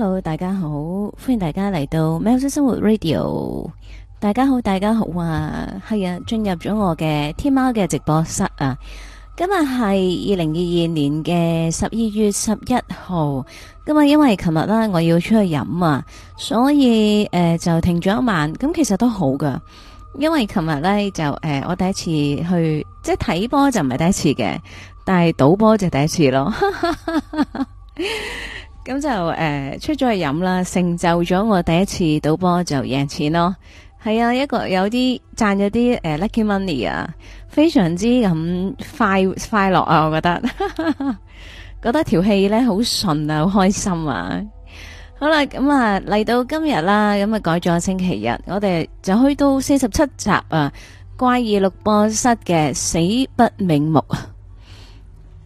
Hello，大家好，歡迎大家嚟到喵式生活 radio。大家好，大家好啊，係啊，進入咗我嘅天貓嘅直播室啊。今日係二零二二年嘅十二月十一號。咁啊，因為琴日啦，我要出去飲啊，所以誒、呃、就停咗一晚。咁其實都好噶，因為琴日咧就誒、呃，我第一次去，即係睇波就唔係第一次嘅，但係賭波就第一次咯。 咁就誒、呃、出咗去飲啦，成就咗我第一次賭波就贏錢咯。係啊，一個有啲賺咗啲、呃、lucky money 啊，非常之咁快快樂啊，我覺得， 覺得條氣呢好順啊，好開心啊。好啦，咁啊嚟到今日啦，咁、嗯、啊改咗星期日，我哋就去到四十七集啊，怪異錄播室嘅死不瞑目。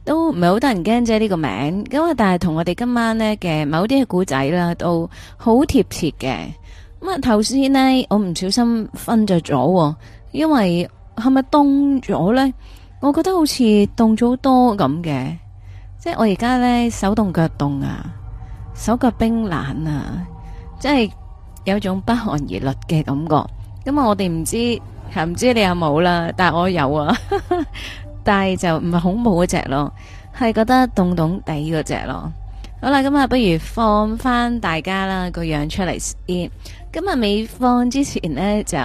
都唔係好得人驚啫，呢個名，咁啊但係同我哋今晚呢嘅某啲嘅古仔啦，都好貼切嘅。咁啊頭先呢，我唔小心瞓着咗，因為係咪凍咗呢？我覺得好似凍咗好多咁嘅，即係我而家呢，手凍腳凍啊，手腳冰冷啊，即係有種不寒而栗嘅感覺。咁啊我哋唔知，係唔知你有冇啦，但係我有啊。 但係就唔係恐怖嗰隻咯，係覺得凍凍底嗰隻咯。好啦，咁啊不如放翻大家啦個樣出嚟先。今日未放之前呢，就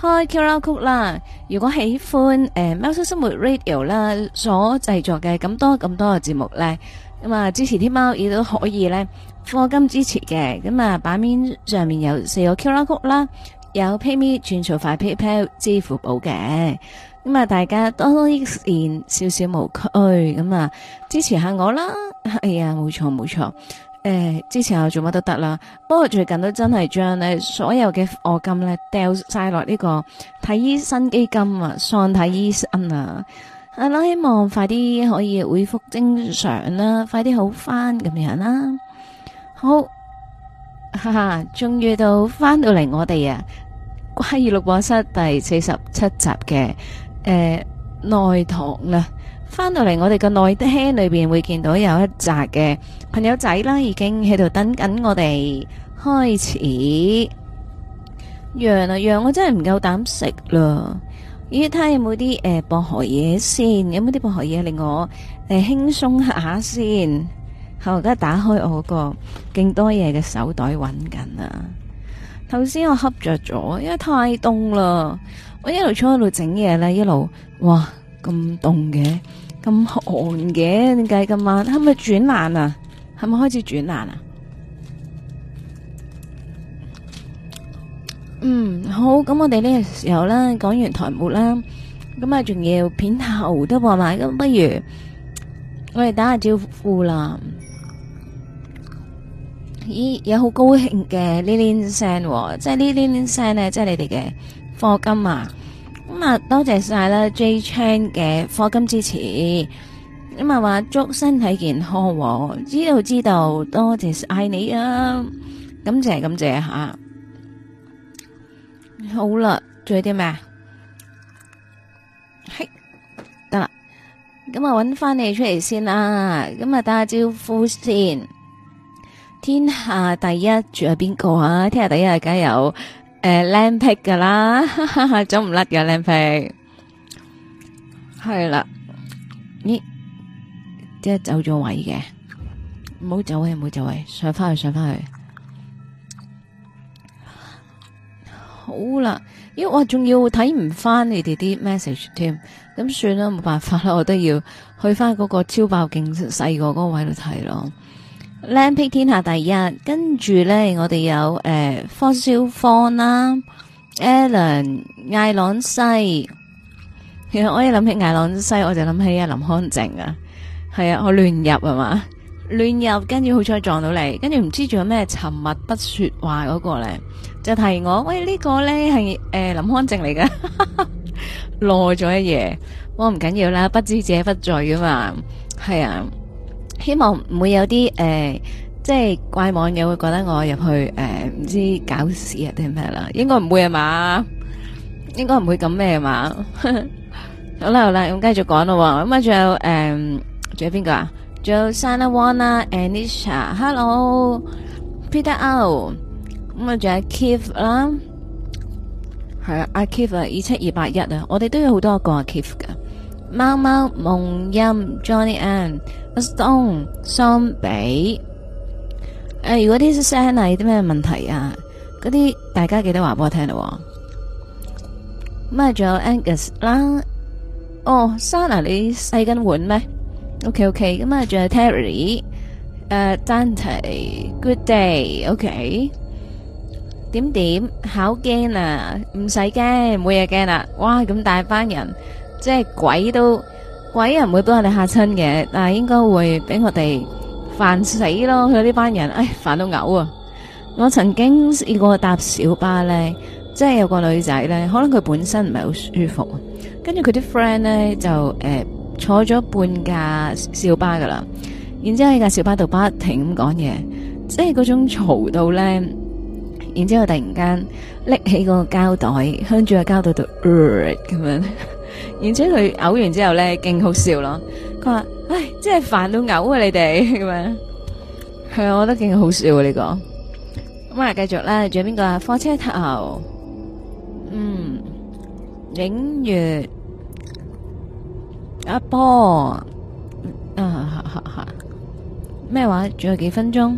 開 QR code 啦。如果喜歡誒喵式生活 radio 啦所製作嘅咁多咁多嘅節目呢，咁、嗯、啊支持啲貓友都可以呢。課金支持嘅。咁、嗯、啊版面上面有四個 QR code 啦，有 PayMe 轉數快 PayPal 支付寶嘅。咁啊！大家多多益善，少少無拘咁啊，支持下我啦。哎呀，冇錯冇錯。誒、哎，支持下我做乜都得啦。不過最近都真係將咧所有嘅課金咧掉晒，落呢個睇醫生基金啊，喪睇醫生啊。希望快啲可以恢復正常啦，快啲好翻咁樣啦。好，哈哈，終於到翻到嚟，我哋啊，怪異錄播室第四十七集嘅。誒、呃，內堂啦，翻到嚟我哋個內廳裏邊會見到有一紮嘅朋友仔啦，已經喺度等緊我哋開始。羊啊羊，我真係唔夠膽食啦！咦，睇下有冇啲誒薄荷嘢先，有冇啲薄荷嘢令我誒、呃、輕鬆下先？後家打開我個勁多嘢嘅手袋揾緊啊！頭先我恰着咗，因為太凍啦。我一路坐喺度整嘢咧，一路哇咁凍嘅，咁寒嘅，點解今晚係咪轉冷啊？係咪開始轉冷啊？嗯，好，咁我哋呢個時候咧，講完台幕啦，咁啊，仲要片頭都話埋，咁不如我哋打下招呼啦。咦，有好高興嘅呢啲聲，即係呢啲聲咧，即係你哋嘅。課金啊，咁啊多謝晒啦，J Chan 嘅課金支持，咁啊話祝身體健康，知道知道，多謝晒你啊，感謝感謝吓，好啦，仲有啲咩啊？係得啦，咁啊搵翻你出嚟先啦，咁啊打下招呼先。天下第一住係邊個啊？天下第一係加油。誒，靚皮噶啦，哈 哈，哈走唔甩嘅靚皮，係啦了，咦，即係走咗位嘅，唔好走位唔好走位，上翻去，上翻去，好啦，咦、啊，我仲要睇唔翻你哋啲 message 添，咁算啦，冇辦法啦，我都要去翻嗰個超爆勁細個嗰個位度睇咯。靚碧天下第一，跟住咧我哋有誒、欸、方少芳啦，Alan 艾朗西。其實我一諗起艾朗西，我就諗起阿林康靜啊。係啊，我亂入係嘛，亂入，跟住好彩撞到你，跟住唔知仲有咩沉默不說話嗰個咧，就提我，喂、這個、呢個咧係誒林康靜嚟嘅，耐 咗一夜，我唔緊要啦，不知者不罪㗎嘛，係啊。希望唔會有啲誒、呃，即係怪網友，會覺得我入去誒，唔、呃、知搞事啊定咩、啊啊、 啦，啦？應該唔會吖嘛？應該唔會咁咩吖嘛？好啦好啦，咁繼續講咯。咁啊，仲、啊 e、有誒，仲有邊個啊？仲有 Sana Wana，Anisha，Hello，Peter O，咁啊，仲有 Keith 啦，係啊，阿 Keith 啊，二七二八一啊，我哋都有好多個阿 Keith 噶，貓貓夢音 Johnny Ann Stone、s o m b i 誒，如果啲聲係啲咩問題啊？嗰啲大家記得話俾我聽咯、哦。咁啊，仲有 Angus 啦，哦，Sana，你細根碗咩？OK，OK，咁啊，仲、okay, okay, 有 Terry，誒、呃、Dante，Good day，OK、okay、點點，好驚啊，唔使驚，每日驚啦。哇，咁大班人，即係鬼都。鬼人唔會俾我哋吓親嘅，但係應該會俾我哋煩死咯。佢呢班人，唉，煩到嘔啊！我曾經試過搭小巴呢，即係有個女仔呢，可能佢本身唔係好舒服，跟住佢啲 friend 呢，就誒坐咗半架小巴噶啦，然之後喺架小巴度不停咁講嘢，即係嗰種嘈到呢。然之後突然間拎起個膠袋，向住個膠袋度咁樣。然後佢嘔完之後咧，勁好笑咯。佢話：唉，真係煩到嘔啊！你哋咁樣，係 啊，我覺得勁好笑啊！呢、這個咁啊，繼、嗯、續啦，仲有邊個啊？貨車頭，嗯，影月，阿、啊、波，啊，係係係，咩、啊啊、話？仲有幾分鐘？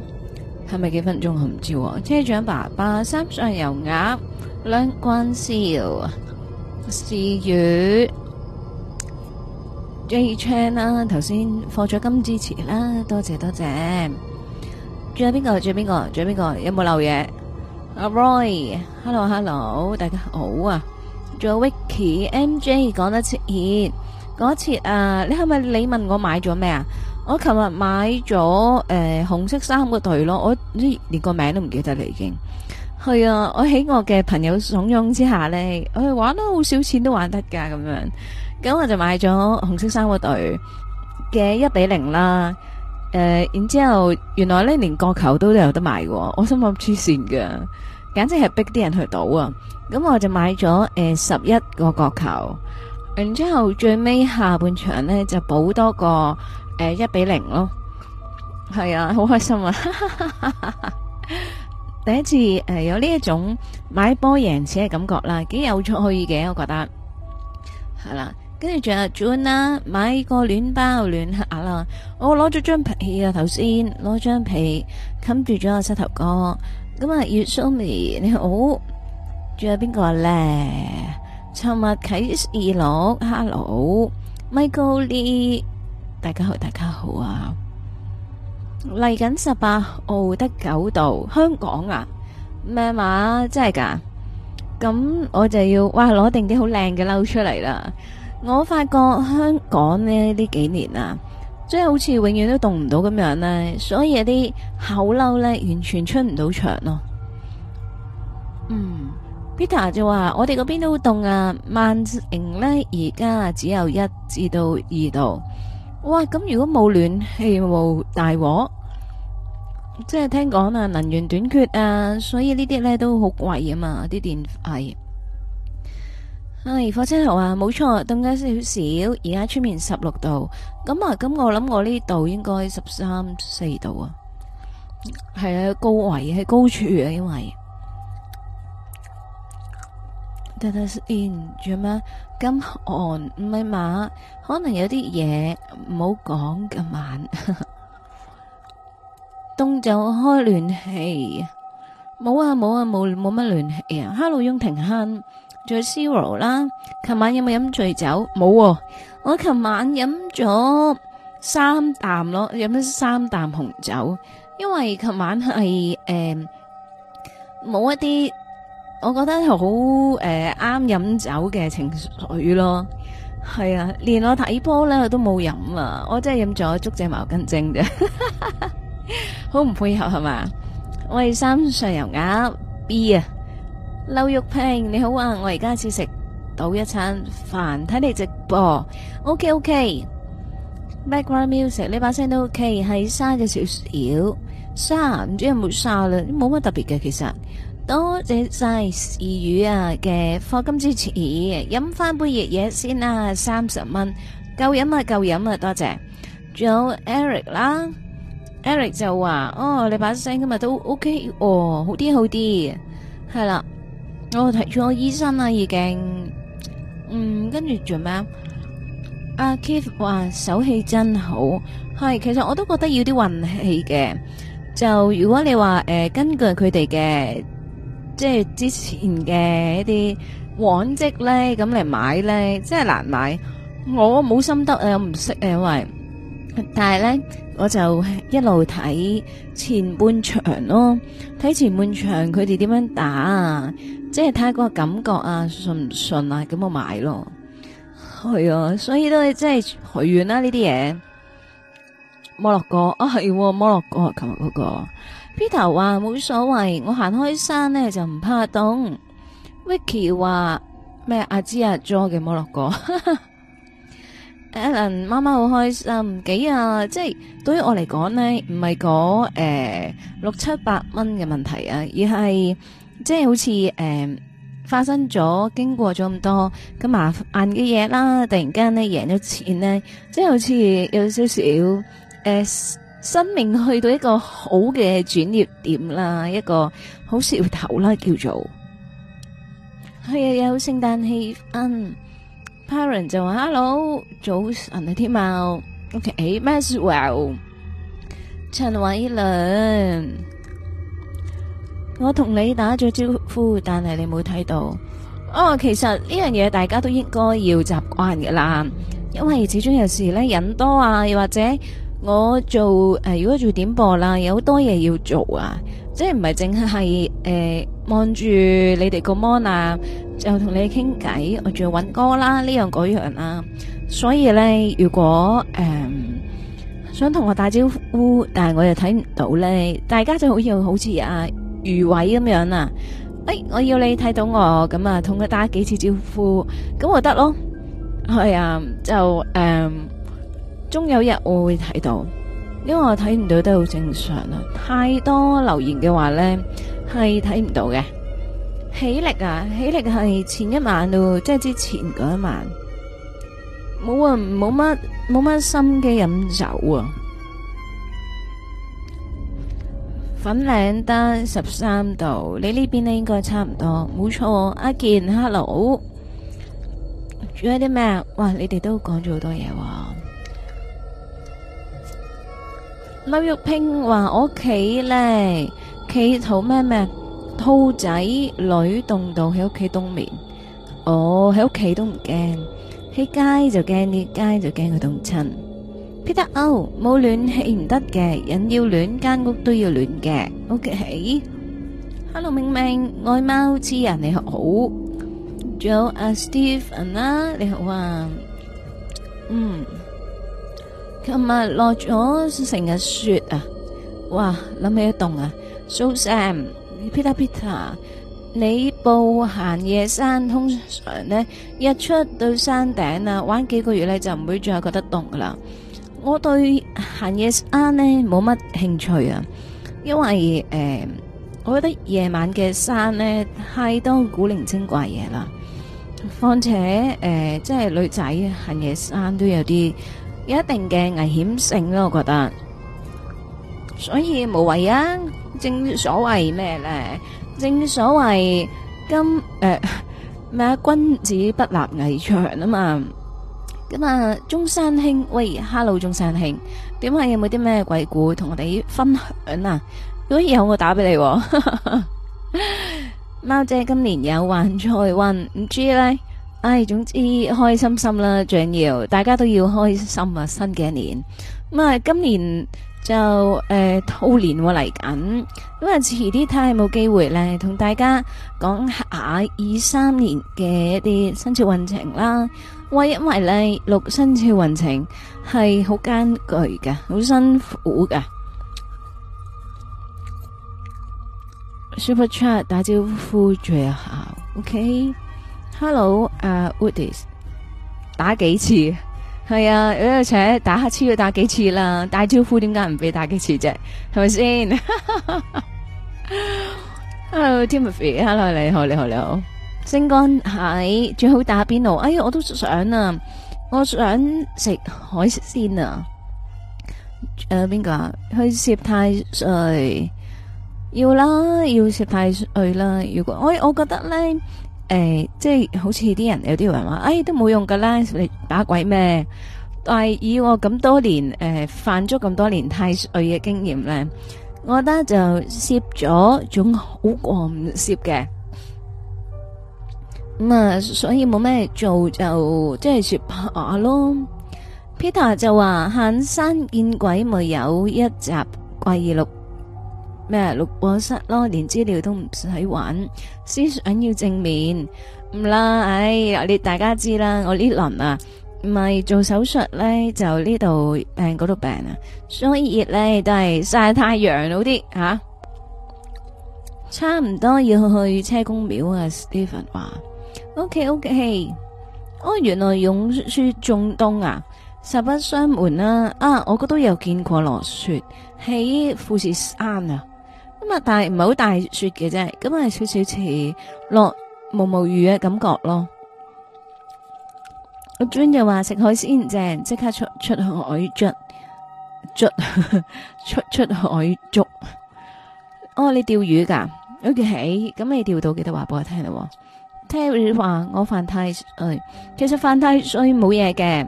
係咪幾分鐘？我唔知。車長爸爸三歲油鴨兩關笑。是月，J Chan 啦，頭先放咗金支持啦，多謝多謝。仲有邊個？仲有邊個？仲有邊個？有冇漏嘢？阿、ah、Roy，Hello Hello，大家好啊。仲有 Vicky M J 講得切切，次啊！你係咪你問我買咗咩啊？我琴日買咗誒、呃、紅色衫個台咯，我連個名都唔記得啦已經。係啊，我喺我嘅朋友慫恿之下呢，我玩都好少錢都玩得噶咁樣，咁我就買咗紅色三合隊嘅一比零啦。誒、呃，然之後原來呢，連國球都有得買，喔，我心諗黐線噶，簡直係逼啲人去賭啊！咁我就買咗誒十一個國球，然之後最尾下半場呢，就補多個誒一、呃、比零咯。係啊，好開心啊！ 第一次誒，有呢一種買波贏錢嘅感覺啦，幾有趣嘅我覺得係啦，跟住仲有 Joan 啦，買個暖包暖下啦，我攞咗張皮啊頭先，攞張皮冚住咗阿膝頭哥，咁啊月 a 你好，仲有邊個咧？尋日喺二樓，Hello，Michael Lee，大家好，大家好啊！嚟緊十八號得九度，香港啊，咩話，真係噶？咁我就要哇攞定啲好靚嘅褸出嚟啦！我發覺香港呢呢幾年啊，真係好似永遠都凍唔到咁樣呢，所以啲厚褸呢，完全出唔到場咯。嗯，Peter 就話我哋嗰邊都凍啊，萬寧呢而家只有一至到二度。哇！咁如果冇暖氣冇大鑊，即係聽講啊，能源短缺啊，所以呢啲呢都好貴啊嘛，啲電費。唉，火車頭啊，冇錯，凍咗少少，而家出面十六度，咁啊，咁我諗我呢度應該十三四度啊。係啊，高位喺高處啊，因為。但係是熱，係咪？金寒唔係嘛？可能有啲嘢唔好講。今晚凍 就開暖氣。冇啊冇啊冇冇乜暖氣啊！hello 雍庭慳，仲有 zero 啦。琴晚有冇飲醉酒？冇、啊。我琴晚飲咗三啖咯，飲咗三啖紅酒。因為琴晚係誒冇一啲。我覺得好誒啱飲酒嘅情緒咯，係啊，連我睇波咧我都冇飲啊，我真係飲咗竹蔗茅根精嘅，好唔配合係嘛？喂，我三上油鴨 B 啊，劉玉萍你好啊，我而家先食到一餐飯，睇你直播。OK OK，Background music 呢把聲都 OK，係沙嘅少少，沙唔知有冇沙啦，冇乜特別嘅其實。多謝晒二魚啊嘅課金支持，飲翻杯熱嘢先啦，三十蚊夠飲啊，夠飲啊，多謝。仲有 Eric 啦，Eric 就話哦，你把聲今日都 OK 哦，好啲好啲，係啦，我、哦、睇住我醫生啦，已經，嗯，跟住做咩啊？阿 Keith 話手氣真好，係，其實我都覺得要啲運氣嘅，就如果你話誒、呃，根據佢哋嘅。即係之前嘅一啲往績咧，咁嚟買咧，真係難買。我冇心得啊，我唔識啊，因為，但係咧，我就一路睇前半場咯，睇前半場佢哋點樣打啊，即係睇下個感覺啊，順唔順啊，咁我買咯。係啊，所以都係真係隨緣啦呢啲嘢。摩洛哥啊，係、啊、摩洛哥琴日嗰個。Peter 話冇所謂，我行開山咧就唔怕凍。Vicky 話咩？阿芝啊，做嘅冇落過。 Alan 媽媽好開心，唔幾啊？即係對於我嚟講呢，唔係嗰誒六七百蚊嘅問題啊，而係即係好似誒、欸、發生咗、經過咗咁多咁麻煩嘅嘢啦，突然間呢贏咗錢呢，即係好似有少少 S。生命去到一個好嘅轉折點啦，一個好兆頭啦，叫做，係啊有聖誕氣氛。Parent 就話：Hello，早晨啊，天喵 Okay, well。O.K.，Maswell，陳偉倫，我同你打咗招呼，但係你冇睇到。哦，其實呢樣嘢大家都應該要習慣嘅啦，因為始終有時咧人多啊，又或者。我做誒、呃，如果做點播啦，有好多嘢要做啊，即係唔係淨係誒望住你哋個 mon 啊，就同你哋傾偈，我仲要搵歌啦，呢樣嗰樣啊，所以咧，如果誒、嗯、想同我打招呼，但係我又睇唔到咧，大家就好似好似啊，余偉咁樣啊，誒、哎，我要你睇到我，咁啊，同佢打幾次招呼，咁我得咯，係啊，就誒。嗯終有一日我會睇到，因為我睇唔到都好正常啦。太多留言嘅話呢，係睇唔到嘅。起力啊，起力係前一晚咯，即係之前嗰一晚，冇啊，冇乜冇乜心機飲酒啊。粉嶺單十三度，你呢邊咧應該差唔多，冇錯，啊。阿健，hello，做咗啲咩啊？哇，你哋都講咗好多嘢喎，啊。劉玉萍話：我屋企咧，企好咩咩兔仔女凍到喺屋企冬眠。我喺屋企都唔驚，喺街就驚啲街就驚佢凍親。Peter，哦冇暖氣唔得嘅，人要暖，間屋都要暖嘅。OK，Hello 明明，愛貓痴人你好。仲有阿 Steve 啊，你好啊嗯。琴日落咗成日雪啊，哇，諗起都凍啊！So Sam，皮塔皮塔，你步行夜山通常咧，日出到山頂啊，玩幾個月咧就唔會再覺得凍噶啦。我對行夜山咧冇乜興趣啊，因為誒、呃，我覺得夜晚嘅山咧太多古靈精怪嘢啦，況且誒、呃，即係女仔行夜山都有啲。有一定嘅危險性咯，我覺得。所以無謂啊，正所謂咩咧？正所謂今誒咩啊？君子不立危牆啊嘛。咁啊，中山兄，喂，hello，中山兄，點解？有冇啲咩鬼故同我哋分享啊？如果有，我打俾你。貓姐今年有橫財運，唔知咧。唉、哎，總之開心心啦，仲要，大家都要開心啊！新嘅一年，咁啊，今年就誒兔年嚟緊，咁啊，遲啲睇下有冇機會咧，同大家講下二三年嘅一啲生肖運程啦。喂，因為咧，六生肖運程係好艱巨嘅，好辛苦嘅。Super Chat 打招呼坐下，OK。Hello，誒 Woodis 打幾次？係 啊，而、哎、且打乞嗤要打幾次啦？打招呼點解唔俾打幾次啫？係咪先 ？Hello，Timothy，Hello，你好，你好，你好。星光喺最好打邊爐？哎呀，我都想啊，我想食海鮮啊。誒、呃，邊個啊？去攝太歲？要啦，要攝太歲啦。如果我、哎、我覺得咧。誒，即係好似啲人有啲人話、哎，誒都冇用噶啦，你打鬼咩？但以我咁多年誒犯咗咁多年太歲嘅經驗咧，我覺得就攝咗總好過唔攝嘅，咁、嗯、啊，所以冇咩做就即係攝下咯。Peter 就話，行山見鬼，咪有一集怪異錄。咩錄播室咯，連資料都唔使揾，思想要正面，唔啦，唉，你大家知啦，我呢輪啊，唔係做手術咧，就呢度病嗰度病啊，所以熱咧都係曬太陽好啲吓，啊、差唔多要去車公廟啊。Stephen 話，OK OK，我、哦、原來勇雪中東啊，實不相瞞啦、啊，啊，我嗰度又見過落雪，喺富士山啊。咁啊，但係唔係好大雪嘅啫，咁係少少似落毛毛雨嘅感覺咯。阿 June 就話食海鮮正，即刻出出海捉捉出出，出海捉。哦，你釣魚噶？好、okay. 嘅，咁你釣到幾多話俾我聽咯？聽話我犯太誒，其實犯太歲冇嘢嘅，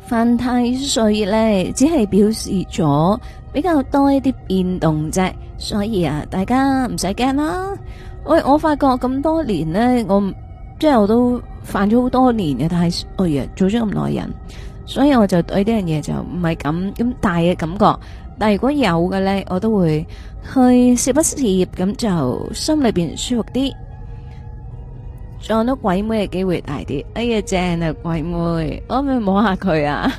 犯太歲咧只係表示咗，比較多一啲變動啫，所以啊，大家唔使驚啦。喂，我發覺咁多年呢，我即係我都犯咗好多年嘅，但係哎呀做咗咁耐人，所以我就對呢樣嘢就唔係咁咁大嘅感覺。但係如果有嘅呢，我都會去試一試，咁就心裏邊舒服啲。撞到鬼妹嘅機會大啲，哎呀正啊鬼妹，我可唔可以摸下佢啊？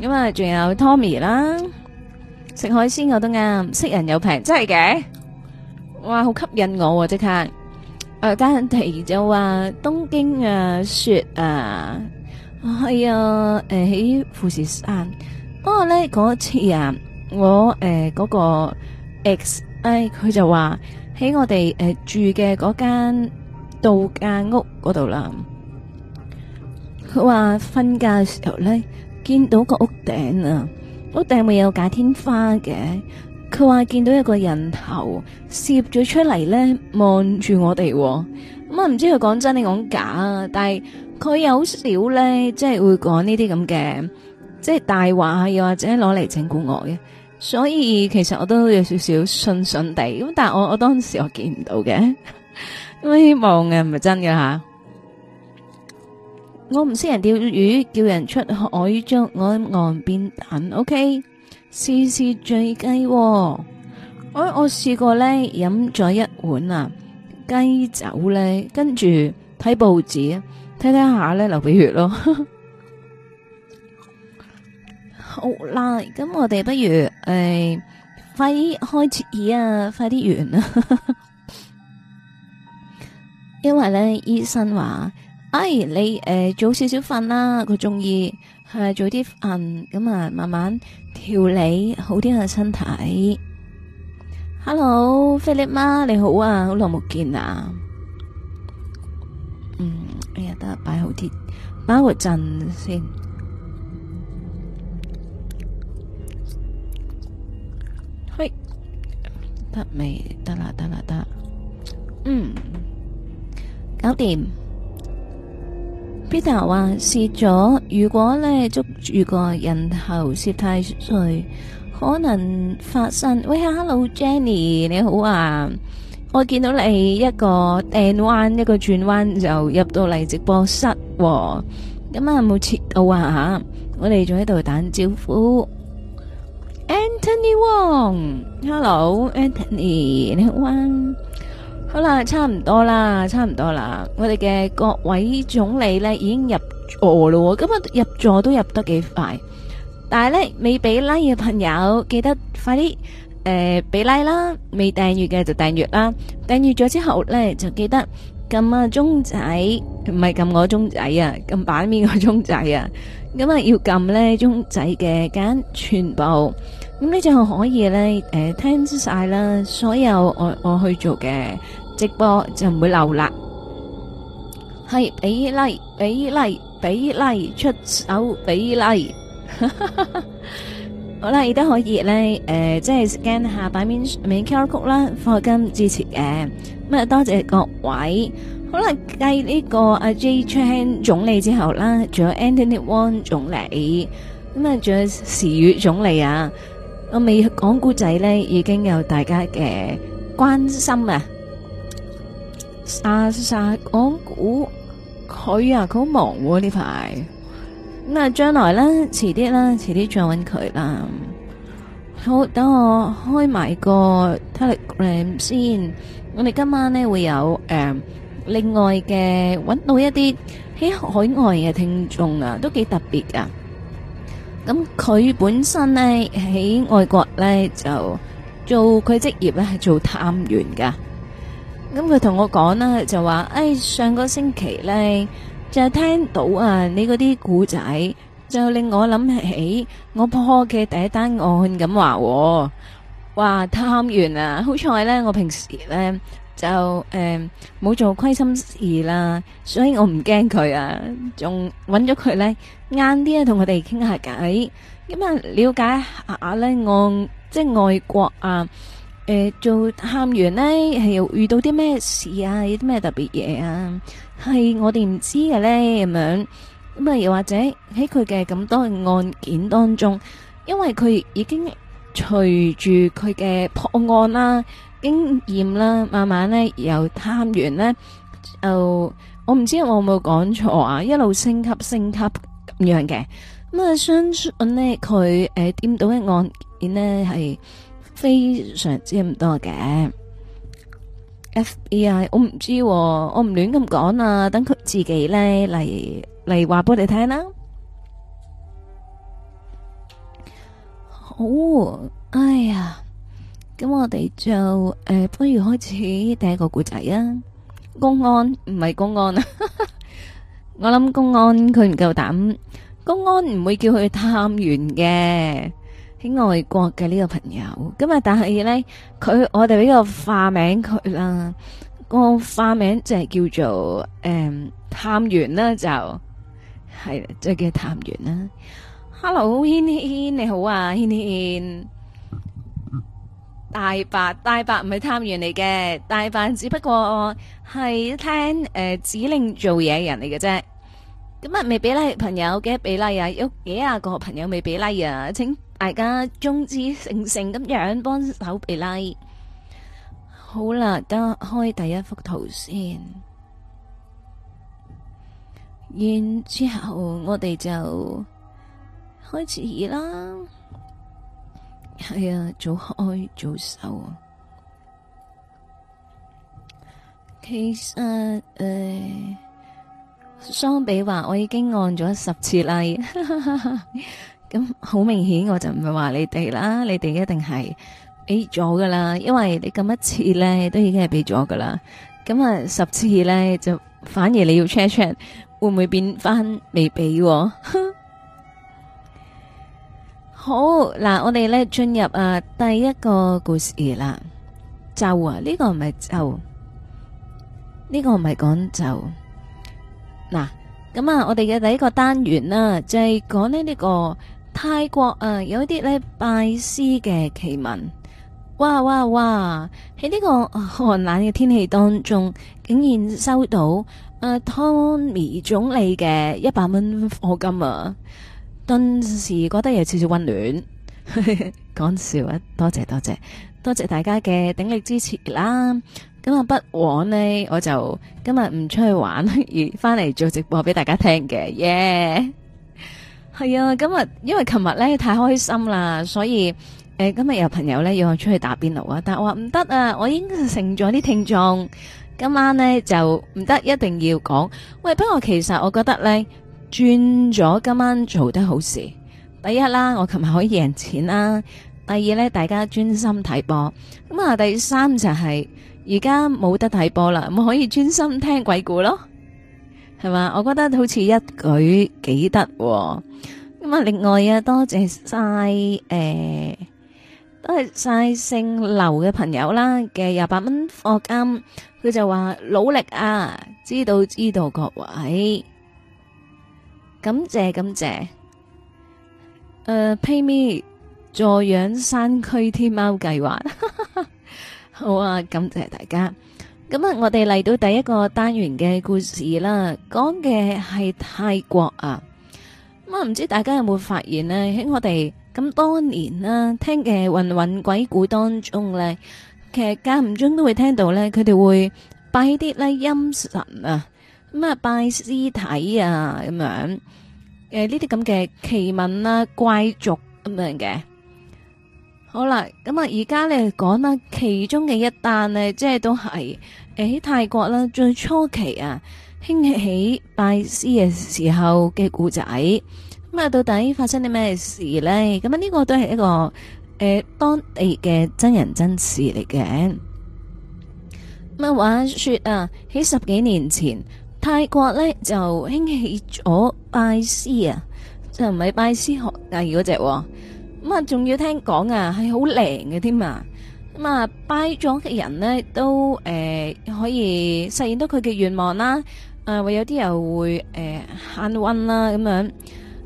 咁啊，仲有 Tommy 啦，食海鮮我都啱，識人又平，真係嘅。哇，好吸引我即、啊、刻。誒、呃，加上就話東京啊，雪啊，係、哎、啊，誒、呃，喺富士山。不過咧嗰次啊，我誒嗰、呃那個 x 佢就話喺我哋誒、呃、住嘅嗰間度假屋嗰度啦。佢話瞓覺嘅時候咧。見到個屋頂啊，屋頂咪有假天花嘅。佢話見到一個人頭攝咗出嚟咧，望住我哋。咁、嗯、啊，唔知佢講真定講假啊。但係佢有少咧，即係會講呢啲咁嘅，即係大話又或者攞嚟整蠱我嘅。所以其實我都有少少信信地咁，但係我我當時我見唔到嘅。咁 希望嘅唔係真嘅吓、啊。我唔識人釣魚，叫人出海中我喺岸邊等。O、OK? K，試試醉雞，哦。我我試過呢，飲咗一碗啊雞酒咧，跟住睇報紙，睇睇下咧流鼻血咯。 好啦，咁我哋不如誒、哎、快啲開始啊，快啲完啊 因為咧，醫生話。哎，你誒、呃、早少少瞓啦，佢中意係早啲瞓？咁啊慢慢調理好啲啊身體。Hello，菲力媽你好啊，好耐冇見啊。嗯，哎呀，得擺好啲，擺個陣先。嘿，得未？得啦，得啦，得。嗯，搞掂。Peter 話，攝咗，如果咧捉住個人頭攝太歲，可能發生：喂「喂，hello Jenny，你好啊，我見到你一個掟彎，一個轉彎就入到嚟直播室，哦，咁啊冇切到啊吓，我哋仲喺度打招呼 Anthony Wong。Anthony h Wong，hello，Anthony，h 你好啊。好啦，差唔多啦，差唔多啦。我哋嘅各位總理咧已經入座咯，咁、嗯、啊入座都入得幾快。但係咧未俾拉嘅朋友，記得快啲誒俾拉啦。未訂閱嘅就訂閱啦。訂閱咗之後咧就記得撳啊鐘仔，唔係撳我鐘仔啊，撳版面個鐘仔啊。咁、嗯、啊要撳咧鐘仔嘅間全部。咁、嗯、呢就可以咧誒、呃、聽晒啦，所有我我去做嘅。直播就唔會漏啦，係俾 like 俾 like 俾 like 出手俾 like，好啦，亦都可以咧。誒，即係 scan 下版面 QR Code 啦，霍金支持嘅。咁啊，多謝各位。好啦，繼呢個阿 J. Chan 總理之後啦，仲有 Anthony Wong 總理咁啊，仲有時月總理啊，我未講古仔咧，已經有大家嘅關心啊。阿沙講估佢啊，佢好忙喎呢排。咁啊，將來咧，遲啲啦，遲啲再搵佢啦。好，等我開埋個 Telegram 先。我哋今晚咧會有誒、呃，另外嘅搵到一啲喺海外嘅聽眾啊，都幾特別噶。咁佢本身咧喺外國咧就做佢職業咧係做探員噶。咁佢同我講啦，就話：，誒，上個星期咧，就聽到啊，你嗰啲古仔，就令我諗起我破嘅第一單案咁話，話探完啊，好彩咧，我平時咧就誒冇做虧心事啦，所以我唔驚佢啊，仲揾咗佢咧晏啲啊，同佢哋傾下偈，咁啊了解下咧，我即係外國啊。誒、呃，做探員呢，係又遇到啲咩事啊？有啲咩特別嘢啊？係我哋唔知嘅呢。咁樣咁啊！又或者喺佢嘅咁多嘅案件當中，因為佢已經隨住佢嘅破案啦、啊、經驗啦、啊，慢慢呢又探員呢。就我唔知我有冇講錯啊？一路升級升級咁樣嘅，咁、嗯、啊相信呢，佢誒掂到嘅案件呢係。非常之唔多嘅，FBI 我唔知，我唔亂咁講啊，等佢自己咧嚟嚟話俾我哋聽啦。好，哎呀，咁我哋就誒不如開始第一個古仔啊。公安唔係公安啊，我諗公安佢唔夠膽，公安唔會叫佢探員嘅。外國嘅呢個朋友咁啊，但係咧佢我哋呢個化名佢啦。個化名就係叫做誒、嗯、探員啦，就係即係叫探員啦。Hello，軒軒你好啊，軒軒 大白大白唔係探員嚟嘅，大白只不過係聽誒、呃、指令做嘢人嚟嘅啫。咁啊，未俾拉朋友嘅俾拉啊，like? 有幾啊個朋友未俾拉啊，請。大家眾志成城咁樣幫手畀 like，好啦，得開第一幅圖先，然之後我哋就開始啦。係啊，早開早收啊。其實誒，桑比話我已經按咗十次 like。咁好明顯我就唔係話你哋啦，你哋一定係俾咗噶啦，因為你咁一次咧都已經係俾咗噶啦。咁啊，十次咧就反而你要 check check，會唔會變翻未俾？好嗱，我哋咧進入啊第一個故事啦，就啊呢個唔係就，呢個唔係講就。嗱，咁啊我哋嘅第一個單元啦，就係講咧呢個。泰國啊，有一啲咧拜師嘅奇聞，哇哇哇！喺呢個寒冷嘅天氣當中，竟然收到誒 Tommy 總理嘅一百蚊賀金啊，頓時覺得有少少溫暖。講， 笑啊，多謝多謝多謝大家嘅鼎力支持啦！咁啊，不枉呢，我就今日唔出去玩而翻嚟，做直播俾大家聽嘅，耶、yeah!！係啊，今日因為琴日咧太開心啦，所以誒、呃、今日有朋友咧要我出去打邊爐啊，但我話唔得啊，我已經成咗啲聽眾，今晚咧就唔得，一定要講。喂，不過其實我覺得咧，轉咗今晚做得好事。第一啦，我琴日可以贏錢啦；第二咧，大家專心睇波。咁、嗯、啊，第三就係而家冇得睇波啦，咁可以專心聽鬼故咯。係嘛？我覺得好似一舉幾得咁、哦、啊！另外啊，多謝晒誒、欸，都係晒姓劉嘅朋友啦嘅廿八蚊課金，佢就話努力啊！知道知道，各位，感謝感謝，誒、uh,，Pay me 助養山區天貓計劃， 好啊！感謝大家。咁啊，我哋嚟到第一個單元嘅故事啦，講嘅係泰國啊。咁啊，唔知大家有冇發現呢？喺我哋咁多年啦、啊，聽嘅云云鬼故當中咧，其實間唔中都會聽到咧，佢哋會拜啲咧陰神啊，咁啊拜屍體啊，咁樣誒呢啲咁嘅奇聞啦、啊、怪俗咁、啊、樣嘅。好啦，咁啊，而家咧講啦，其中嘅一單呢，即係都係誒喺泰國啦，最初期啊興起拜師嘅時候嘅故仔，咁啊到底發生啲咩事呢？咁啊呢個都係一個誒、呃、當地嘅真人真事嚟嘅。咁啊，話說啊，喺十幾年前泰國呢就興起咗拜師啊，就唔係拜師學藝嗰隻。咁啊，仲要聽講啊，係好靈嘅添啊！咁、嗯、啊，拜咗嘅人呢都誒、呃、可以實現到佢嘅願望啦。誒、呃，會有啲人會誒、呃、限運啦咁樣。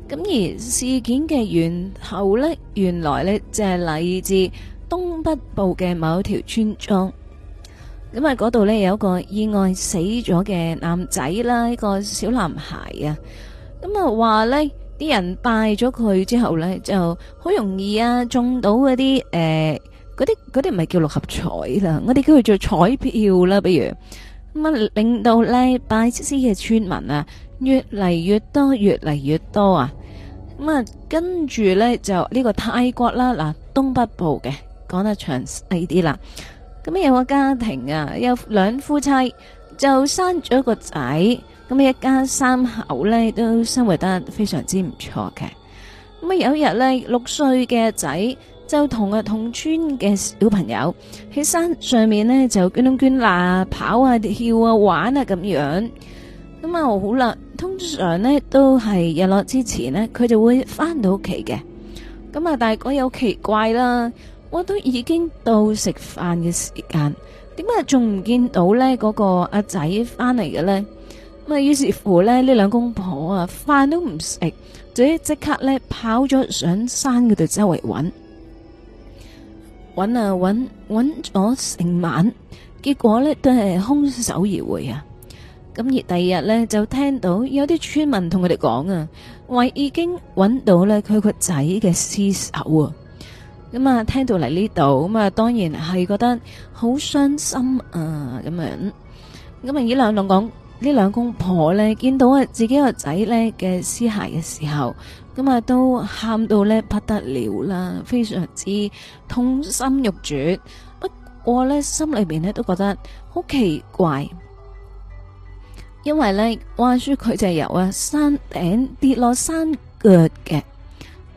咁而事件嘅源頭呢，原來呢，就係、是、嚟自東北部嘅某條村莊。咁、嗯、啊，嗰度呢，有一個意外死咗嘅男仔啦，一個小男孩啊。咁、嗯、啊，話呢。啲人拜咗佢之後呢，就好容易啊中到嗰啲誒，嗰啲嗰啲唔係叫六合彩啦，我哋叫佢做彩票啦。比如咁啊、嗯，令到呢拜師嘅村民啊，越嚟越多，越嚟越多啊。咁、嗯、啊，跟住呢，就呢、這個泰國啦，嗱東北部嘅，講得詳細啲啦。咁、嗯、有個家庭啊，有兩夫妻就生咗個仔。咁一家三口咧，都生活得非常之唔錯嘅。咁啊，有一日咧，六歲嘅仔就同啊同村嘅小朋友喺山上面咧，就捐窿捐罅，跑啊跳啊玩啊咁樣。咁啊，好啦，通常咧都係日落之前呢，佢就會翻到屋企嘅。咁啊，大哥有奇怪啦，我都已經到食飯嘅時間，點解仲唔見到咧嗰個阿仔翻嚟嘅咧？咁於是乎呢，呢兩公婆啊，飯都唔食，就即刻咧跑咗上山嗰度周圍揾揾啊，揾揾咗成晚，結果呢都係空手而回啊。咁而第二日呢，就聽到有啲村民同佢哋講啊，話已經揾到呢佢個仔嘅屍首啊。咁、嗯、啊，聽到嚟呢度咁啊，當然係覺得好傷心啊。咁樣咁啊，呢兩公婆講。這兩呢兩公婆咧，見到啊自己個仔咧嘅屍骸嘅時候，咁啊都喊到咧不得了啦，非常之痛心欲絕。不過呢，心裏邊咧都覺得好奇怪，因為呢，話說佢就係由啊山頂跌落山腳嘅，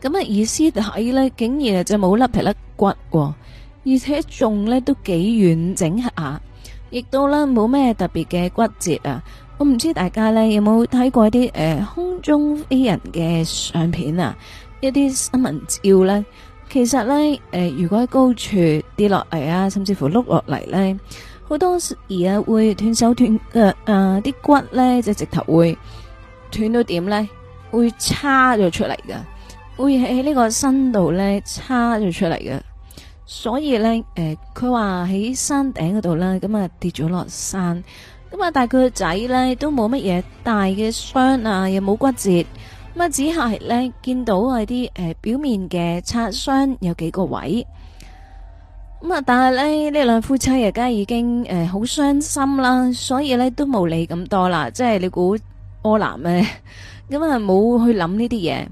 咁啊屍骸咧竟然就冇甩皮甩骨，而且仲咧都幾完整下。亦都啦，冇咩特別嘅骨折啊！我唔知大家呢有冇睇過啲誒、呃、空中飛人嘅相片啊？一啲新聞照呢，其實呢，誒、呃，如果喺高處跌落嚟啊，甚至乎碌落嚟呢，好多時、呃、啊會斷手斷誒啊啲骨呢，就直頭會斷到點呢？會叉咗出嚟㗎，會喺呢個身度呢叉咗出嚟㗎。所以咧，誒、呃，佢話喺山頂嗰度啦，咁、嗯、啊跌咗落山，咁啊，但係佢個仔咧都冇乜嘢大嘅傷啊，又冇骨折，咁啊，只係咧見到係啲誒表面嘅擦傷有幾個位，咁、嗯、啊，但係咧呢兩夫妻而家已經誒好傷心啦，所以咧都冇理咁多啦，即係你估柯南咩？咁啊冇去諗呢啲嘢，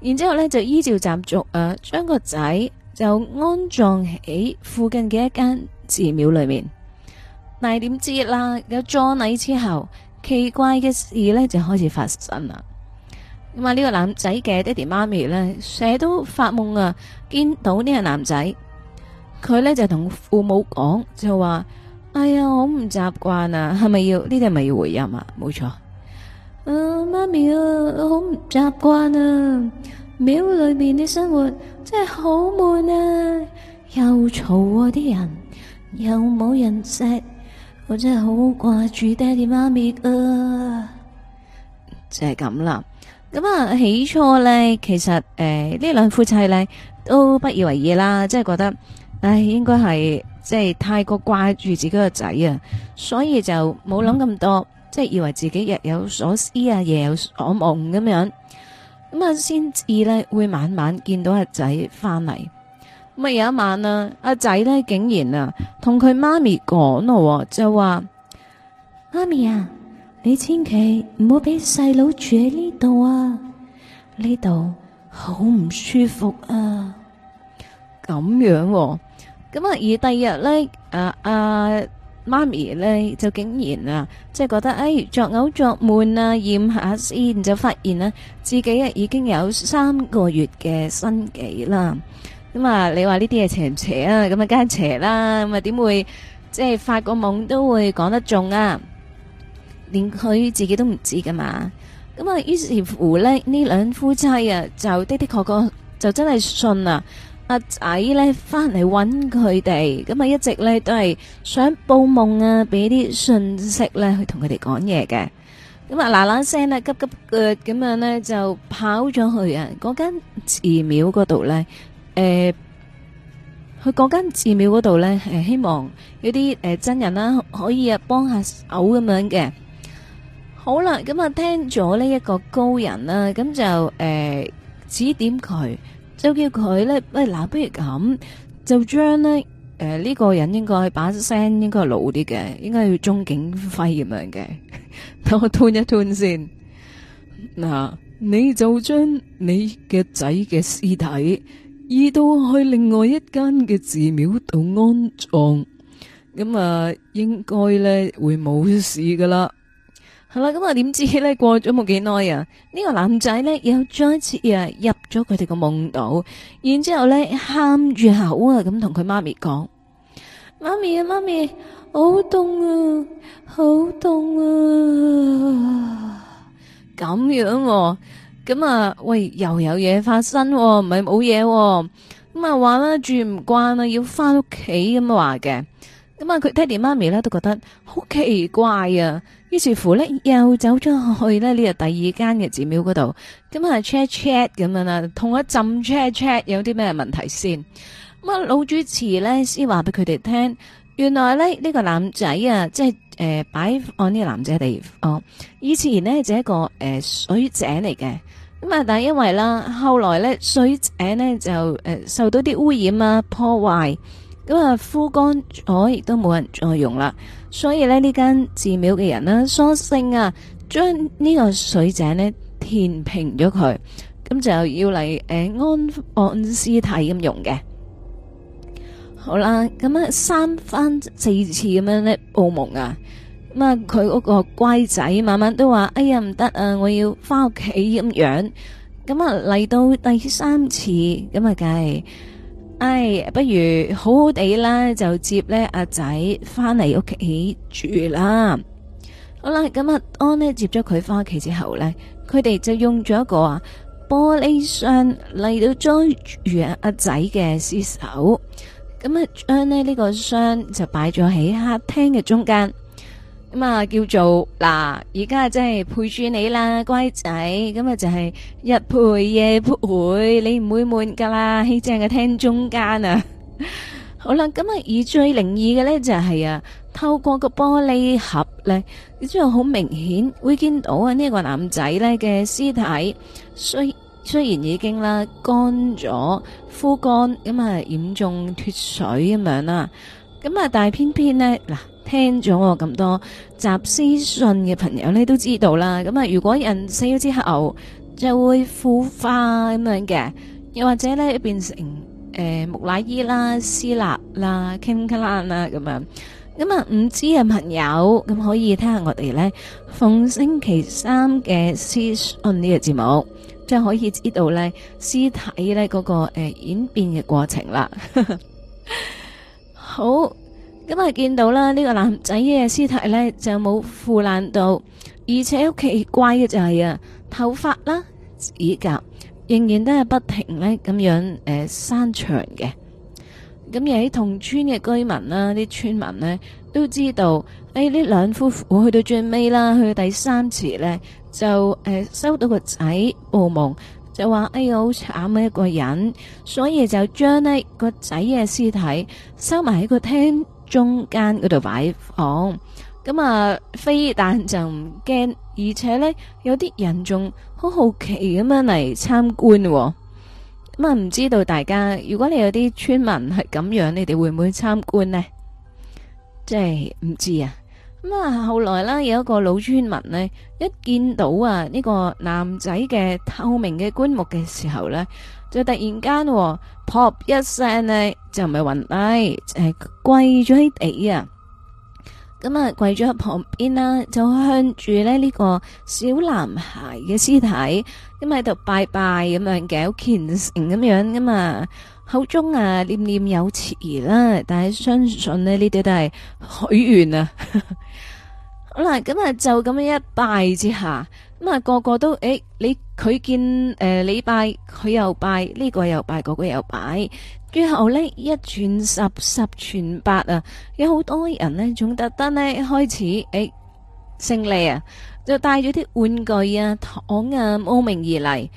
然之後咧就依照習俗啊，將個仔，就安葬喺附近嘅一間寺廟裏面。但係點知啦？有葬禮之後，奇怪嘅事呢就開始發生啦。咁啊，呢個男仔嘅爹哋媽咪呢，成日都發夢啊，見到呢個男仔。佢呢就同父母講，就話：哎呀，好唔習慣啊！係咪要呢啲？係咪要回音啊？冇錯。啊、嗯，媽咪啊，好唔習慣啊！廟裏面的生活真係好悶啊，又嘈喎啲人，又冇人錫，我真係好掛住爹哋媽咪啊！就係咁啦。咁啊，起初呢，其實誒，呢、呃、兩夫妻呢，都不以為意啦，即係覺得，唉，應該係即係太過掛住自己個仔啊，所以就冇諗咁多，嗯、即係以為自己日有所思啊，夜有所夢咁樣。咁啊，先至咧會晚晚見到阿仔翻嚟。咁啊，有一晚啊，阿仔咧竟然啊同佢媽咪講咯，就話：媽咪啊，你千祈唔好俾細佬住喺呢度啊，呢度好唔舒服啊。咁樣喎，咁啊，而第二日咧，啊啊！媽咪呢就竟然啊，即係覺得哎作嘔作悶啊，驗下先就發現啦、啊、自己啊已經有三個月嘅身紀啦。咁、嗯、啊，你話呢啲嘢邪唔邪啊？咁、嗯、啊，梗係邪啦。咁、嗯、啊，點會即係發個夢都會講得中啊？連佢自己都唔知噶嘛。咁、嗯、啊，於是乎呢兩夫妻啊，就的的確確就真係信啦。阿仔咧翻嚟揾佢哋，咁啊一直咧都係想報夢啊，俾啲信息咧去同佢哋講嘢嘅。咁啊嗱嗱聲咧，急急腳咁樣咧就跑咗去啊，嗰間寺廟嗰度咧，誒，去嗰間寺廟嗰度咧，係希望有啲誒真人啦，可以啊幫下手咁樣嘅。好啦，咁啊聽咗呢一個高人啦，咁就誒指點佢。就叫佢咧，喂，嗱，不如咁，就將咧誒呢、呃這個人應該把聲，應該老啲嘅，應該要鍾景輝咁樣嘅。等 我吞一吞先，嗱，你就將你嘅仔嘅屍體移到去另外一間嘅寺廟度安葬，咁啊，應該咧會冇事噶啦。係啦，咁啊、嗯，點知咧過咗冇幾耐啊？呢、這個男仔咧又再一次啊入咗佢哋個夢度，然之後咧喊住口啊咁同佢媽咪講：媽咪啊，媽咪，好凍啊，好凍啊！咁樣咁啊、嗯，喂，又有嘢發生，唔係冇嘢咁啊，話啦住唔慣啊，要翻屋企咁啊話嘅。咁啊，佢、嗯、爹哋媽咪咧都覺得好奇怪啊！於是乎咧，又走咗去咧呢個第二間嘅寺廟嗰度，咁啊 chat chat 咁樣啦，同一陣 chat chat，有啲咩問題先？咁、嗯、啊老主持咧先話俾佢哋聽，原來咧呢、這個男仔啊，即係誒擺喺呢個男仔嘅地方，哦、以前咧就一個誒、呃、水井嚟嘅，咁啊但係因為啦，後來咧水井咧就誒、呃、受到啲污染啊破壞。咁啊，枯乾咗，亦都冇人再用啦。所以咧，呢間寺廟嘅人呢，索性啊，將呢個水井呢填平咗佢，咁就要嚟誒安放屍體咁用嘅。好啦，咁啊，三番四次咁樣呢報夢啊，咁啊，佢嗰個乖仔慢慢都話：哎呀，唔得啊，我要翻屋企咁樣。咁啊，嚟到第三次咁啊梗係。就唉，不如好好地啦，就接咧阿仔翻嚟屋企住啦。好啦，咁啊，安呢接咗佢翻屋企之後咧，佢哋就用咗一個啊玻璃箱嚟到裝住阿仔嘅屍首。咁啊，將呢呢個箱就擺咗喺客廳嘅中間。咁啊，叫做嗱，而、啊、家真係陪住你啦，乖仔，咁啊就係、是、日陪夜陪，你唔會悶噶啦，喺正嘅廳中間啊。間啊 好啦，咁啊，以最靈異嘅呢，就係、是、啊，透過個玻璃盒呢，你真係你知道好明顯會見到啊，呢、這個男仔呢嘅屍體雖雖然已經啦乾咗，枯乾，咁啊嚴重脫水咁樣啦、啊，咁啊但係偏偏呢嗱。啊聽咗我咁多集屍訊嘅朋友咧都知道啦，咁啊，如果人死咗之後就會腐化咁樣嘅，又或者咧變成誒、呃、木乃伊啦、屍臘啦、k i n a l n 啦，咁樣，咁啊唔知嘅朋友咁可以聽下我哋咧逢星期三嘅屍訊呢個節目，即係可以知道咧屍體咧嗰個誒演變嘅過程啦。 好。咁啊，見到啦呢、這個男仔嘅屍體呢，就冇腐爛到，而且好奇怪嘅就係、是、啊，頭髮啦、指甲仍然都係不停呢咁樣誒生、呃、長嘅。咁而喺同村嘅居民啦、啲村民呢都知道，誒呢兩夫婦去到最尾啦，去到第三次呢，就誒、呃、收到個仔報夢，就話哎好慘啊一個人，所以就將呢個仔嘅屍體收埋喺個廳。中間嗰度擺房，咁、哦嗯、啊非但就唔驚，而且呢，有啲人仲好好奇咁樣嚟參觀、哦，咁啊唔知道大家，如果你有啲村民係咁樣，你哋會唔會參觀呢？即係唔知啊，咁、嗯、啊後來啦，有一個老村民呢，一見到啊呢、這個男仔嘅透明嘅棺木嘅時候呢。佢突然間撲、喔、一聲呢，就唔係暈低，就係跪咗喺地啊！咁啊，跪咗喺、嗯、旁邊啦，就向住咧呢個小男孩嘅屍體，咁喺度拜拜咁樣，好虔誠咁樣噶嘛，口中啊念念有詞啦，但係相信咧呢啲都係許願啊！ 好啦，咁、嗯、啊，就咁樣一拜之下。咁啊，個個都，誒、哎，你佢見誒、呃，你拜佢又拜，呢、這個又拜，個個又拜，最後呢，一傳十，十傳百啊，有好多人呢，仲特登呢，開始，誒、哎，勝利啊，就帶咗啲玩具啊、糖啊，慕名而嚟，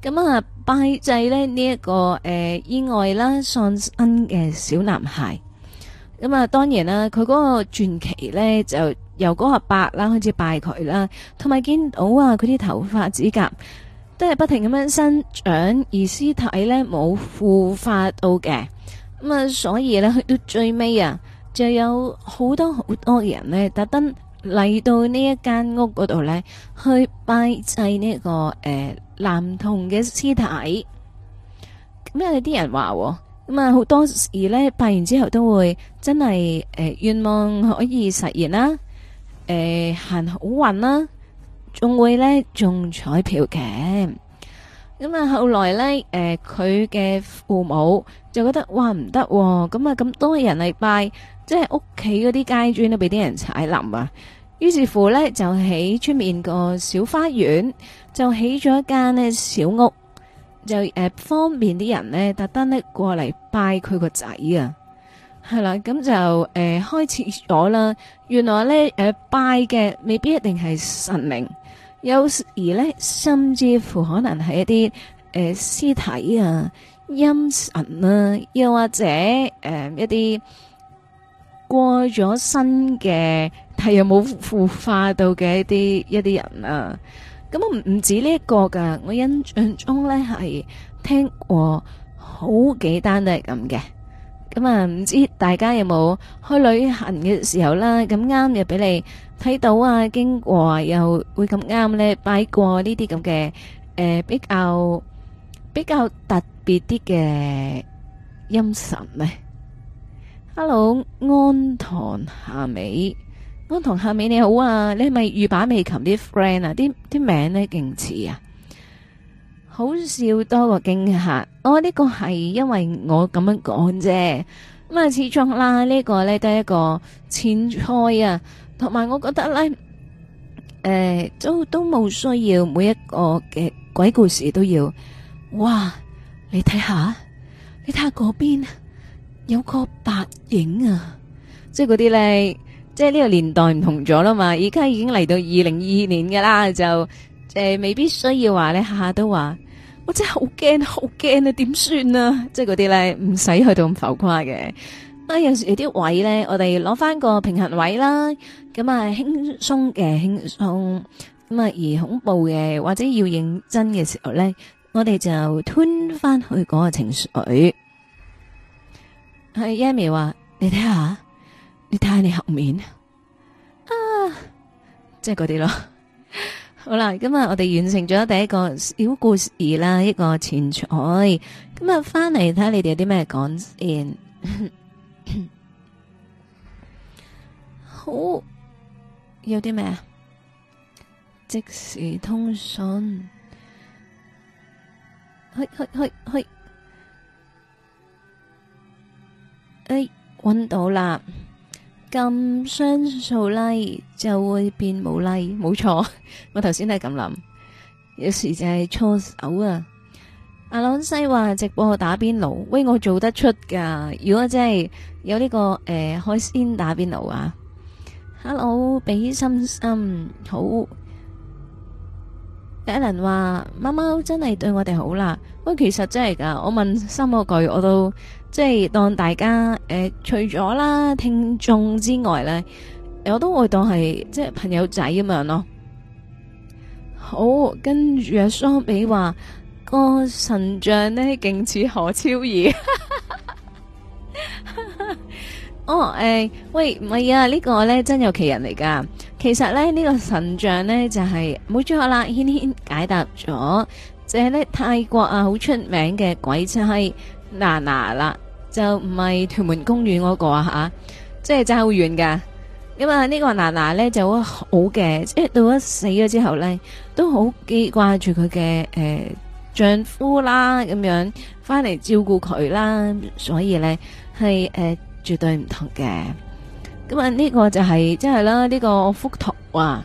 咁啊，拜祭呢，呢、這、一個誒、呃、意外啦喪身嘅小男孩，咁啊，當然啦、啊，佢嗰個傳奇呢，就。由嗰個白啦，開始拜佢啦，同埋見到啊，佢啲頭髮指甲都係不停咁樣生長，而屍體呢冇腐化到嘅。咁啊，所以呢，去到最尾啊，就有好多好多人呢，特登嚟到呢一間屋嗰度呢，去拜祭呢、這個誒男、呃、童嘅屍體。咁有啲人話咁啊，好多時呢，拜完之後都會真係誒願望可以實現啦。誒、呃，行好運啦、啊，仲會咧中彩票嘅。咁、嗯、啊，後來咧，誒、呃，佢嘅父母就覺得哇，唔得，咁啊咁、嗯、多人嚟拜，即係屋企嗰啲階磚都俾啲人踩冧啊。於是乎咧，就喺出面個小花園，就起咗一間呢小屋，就誒、呃、方便啲人呢特登呢過嚟拜佢個仔啊。係啦，咁就誒、呃、開始咗啦。原來咧誒、呃、拜嘅未必一定係神明，有時咧甚至乎可能係一啲誒屍體啊、陰神啊，又或者誒、呃、一啲過咗身嘅，但又冇腐化到嘅一啲一啲人啊。咁我唔唔止呢一個噶，我印象中咧係聽過好幾單都係咁嘅。咁啊，唔知大家有冇去旅行嘅時候啦，咁啱又俾你睇到啊，經過又會咁啱咧，擺過呢啲咁嘅誒，比較比較特別啲嘅陰神呢。Hello，安堂夏美，安堂夏美你好啊，你係咪御坂美琴啲 friend 啊？啲啲名呢勁似啊！好笑多過驚嚇，我、哦、呢、這個係因為我咁樣講啫，咁啊始終啦，呢、這個呢都係一個前菜啊，同埋我覺得呢，誒、呃、都都冇需要每一個嘅鬼故事都要，哇！你睇下，你睇下嗰邊有個白影啊，即係嗰啲呢，即係呢個年代唔同咗啦嘛，而家已經嚟到二零二二年噶啦，就誒、呃、未必需要話咧下下都話。我真係好驚，好驚啊，點算啊？即係嗰啲咧，唔使去到咁浮誇嘅。啊，有時有啲位咧，我哋攞翻個平衡位啦，咁啊輕鬆嘅輕鬆，咁啊而恐怖嘅或者要認真嘅時候咧，我哋就吞翻去嗰個情緒。係 Yami 話：你睇下，你睇下你後面啊，即係嗰啲咯。好啦，今日，我哋完成咗第一個小故事啦，一個前菜。今日，翻嚟睇下你哋有啲咩講先。好，有啲咩啊？即時通訊，去去去去，哎，搵到啦。咁雙數拉就會變冇拉，冇錯。我頭先都係咁諗，有時就係錯手啊。阿朗西話直播打邊爐，喂，我做得出㗎。如果真係有呢、這個誒、呃，海鮮打邊爐啊。Hello，俾心心、嗯、好。Allen 話貓貓真係對我哋好啦。喂，其實真係㗎，我問三個句我都。即係當大家誒、欸，除咗啦聽眾之外咧，我都會當係即係朋友仔咁樣咯。好，跟住阿比話個神像呢，勁似何超儀。 哦，誒、欸，喂，唔係啊，這個、呢個咧真有其人嚟噶。其實咧呢、這個神像呢就係冇錯啦，軒軒解答咗，就係、是、呢泰國啊好出名嘅鬼差。娜娜啦，就唔係屯門公園嗰個啊吓，即係爭好遠噶咁啊呢個娜娜咧就好好嘅，即係到咗死咗之後咧，都好記掛住佢嘅誒丈夫啦，咁樣翻嚟照顧佢啦，所以咧係誒絕對唔同嘅。咁啊呢個就係即係啦，呢個幅圖啊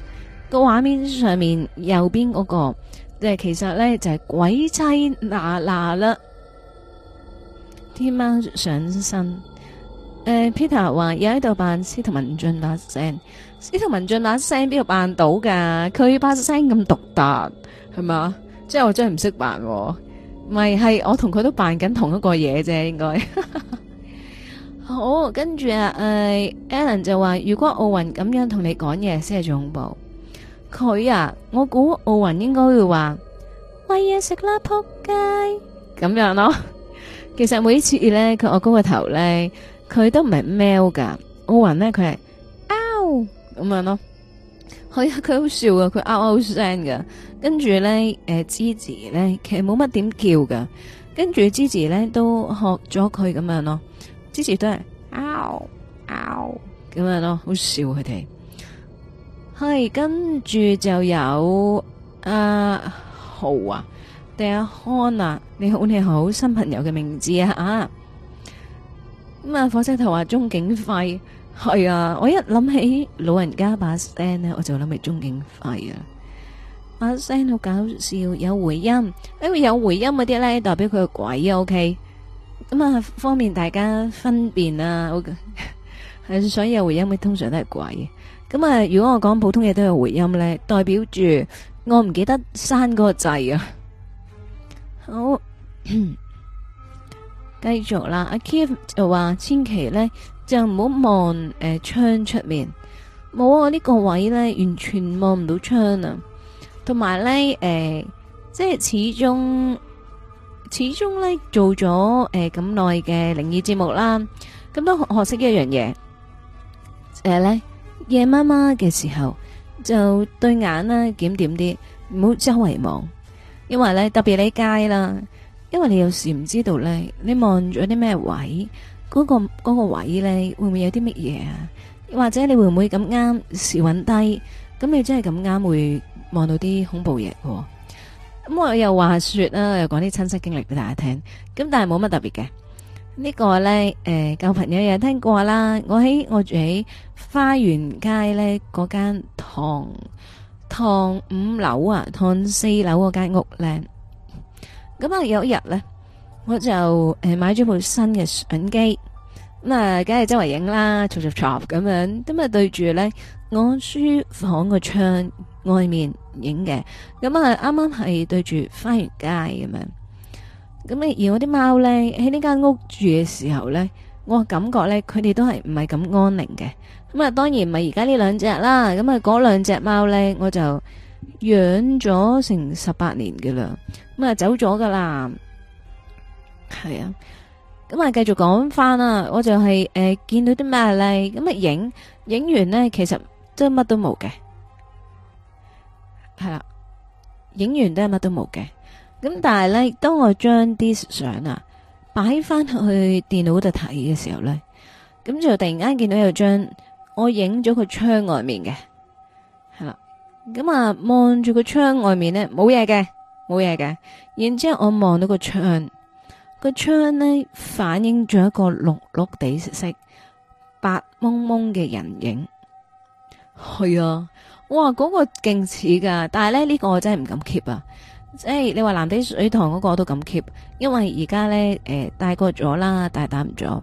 個畫面上面右邊嗰個，即係其實咧就係鬼妻娜娜啦。天貓上身、uh,，Peter 話又喺度扮司徒文進嗰聲，司徒文進嗰聲邊度扮到噶？佢把聲咁獨特係嘛？即係我真係唔識扮、哦，唔係係我同佢都扮緊同一個嘢啫，應該。 好，跟住啊，誒、uh,，Alan 就話如果奧運咁樣同你講嘢先係重恐怖，佢啊，我估奧運應該會話喂嘢食啦撲街，咁樣咯。其實每次呢，咧，佢我高個頭咧，佢都唔係喵噶奧雲咧，佢係嗷咁樣咯。佢佢好笑啊，佢嗷嗷聲噶。跟住咧，誒、呃，芝士咧其實冇乜點叫噶。跟住芝士咧都學咗佢咁樣咯。芝士都係嗷嗷咁樣咯，好笑佢哋。係，跟住就有阿豪啊。鄧阿康啊，你好你好，你好，新朋友嘅名字啊啊。咁啊，火車頭話鍾景輝係啊。我一諗起老人家把聲呢，我就諗起鍾景輝啊。把聲好搞笑，有回音，因為有回音嗰啲呢，代表佢係鬼 OK，咁啊，OK? 方便大家分辨啊。係 所以有回音，咪通常都係鬼。咁啊，如果我講普通嘢都有回音呢，代表住我唔記得刪嗰個掣啊。好，繼續啦。阿 K 就話，千祈咧就唔好望誒窗出面。冇啊，呢個位咧完全望唔到窗啊。同埋咧誒，即係始終始終咧做咗誒咁耐嘅靈異節目啦，咁都學識呢一樣嘢。誒咧，夜媽媽嘅時候就對眼啦，檢點啲，唔好周圍望。因為咧特別你街啦，因為你有時唔知道咧，你望咗啲咩位，嗰個嗰個位咧會唔會有啲乜嘢啊？或者你會唔會咁啱時運低？咁你真係咁啱會望到啲恐怖嘢嘅？咁我又話說啦，又講啲親戚經歷俾大家聽。咁但係冇乜特別嘅，呢個咧誒舊朋友有聽過啦。我喺我住喺花園街咧嗰間堂。看五樓啊，看四樓嗰間屋靚。咁啊，有一日咧，我就誒買咗部新嘅相機，咁啊，梗係周圍影啦，做做 trap 咁樣。咁啊，對住咧我書房個窗外面影嘅。咁啊，啱啱係對住花園街咁樣。咁啊，而我啲貓咧喺呢間屋住嘅時候咧，我感覺呢，佢哋都係唔係咁安寧嘅。咁啊，當然唔係而家呢兩隻啦。咁啊，嗰兩隻貓呢，我就養咗成十八年嘅啦。咁啊，走咗㗎啦。係啊。咁啊，繼續講返啦。我就係、是、誒、呃、見到啲咩呢？咁啊，影影完呢其實真係乜都冇嘅。係啦、啊，影完都係乜都冇嘅。咁但係呢，當我將啲相啊。擺翻去電腦度睇嘅時候呢，咁就突然間見到有張我影咗個窗外面嘅，係啦，咁啊望住個窗外面呢，冇嘢嘅，冇嘢嘅，然之後我望到個窗，個窗呢反映咗一個綠綠地色、白蒙蒙嘅人影，係啊，哇嗰、嗰個勁似噶，但係呢，呢、呢個我真係唔敢 keep 啊。即係你話藍地水塘嗰、嗰個我都敢 keep，因為而家呢，誒大個咗啦，大打唔咗。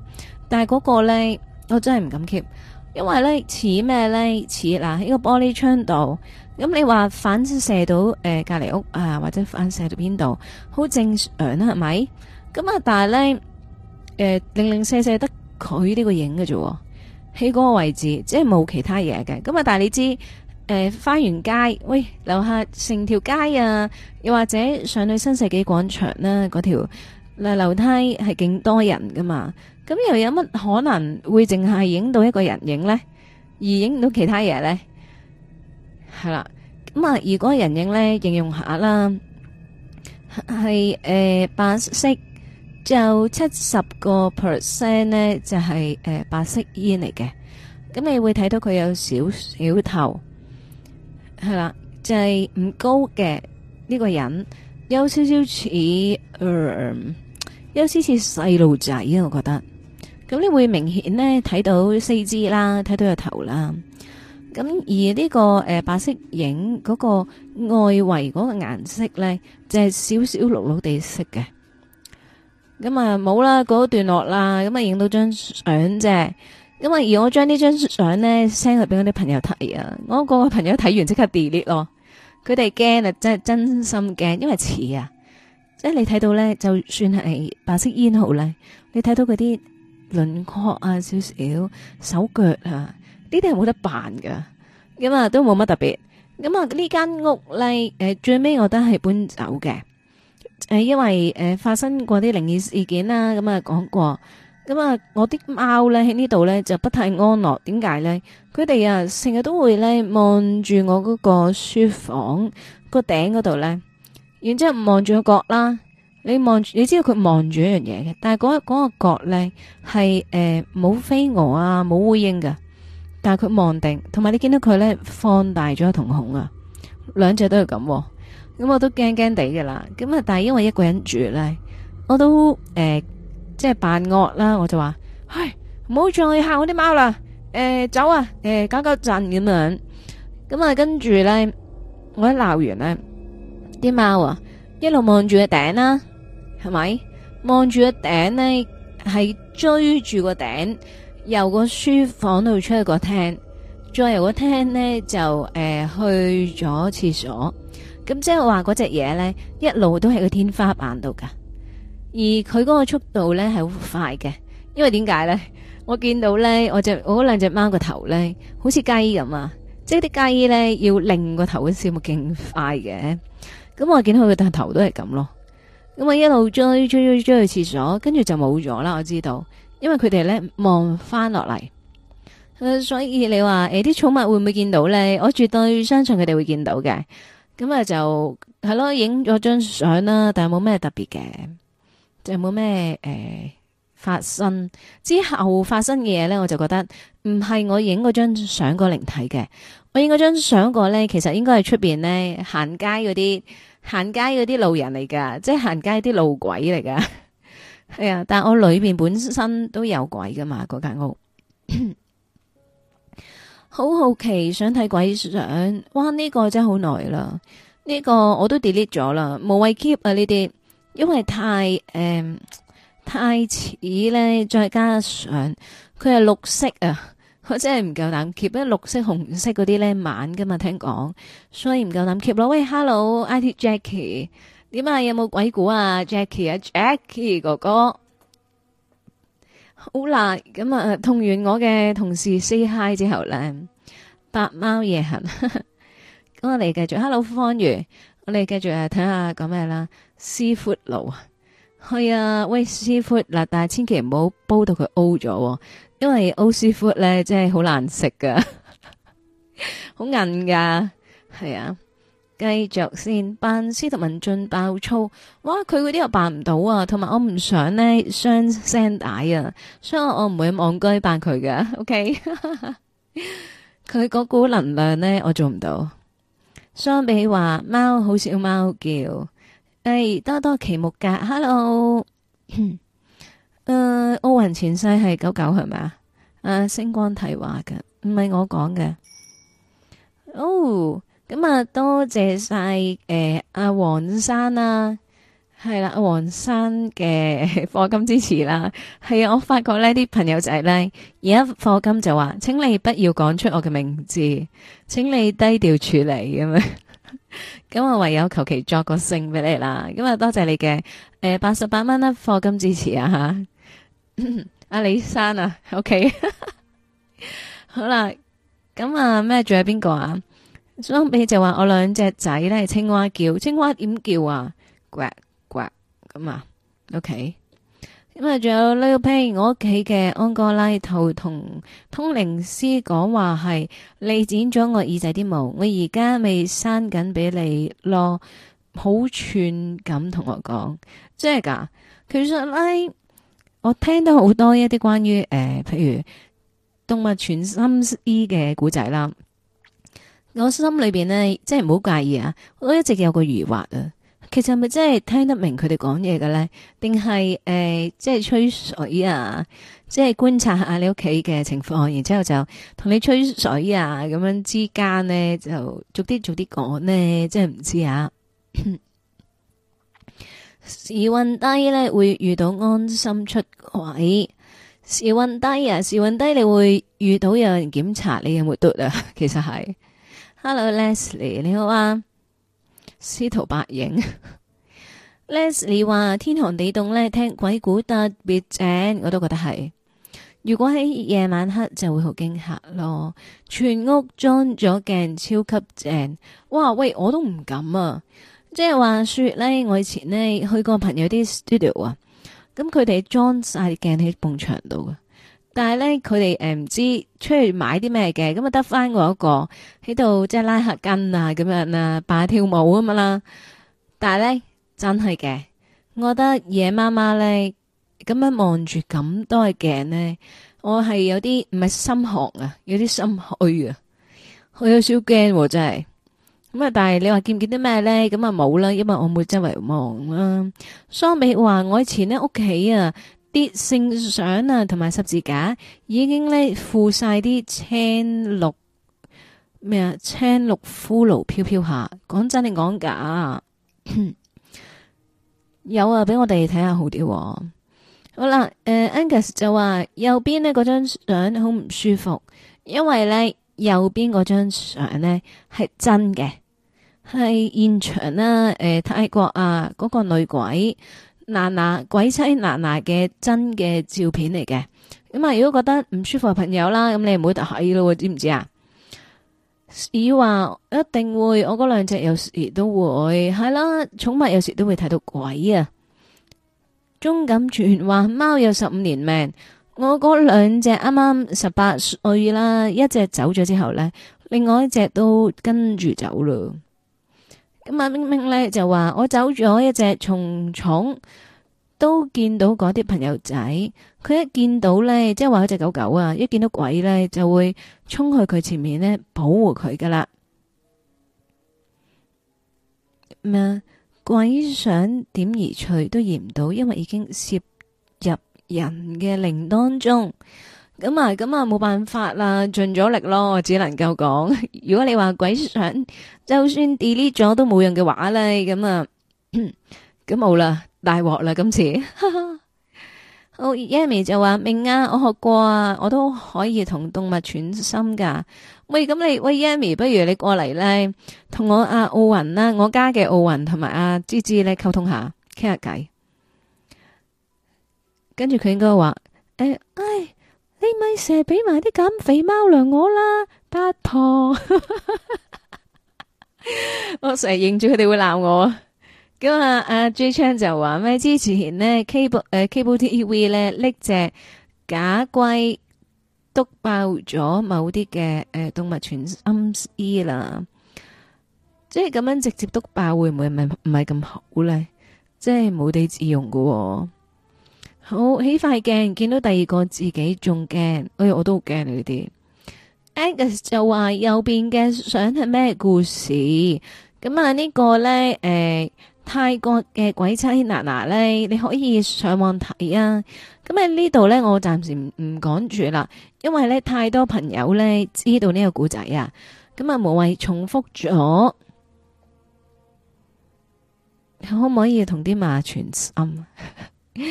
但係嗰個呢，我真係唔敢 keep，因為呢似咩呢？似嗱喺個玻璃窗度，咁你話反射到誒、呃、隔籬屋啊或者反射到邊度，好正常啦係咪？咁啊但係呢，誒、呃、零零舍舍得佢呢個影嘅啫，喺嗰個位置即係冇其他嘢嘅。咁啊但係你知。誒、呃，花園街喂，樓下成條街啊，又或者上去新世紀廣場啦、啊，嗰條嗱樓梯係勁多人噶嘛，咁又有乜可能會淨係影到一個人影呢？而影唔到其他嘢呢？係啦，咁啊，如果人影呢應用下啦，係誒、呃、白色就七十個 percent 呢就係、是、誒、呃、白色煙嚟嘅，咁你會睇到佢有少少頭。係啦，就係、是、唔高嘅呢、這個人有、呃，有少少似，有少少似細路仔，我覺得。咁你會明顯咧睇到四肢啦，睇到個頭啦。咁而呢、這個誒、呃、白色影嗰個外圍嗰個顏色咧，就係少少綠綠地色嘅。咁啊冇啦，講段落啦，咁啊影到張相啫。咁啊而我將呢張相咧 send 去俾我啲朋友睇啊，我嗰個朋友睇完即刻 delete 咯，佢哋驚啊，真係真心驚，因為似啊，即係你睇到咧，就算係白色煙號咧，你睇到嗰啲輪廓啊，少少手腳啊，呢啲係冇得扮㗎，咁啊都冇乜特別，咁啊呢間屋咧，誒最尾我都係搬走嘅，誒因為誒發生過啲靈異事件啦，咁啊講過。咁啊、嗯，我啲貓咧喺呢度咧就不太安樂，點解咧？佢哋啊成日都會咧望住我嗰個書房個頂嗰度咧，然之後望住個角啦。你望住，你知道佢望住一樣嘢嘅。但係嗰、嗰個嗰個角咧係誒冇飛蛾啊，冇烏蠅㗎。但係佢望定，同埋你見到佢咧放大咗個瞳孔啊，兩隻都係咁、啊。咁、嗯、我都驚驚地㗎啦。咁啊，但係因為一個人住咧，我都誒。呃即係扮惡啦，我就話，唉，唔好再嚇我啲貓啦！誒、欸，走啊！誒、欸，搞搞震咁樣，咁啊，跟住咧，我一鬧完咧，啲貓啊一路望住個頂啦，係咪？望住個頂咧，係追住個頂，由個書房度出去個廳，再由個廳咧就誒、呃、去咗廁所。咁即係話嗰隻嘢，咧，一路都喺個天花板度噶。.而佢嗰個速度呢係好快嘅，因為點解呢？我見到呢，我隻我嗰兩隻貓個頭呢好似雞咁啊，即係啲雞呢要擰個頭嘅時，咪勁快嘅。咁我見到佢個頭都係咁咯。咁我一路追追追追去廁所，跟住就冇咗啦。我知道，因為佢哋呢望翻落嚟，所以你話誒啲寵物會唔會見到呢？我絕對相信佢哋會見到嘅。咁啊，就係咯，影咗張相啦，但係冇咩特別嘅。就冇咩誒、發生之後發生嘅嘢咧？我就覺得唔係我影嗰張相過嚟睇嘅，我影嗰張相過咧，其實應該係出邊咧行街嗰啲行街嗰啲路人嚟噶，即係行街啲路鬼嚟噶。係啊，但我裏面本身都有鬼噶嘛，嗰間屋。好 好奇想睇鬼相，哇！呢、這個真係好耐啦，呢、這個我都 delete 咗啦，冇謂 keep 啊呢啲。因為太誒、呃、太似咧，再加上佢係綠色啊，我真係唔夠膽夾，因綠色紅色嗰啲咧晚噶嘛，聽講，所以唔夠膽 p 咯。喂，Hello，I T j a c k i e 點啊？有冇鬼故啊 j a c k e 啊 j a c k i e 哥哥好啦，咁啊，同完我嘅同事 say hi 之後咧，白貓夜行，咁我哋繼續，Hello 方如。我哋繼續啊，睇下講咩啦，C foot 佬啊，係啊，喂 C foot 嗱，但係千祈唔好煲到佢 O 咗，因為 O C foot 咧真係好難食噶，好硬噶，係啊，繼續先，扮司徒文進爆粗，哇，佢嗰啲又扮唔到啊，同埋我唔想咧雙聲帶啊，所以我唔會咁戇居扮佢嘅，OK，佢 嗰股能量咧，我做唔到。相比話貓好少貓叫，係、哎、多多奇木格。Hello，誒，奧運、 呃、前世係九九係咪啊？誒，星光提話嘅，唔係我講嘅。哦，咁啊，多謝晒誒阿黃生啊！係啦，黃生嘅課金支持啦，係啊，我發覺呢啲朋友仔咧而家課金就話，請你不要講出我嘅名字，請你低調處理咁樣，咁 我唯有求其作個姓俾你啦。咁啊，多謝你嘅誒八十八蚊啦課金支持啊吓，阿、 啊、李生啊，OK， 好啦，咁啊咩仲有邊個啊？收尾、啊、就話我兩隻仔咧係青蛙叫，青蛙點叫啊？咁啊，OK，咁啊，仲、okay、有呢個譬如我屋企嘅安哥拉兔同通靈師講話係你剪咗我耳仔啲毛，我而家未刪緊俾你咯，好串咁同我講，即係噶。其實咧，我聽到好多一啲關於誒、呃，譬如動物傳心師嘅古仔啦，我心裏邊呢，即係唔好介意啊，我一直有個疑惑啊。其實咪真係聽得明佢哋講嘢嘅咧，定係誒，即係吹水啊，即係觀察下你屋企嘅情況，然之後就同你吹水啊，咁樣之間呢，就逐啲逐啲講呢，即係唔知呀、啊。 時運低咧會遇到安心出行，時運低啊，時運低你會遇到有人檢查你有冇嘟啊，其實係。Hello Leslie，你好啊。司徒白影 ，Leslie 話天寒地凍咧，聽鬼故特別正，我都覺得係。如果喺夜晚黑就會好驚嚇咯，全屋裝咗鏡，超級正。哇喂，我都唔敢啊！即係話說咧，我以前呢去過朋友啲 studio 啊，咁佢哋裝晒鏡喺埲牆度嘅。但係咧，佢哋誒唔知出去買啲咩嘅，咁啊得翻，我一個喺度，即係、就是、拉吓筋啊咁樣啊，擺下跳舞咁啦。但係咧，真係嘅，我覺得夜媽媽咧咁樣望住咁多鏡咧，我係有啲唔係心寒啊，有啲心虛啊、哎，我有少驚真係。咁啊，但係你話見唔見啲咩咧？咁啊冇啦，因為我冇周圍望啦。桑美話我以前咧屋企啊。啲聖相啊，同埋十字架已經咧附晒啲青綠咩啊？青綠骷髏飄飄下，講真定講假？ 有啊，俾我哋睇下好啲、啊。好啦，誒、呃、，Angus 就話右邊呢嗰張相好唔舒服，因為咧右邊嗰張相咧係真嘅，係現場啦、啊。誒、呃，泰國啊，嗰、那個女鬼。嗱嗱鬼妻嗱嗱嘅真嘅照片嚟嘅，咁啊如果覺得唔舒服嘅朋友啦，咁你唔好睇咯，知唔知啊？以話一定會，我嗰兩隻有時都會，係啦，寵物有時都會睇到鬼啊。鍾錦全話貓有十五年命，我嗰兩隻啱啱十八歲啦，一隻走咗之後呢，另外一隻都跟住走啦。咁啊，明明咧就話我走咗一隻蟲蟲，都見到嗰啲朋友仔。佢一見到咧，即係話嗰隻狗狗啊，一見到鬼咧就會衝去佢前面咧保護佢噶啦。咩、嗯、鬼想點移除都移唔到，因為已經攝入人嘅靈當中。咁啊，咁啊，冇辦法啦，盡咗力咯，我只能夠講。如果你話鬼想，就算 delete 咗都冇用嘅話咧，咁啊，咁冇啦，大鑊啦，今次。 好 Yamy 就話明啊，我學過啊，我都可以同動物傳心噶。喂，咁你喂 Yamy，不如你過嚟咧，同我阿奧運啦，我家嘅奧運同埋阿芝芝咧溝通下傾下偈。跟住佢應該話，誒、欸，唉。你咪成日俾埋啲減肥貓糧我啦，八婆！我成日認住佢哋會鬧我。咁啊，阿 G Chan 就話咩？之前咧，Cable，誒，Cable TV 咧，拎隻假龜篤爆咗某啲嘅，誒動物傳心師啦。即係咁樣直接篤爆，會唔會唔唔係咁好咧？即係冇地自容噶。好起塊鏡，見到第二個自己仲驚，哎我都好驚呢啲。Angus 就話右邊嘅相係咩故事？咁啊呢個呢，誒、呃、泰國嘅鬼妻娜娜，娜呢你可以上網睇啊。咁啊呢度呢，我暫時唔唔講住啦，因為呢太多朋友呢知道呢個故仔啊。咁啊無謂重複咗，可唔可以同啲馬全心？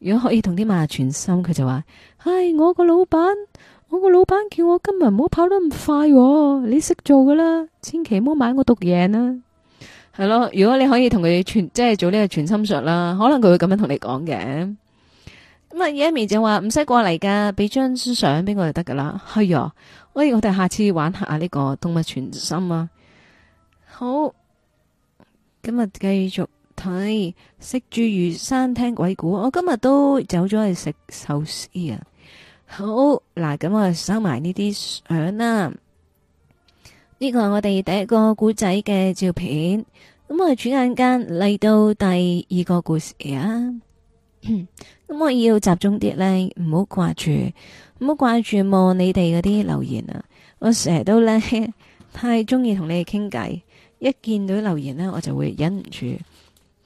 如果可以同啲馬，馬傳心，佢就話：唉，我個老闆，我個老闆叫我今日唔好跑得咁快，你識做噶啦，千祈唔好買我獨贏啦。係咯，如果你可以同佢即係做呢個傳心術啦，可能佢會咁樣同你講嘅。咁啊 Yummy 就話唔使過嚟噶，俾張相俾我就得噶啦。係啊，所以我哋下次玩下呢個動物傳心啊。好，今日繼續。係食住魚生，聽鬼故。我今日都走咗去食壽司啊。好嗱，咁我收埋呢啲相啦。呢個係我哋第一個故仔嘅照片。咁我轉眼間嚟到第二個故事啊。咁 我要集中啲呢，唔好掛住，唔好掛住望你哋嗰啲留言啊。我成日都呢，太中意同你哋傾偈，一見到留言呢，我就會忍唔住。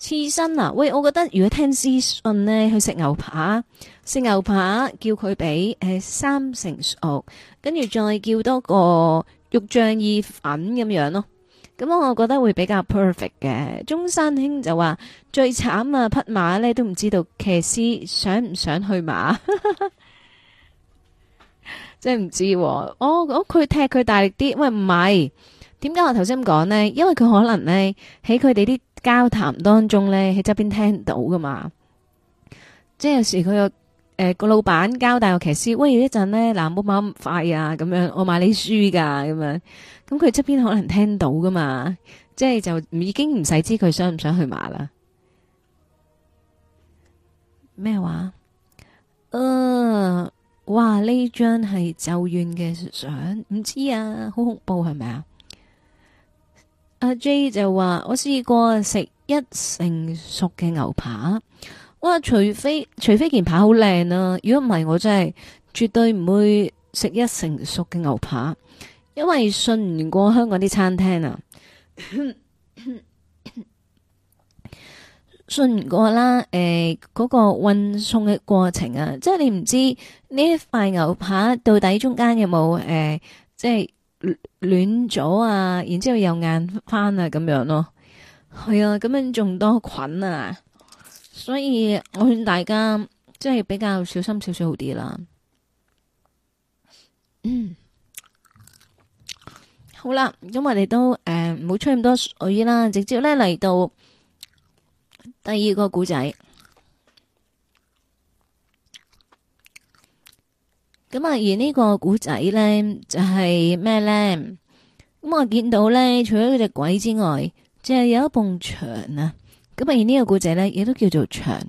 刺身啊！喂，我覺得如果聽資訊呢，去食牛扒，食牛扒叫佢俾誒三成熟，跟住再叫多個肉醬意粉咁樣咯。咁我覺得會比較 perfect 嘅。中山兄就話最慘啊，匹馬咧都唔知道騎師想唔想去馬，即係唔知，啊。我我佢踢佢大力啲，喂唔係？點解我頭先咁講呢？因為佢可能呢，喺佢哋啲。交談當中呢，喺側邊聽到噶嘛，即係有時佢個誒個老闆交代我騎師，喂一陣呢，嗱冇買咁快啊咁樣，我買你輸噶咁樣，咁佢側邊可能聽到噶嘛，即係就已經唔使知佢想唔想去買啦。咩話？誒、呃，哇！呢張係咒怨嘅相，唔知啊，好恐怖係咪啊？是阿 J 就話：我試過食一成熟嘅牛扒，我話除非除非件扒好靚啦，如果唔係我真係絕對唔會食一成熟嘅牛扒，因為信唔過香港啲餐廳啊， 信唔過啦，誒嗰個運送嘅過程啊，即係你唔知呢一塊牛扒到底中間有冇誒即係。暖咗啊，然之後又硬翻啊，咁樣咯，係啊，咁樣仲多菌啊，所以我勸大家即係比較小心少少好啲啦。嗯，好啦，咁我哋都誒唔好、呃、吹咁多水啦，直接咧嚟到第二個古仔。咁啊，而個呢個古仔咧，就係咩咧？咁我見到咧，除咗佢隻鬼之外，即係有一埲牆啊。咁啊，而個呢個古仔咧，亦都叫做牆，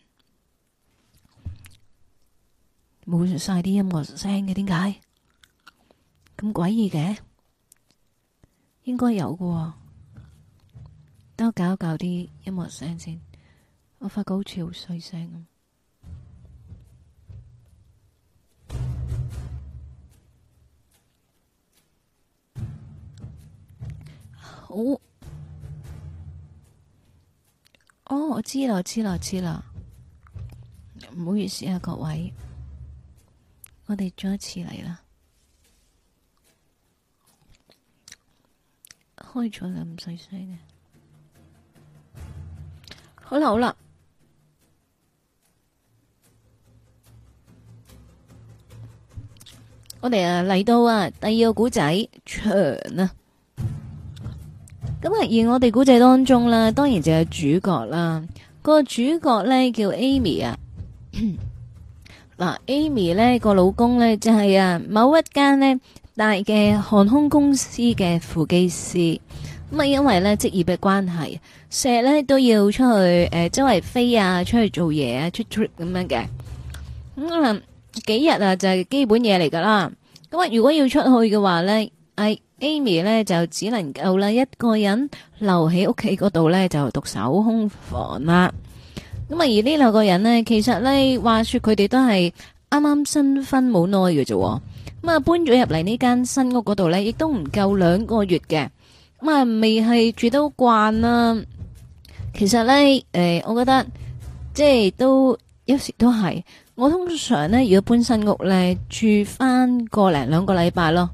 冇晒啲音樂聲嘅，點解咁詭異嘅？應該有等、哦、我搞一搞啲音樂聲先。我發覺好似好細聲咁。哦，我知啦，我知啦，我知啦，唔好意思啊，各位，我哋再一次嚟啦，開咗啦，唔使衰嘅，好啦，好啦，我哋啊嚟到啊第二個古仔長啊。咁啊，而我哋古仔當中啦，當然就有主角啦。個主角咧叫 Amy 啊，嗱，Amy 咧個老公咧就係啊某一間呢大嘅航空公司嘅副機師，咁啊因為咧職業嘅關係，成日咧都要出去誒周圍飛啊，出去做嘢啊，出 trip 咁樣嘅。咁啊可能幾日啊就係基本嘢嚟噶啦。咁啊如果要出去嘅話咧，哎、Amy 咧，就只能夠啦一個人留喺屋企嗰度咧，就獨守空房啦。咁啊而呢兩個人咧，其實咧話說佢哋都係啱啱新婚冇耐嘅啫。咁啊搬咗入嚟呢間新屋嗰度咧亦都唔夠兩個月嘅。咁啊未係住到慣啦。其實咧誒、啊哎，我覺得即係都有時都係。我通常咧，如果搬新屋咧住翻個零兩個禮拜咯。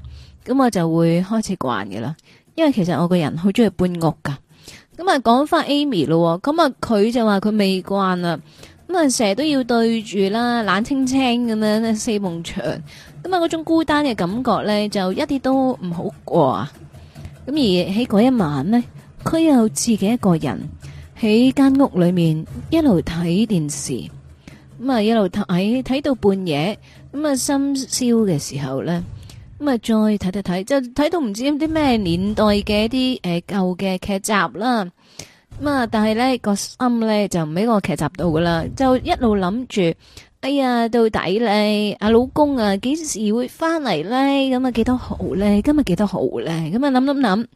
咁我就會開始慣嘅啦，因為其實我個人好中意搬屋噶。咁啊，講翻 Amy 咯，咁啊，佢就話佢未慣啦。咁啊，成日都要對住啦，冷清清咁樣四埲牆，咁啊，嗰種孤單嘅感覺呢，就一啲都唔好過。咁而喺嗰一晚呢，佢又自己一個人喺間屋裏面一路睇電視，咁啊，一路睇睇到半夜，咁啊，深宵嘅時候呢。咁啊，再睇睇睇，就睇到唔知啲咩年代嘅一啲誒舊嘅劇集啦。咁啊，但係咧個心咧就唔喺個劇集度噶啦，就一路諗住，哎呀，到底咧阿老公啊，幾時會翻嚟咧？咁啊，幾多號咧？今日幾多號咧？咁啊，諗諗諗，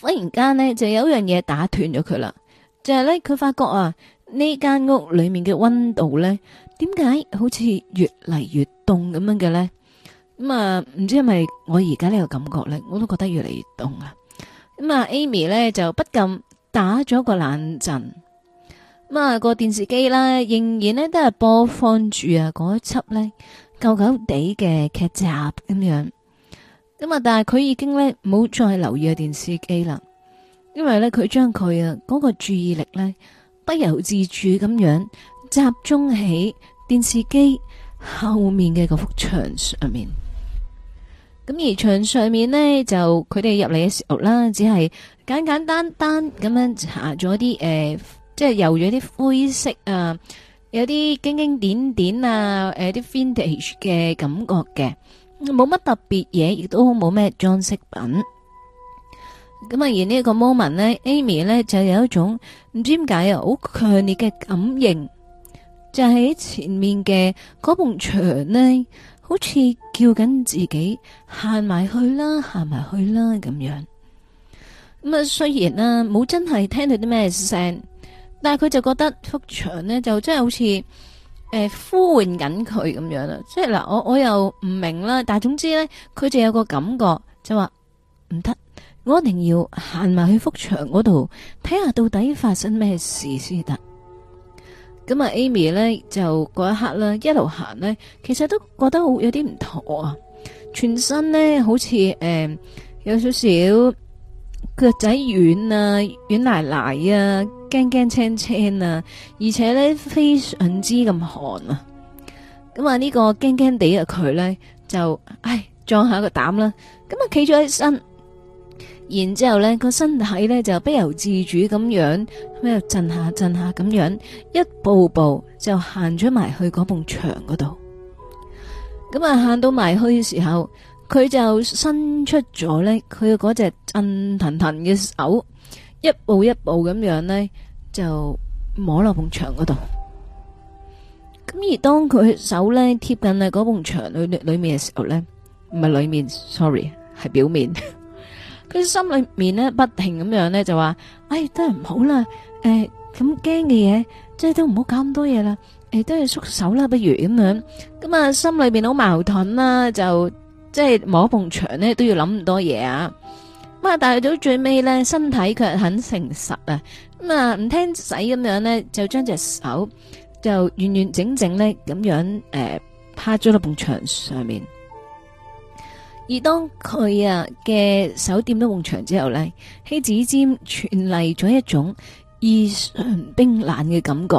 忽然間咧就有一樣嘢打斷咗佢啦，就係咧佢發覺啊呢間屋裏面嘅溫度咧，點解好似越嚟越凍咁樣嘅咧？咁啊，唔、嗯、知係咪我而家呢個感覺咧，我都覺得越嚟越凍啦！咁、嗯、啊，Amy 咧就不禁打咗個冷震。咁、嗯、啊，個電視機啦，仍然咧都係播放住啊嗰一輯咧舊舊地嘅劇集咁樣。咁、嗯、啊，但係佢已經咧冇再留意個電視機啦，因為咧佢將佢啊嗰個注意力咧不由自主咁樣集中喺電視機後面嘅嗰幅牆上面。咁而牆上面呢，就佢哋入嚟嘅時候啦，只係簡簡單單咁樣搽咗啲即係有咗啲灰色啊，有啲經經典，典典啊，誒、啊、啲 v i n t a g e 嘅感覺嘅，冇乜特別嘢，亦都冇咩裝飾品。咁啊，而呢個個 moment 呢 a m y 呢，就有一種唔知點解啊，好強烈嘅感應，就喺、是、前面嘅嗰埲牆呢。好似叫緊自己行埋去啦，行埋去啦咁樣。咁啊，雖然啊冇真係聽到啲咩聲，但係佢就覺得幅牆咧就真係好似誒、欸、呼喚緊佢咁樣啦。即係嗱，我我又唔明啦，但係總之咧，佢就有個感覺，就話唔得，我一定要行埋去幅牆嗰度睇下到底發生咩事先得。咁啊，Amy 咧就嗰一刻咧，一路行咧，其實都覺得好有啲唔妥啊，全身咧好似誒、呃、有少少腳仔軟啊，軟賴賴啊，驚驚青青啊，而且咧非常之咁寒啊。咁啊，呢個驚驚地啊，佢咧就唉壯下個膽啦，咁啊企咗起身。然之後咧，個身體呢就不由自主咁樣，咁又震下震下咁樣，一步步就行咗埋去嗰埲牆嗰度。咁啊，行到埋去嘅時候，佢就伸出咗呢，佢嗰隻震騰騰嘅手，一步一步咁樣呢，就摸落埲牆嗰度。咁而當佢手呢貼近喺嗰埲牆裏裏面嘅時候呢，唔係裏面，sorry，係表面。佢心裏面咧，不停咁樣咧就話，哎，都係唔好啦，誒、欸，咁驚嘅嘢，即係都唔好搞咁多嘢啦，誒、欸，都係縮手啦，不如咁樣，咁、嗯、啊，心裏面好矛盾啦，就即係摸一埲牆咧，都要諗咁多嘢啊，咁啊，但係到最尾咧，身體卻係很誠實啊，咁、嗯、啊，唔聽使咁樣咧，就將隻手就完完整整咧咁樣，誒、呃，趴咗喺埲牆上面。而當佢啊嘅手掂到紅牆之後咧，喺指尖傳嚟咗一種異常冰冷嘅感覺。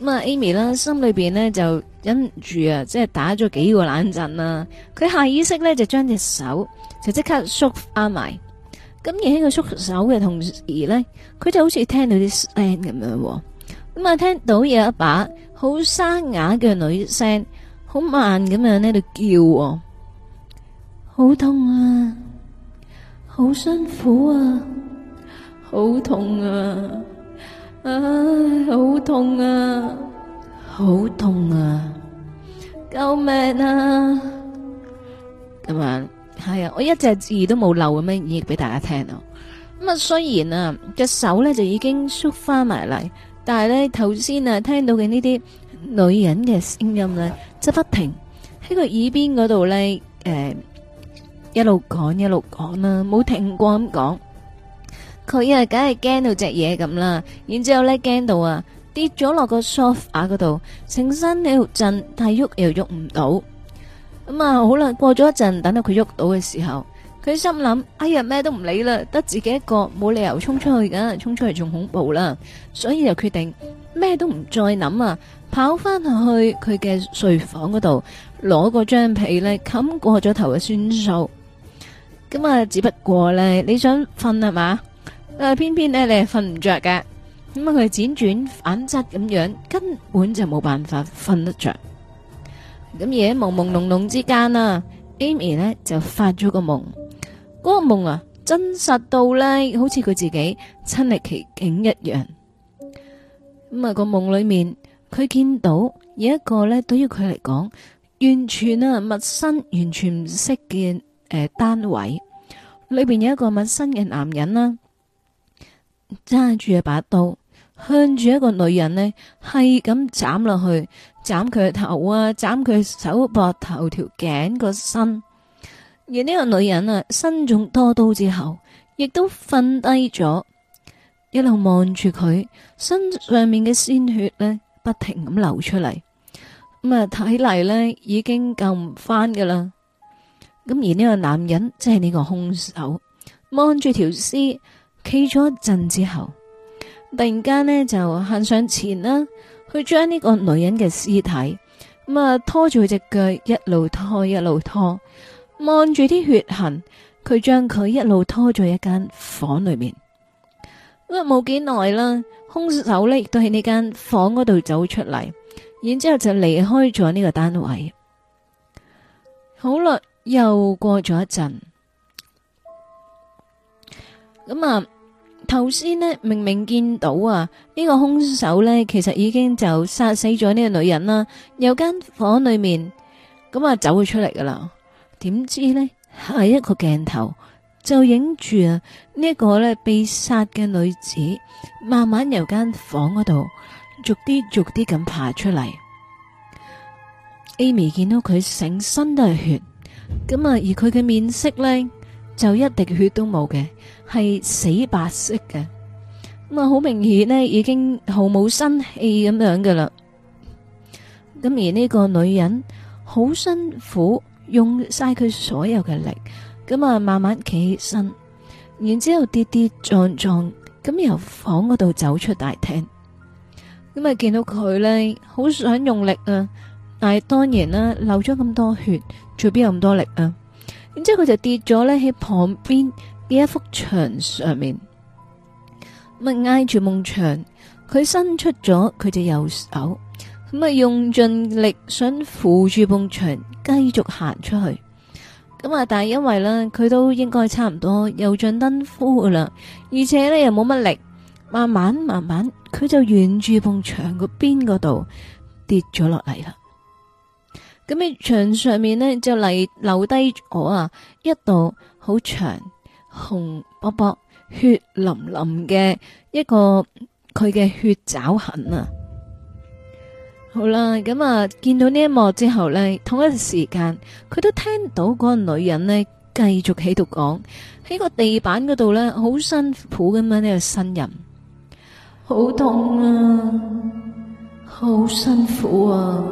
咁啊，Amy 啦，心裏邊咧就忍住啊，即係打咗幾個冷震啦、啊。佢下意識咧就將隻手就即刻縮返埋。咁而喺佢縮手嘅同時咧，佢就好似聽到啲聲咁樣。咁、嗯、啊，聽到有一把好沙啞嘅女聲，好慢咁樣喺度叫。好痛啊！好辛苦啊！好痛啊！唉，好痛啊！好痛啊！救命啊！咁啊，係啊，我一隻字都冇漏咁樣演繹俾大家聽咯。咁啊，雖然啊隻手咧就已經縮翻埋嚟，但係咧頭先啊聽到嘅呢啲女人嘅聲音咧，就不停喺個耳邊嗰度咧，誒。一路講一路講啦，冇停過咁講，佢啊梗係驚到隻嘢咁啦。然之後咧驚到啊跌咗落個 sofa 嗰度，成身喺度震，但係喐又喐唔到。咁、嗯、啊好啦，過咗一陣，等到佢喐到嘅時候，佢心諗哎呀咩都唔理啦，得自己一個，冇理由衝出去噶，衝出嚟仲恐怖啦。所以就決定咩都唔再諗啊，跑翻去佢嘅睡房嗰度，攞個張被咧冚過咗頭嘅算數。咁啊，只不過咧，你想瞓吖嘛？偏偏咧，你係瞓唔着嘅。咁啊，佢輾轉反側咁樣，根本就冇辦法瞓得着。咁而喺朦朦朧朧之間啊，Amy 呢就發咗個夢。嗰個夢啊，真實到呢，好似佢自己親歷其境一樣。咁啊，個夢裏面，佢見到有一個呢，對於佢嚟講，完全啊陌生，完全唔識見。誒、呃，單位裏邊有一個陌生嘅男人啦，揸住一把刀，向住一個女人呢，係咁斬落去，斬佢個頭啊，斬佢手膊頭、條頸、個身。而呢個女人啊，身中多刀之後，亦都瞓低咗，一路望住佢身上面嘅鮮血呢，不停咁流出嚟。咁啊，睇嚟呢，已經救唔翻噶啦。咁而呢個男人即係呢個兇手，望住條屍企咗一陣之後，突然間呢就行上前啦，去將呢個女人嘅屍體咁啊拖住佢隻腳，一路拖一路拖，望住啲血痕，佢將佢一路拖在一間房裏面。咁啊冇幾耐啦，兇手呢亦都喺呢間房嗰度走出嚟，然之後就離開咗呢個單位。好啦。又過咗一陣，咁啊，頭先呢明明見到啊呢個兇手呢，其實已經就殺死咗呢個女人啦。由間房裏面，咁啊走咗出嚟噶啦。點知呢，下一個鏡頭就影住啊呢一個呢被殺嘅女子，慢慢由間房嗰度逐啲逐啲咁爬出嚟。 Amy 見到佢成身都係血。咁啊，而佢嘅面色呢，就一滴血都冇嘅，係死白色嘅。咁啊，好明顯呢，已經毫冇生氣咁樣嘅啦。咁而呢個女人好辛苦，用晒佢所有嘅力，咁啊，慢慢企起身，然之後跌跌撞撞咁由房嗰度走出大廳。咁啊，見到佢呢，好想用力啊！但係當然啦，流咗咁多血，再邊有咁多力啊？咁即係佢就跌咗咧喺旁邊嘅一幅牆上面，咁挨住埲牆，佢伸出咗佢隻右手，咁啊用盡力想扶住埲牆，繼續行出去。咁啊，但係因為咧，佢都應該差唔多油盡燈枯噶啦，而且咧又冇乜力，慢慢慢慢，佢就沿住埲牆嗰邊嗰度跌咗落嚟啦。咁喺牆上面咧就嚟，留低我啊一道好長紅卜卜血淋淋嘅一個佢嘅血爪痕啊！好啦，咁啊見到呢一幕之後咧，同一時間佢都聽到嗰個女人咧繼續喺度講，喺個地板嗰度咧好辛苦咁樣呢個呻吟，好痛啊，好辛苦啊！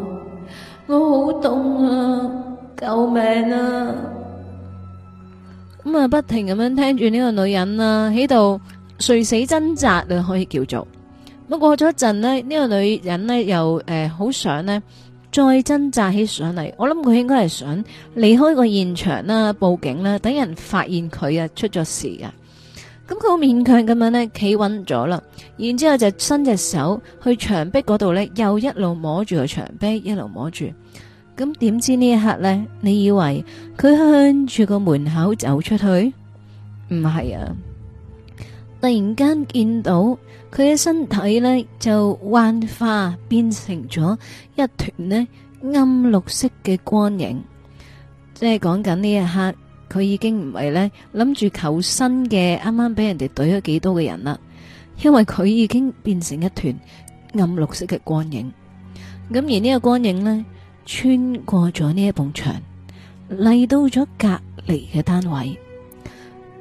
我好凍啊！救命啊！咁啊，不停咁樣聽住呢個女人啊喺度垂死掙扎，可以叫做。咁過咗一陣呢，呢、呢個女人呢，又誒好想呢，再掙扎起上嚟。我諗佢應該係想離開個現場啦，報警啦，等人發現佢啊出咗事啊。咁佢好勉強咁樣呢企穩咗啦，然之後就伸隻手去牆壁嗰度呢，又一路摸住個牆壁，一路摸住。咁點知呢一刻呢，你以為佢向住個門口走出去？唔係啊！突然間見到佢嘅身體呢，就幻化變成咗一團呢暗綠色嘅光影，即係講緊呢一刻。佢已經唔係咧諗住求生嘅，啱啱俾人哋懟咗幾多嘅人啦，因為佢已經變成一團暗綠色嘅光影。咁而呢個光影呢，穿過咗呢一埲牆，嚟到咗隔離嘅單位。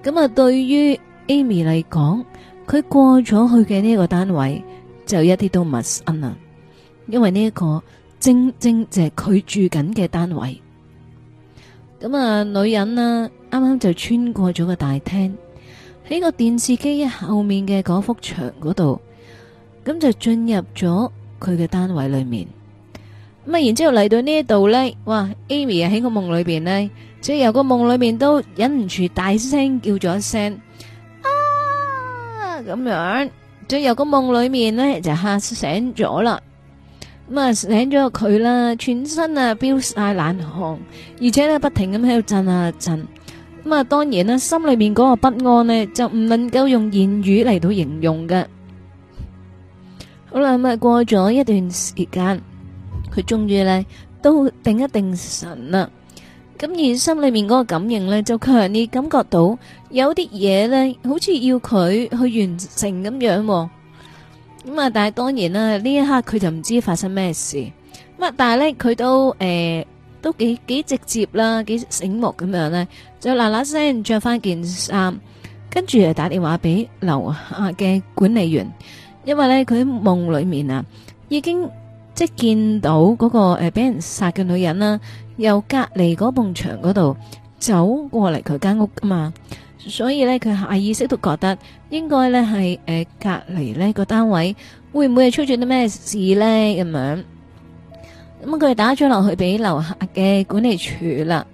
咁啊，對於 Amy 嚟講，佢過咗去嘅呢個單位就一啲都唔陌生啦，因為呢一個正正就係佢住緊嘅單位。咁啊，女人啦、啊，啱啱就穿過咗個大廳，喺個電視機後面嘅嗰幅牆嗰度，咁就進入咗佢嘅單位裏面。咁啊，然之後嚟到這裏呢一度咧，哇，Amy 啊喺個夢裏邊咧，即係由個夢裏面都忍唔住大聲叫咗一聲啊，咁樣，就由個夢裏面咧就嚇醒咗啦。咁啊，醒咗佢啦，全身啊飆晒冷汗，而且呢不停咁喺度震啊震。咁啊，當然啦，心裏面嗰個不安呢，就唔能夠用言語嚟到形容嘅好啦，咁啊，過咗一段時間，佢終於呢都定一定神啦。咁而心裏面嗰個感應呢，就強烈感覺到有啲嘢呢，好似要佢去完成咁樣喎。咁啊！但係當然啦，呢一刻佢就唔知發生咩事。咁啊！但係咧，佢都誒，都幾幾直接啦，幾醒目咁樣咧，就嗱嗱聲着翻件衫，跟住誒打電話俾樓下嘅管理員，因為咧佢喺夢裏面啊，已經即係見到嗰個誒俾人殺嘅女人啦，由隔離嗰埲牆嗰度走過嚟佢間屋㗎嘛。所以咧，佢下意識都覺得應該咧係誒隔籬呢個單位會唔會係出咗啲咩事咧咁樣？咁佢哋打咗落去俾樓下嘅管理處啦，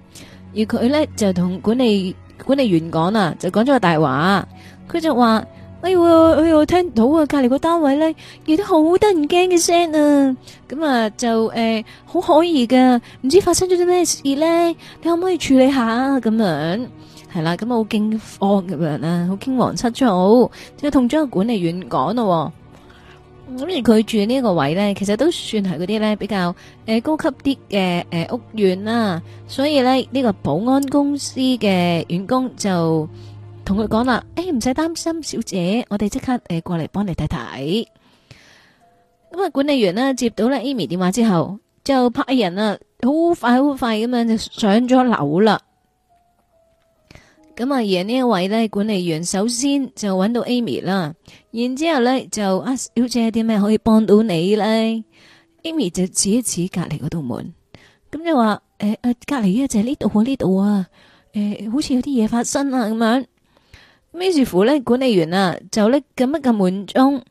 而佢咧就同管理管理員講啦，就講咗個大話，佢就話：哎呦哎我、哎、聽到啊，隔籬個單位咧亦都好得人驚嘅聲啊！咁、嗯、啊就誒好、呃、可疑噶，唔知發生咗啲咩事咧？你可唔可以處理下咁樣？係啦，咁好驚慌咁樣啦，好驚惶七彩，即係同咗個管理員講咯。咁、嗯、而佢住呢個位呢，其實都算係嗰啲呢比較誒、呃、高級啲嘅誒屋苑啦、啊。所以呢，呢、這個保安公司嘅員工就同佢講啦，誒唔使擔心，小姐，我哋即刻誒過嚟幫你睇睇。咁、嗯、啊，管理員呢，接到呢 Amy 電話之後，就派人啊，好快好快咁樣就上咗樓啦。咁阿爺呢一位咧管理員，首先就揾到 Amy 啦，然之後咧就 ask 小姐啲咩可以幫到你咧。Amy 就指一指隔籬嗰度門，咁就話誒隔籬咧就呢度喎呢度啊，誒、哎，好似有啲嘢發生啦咁樣。咩似乎咧管理員啊，就呢，咁一撳門鐘。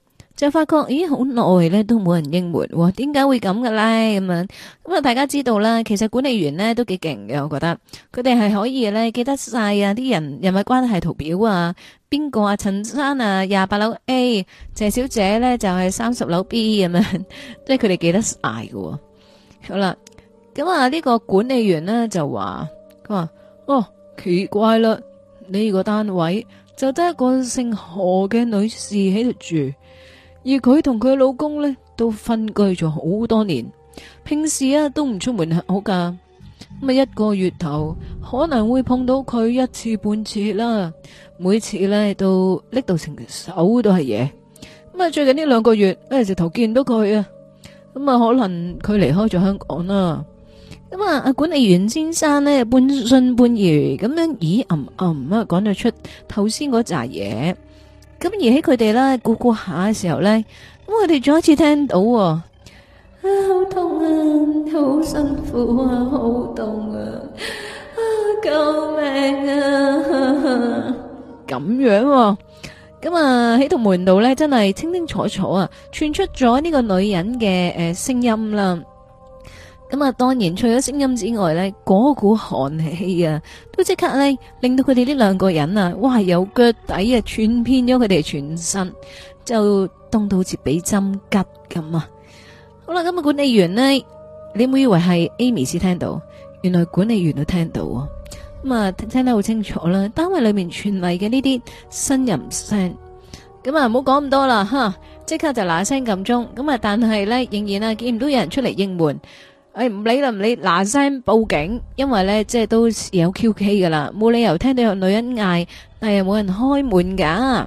就發覺，咦，好耐咧都冇人應門喎。點解會咁嘅咧？咁樣咁啊，大家知道啦。其實管理員咧都幾勁嘅，我覺得佢哋係可以咧記得晒啊啲人人物關係圖表啊，邊個啊陳生啊廿八樓 A，謝小姐咧就係三十樓 B 咁樣，即係佢哋記得晒喎。好啦，咁啊呢個管理員呢就話佢話哦，奇怪啦，你呢個單位就得一個姓何嘅女士喺度住。而佢同佢老公咧都分居咗好多年，平時啊都唔出門口噶。咁啊一個月頭可能會碰到佢一次半次啦，每次咧都拎到成手都係嘢。咁啊最近呢兩個月咧直頭見到佢啊，咁啊可能佢離開咗香港啦。咁啊阿管理員先生呢，半信半疑咁樣，咦暗暗啊講咗出頭先嗰扎嘢。咁而喺佢哋咧，顧顧下嘅時候咧，咁我哋再一次聽到，啊，好痛啊，好辛苦啊，好凍啊，啊，救命啊！咁樣，咁啊喺條門度咧，真係清清楚楚啊，傳出咗呢個女人嘅誒聲音啦。咁啊，當然除咗聲音之外咧，嗰股寒氣啊，都即刻咧令到佢哋呢兩個人啊，哇，由腳底啊，串遍咗佢哋全身，就凍到好似俾針吉咁啊！好啦，咁啊，管理員咧，你唔好以為係 Amy 先聽到，原來管理員都聽到，咁啊，聽得好清楚啦。單位裏面傳嚟嘅呢啲呻吟聲，咁啊，唔好講咁多啦，吓，即刻就嗱聲撳鐘，咁啊，但係咧仍然啊，見唔到有人出嚟應門。哎，唔理啦，唔理，嗱聲報警，因為呢，即係都有 Q K 噶啦，冇理由聽到有女人嗌，但又冇人開門噶。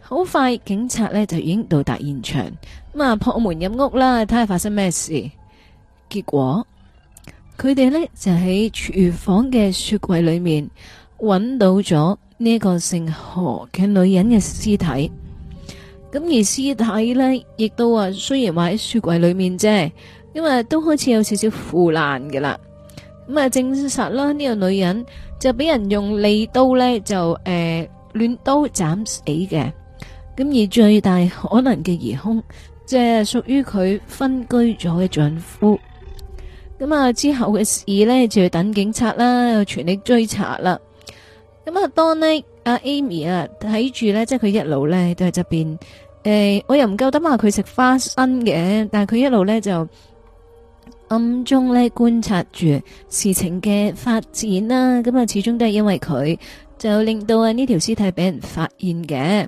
好快，警察呢就已經到達現場咁啊，破門入屋啦，睇下發生咩事。結果佢哋呢就喺廚房嘅雪櫃裏面揾到咗呢個姓何嘅女人嘅屍體。咁而屍體呢，亦都話，雖然話喺雪櫃裏面啫。因為都開始有少少腐爛㗎啦，咁啊證實啦呢、呢個女人就俾人用利刀呢，就誒亂、呃、刀斬死嘅，咁而最大可能嘅疑凶即係屬於佢分居咗嘅丈夫，咁啊之後嘅事呢，就要等警察啦又全力追查啦，咁啊當呢阿 Amy 啊睇住、啊、呢，即係佢一路呢，都喺側邊，誒、呃、我又唔夠膽話佢食花生嘅，但係佢一路呢，就暗中咧觀察住事情嘅發展啦，咁啊始終都係因為佢就令到啊呢條屍體俾人發現嘅。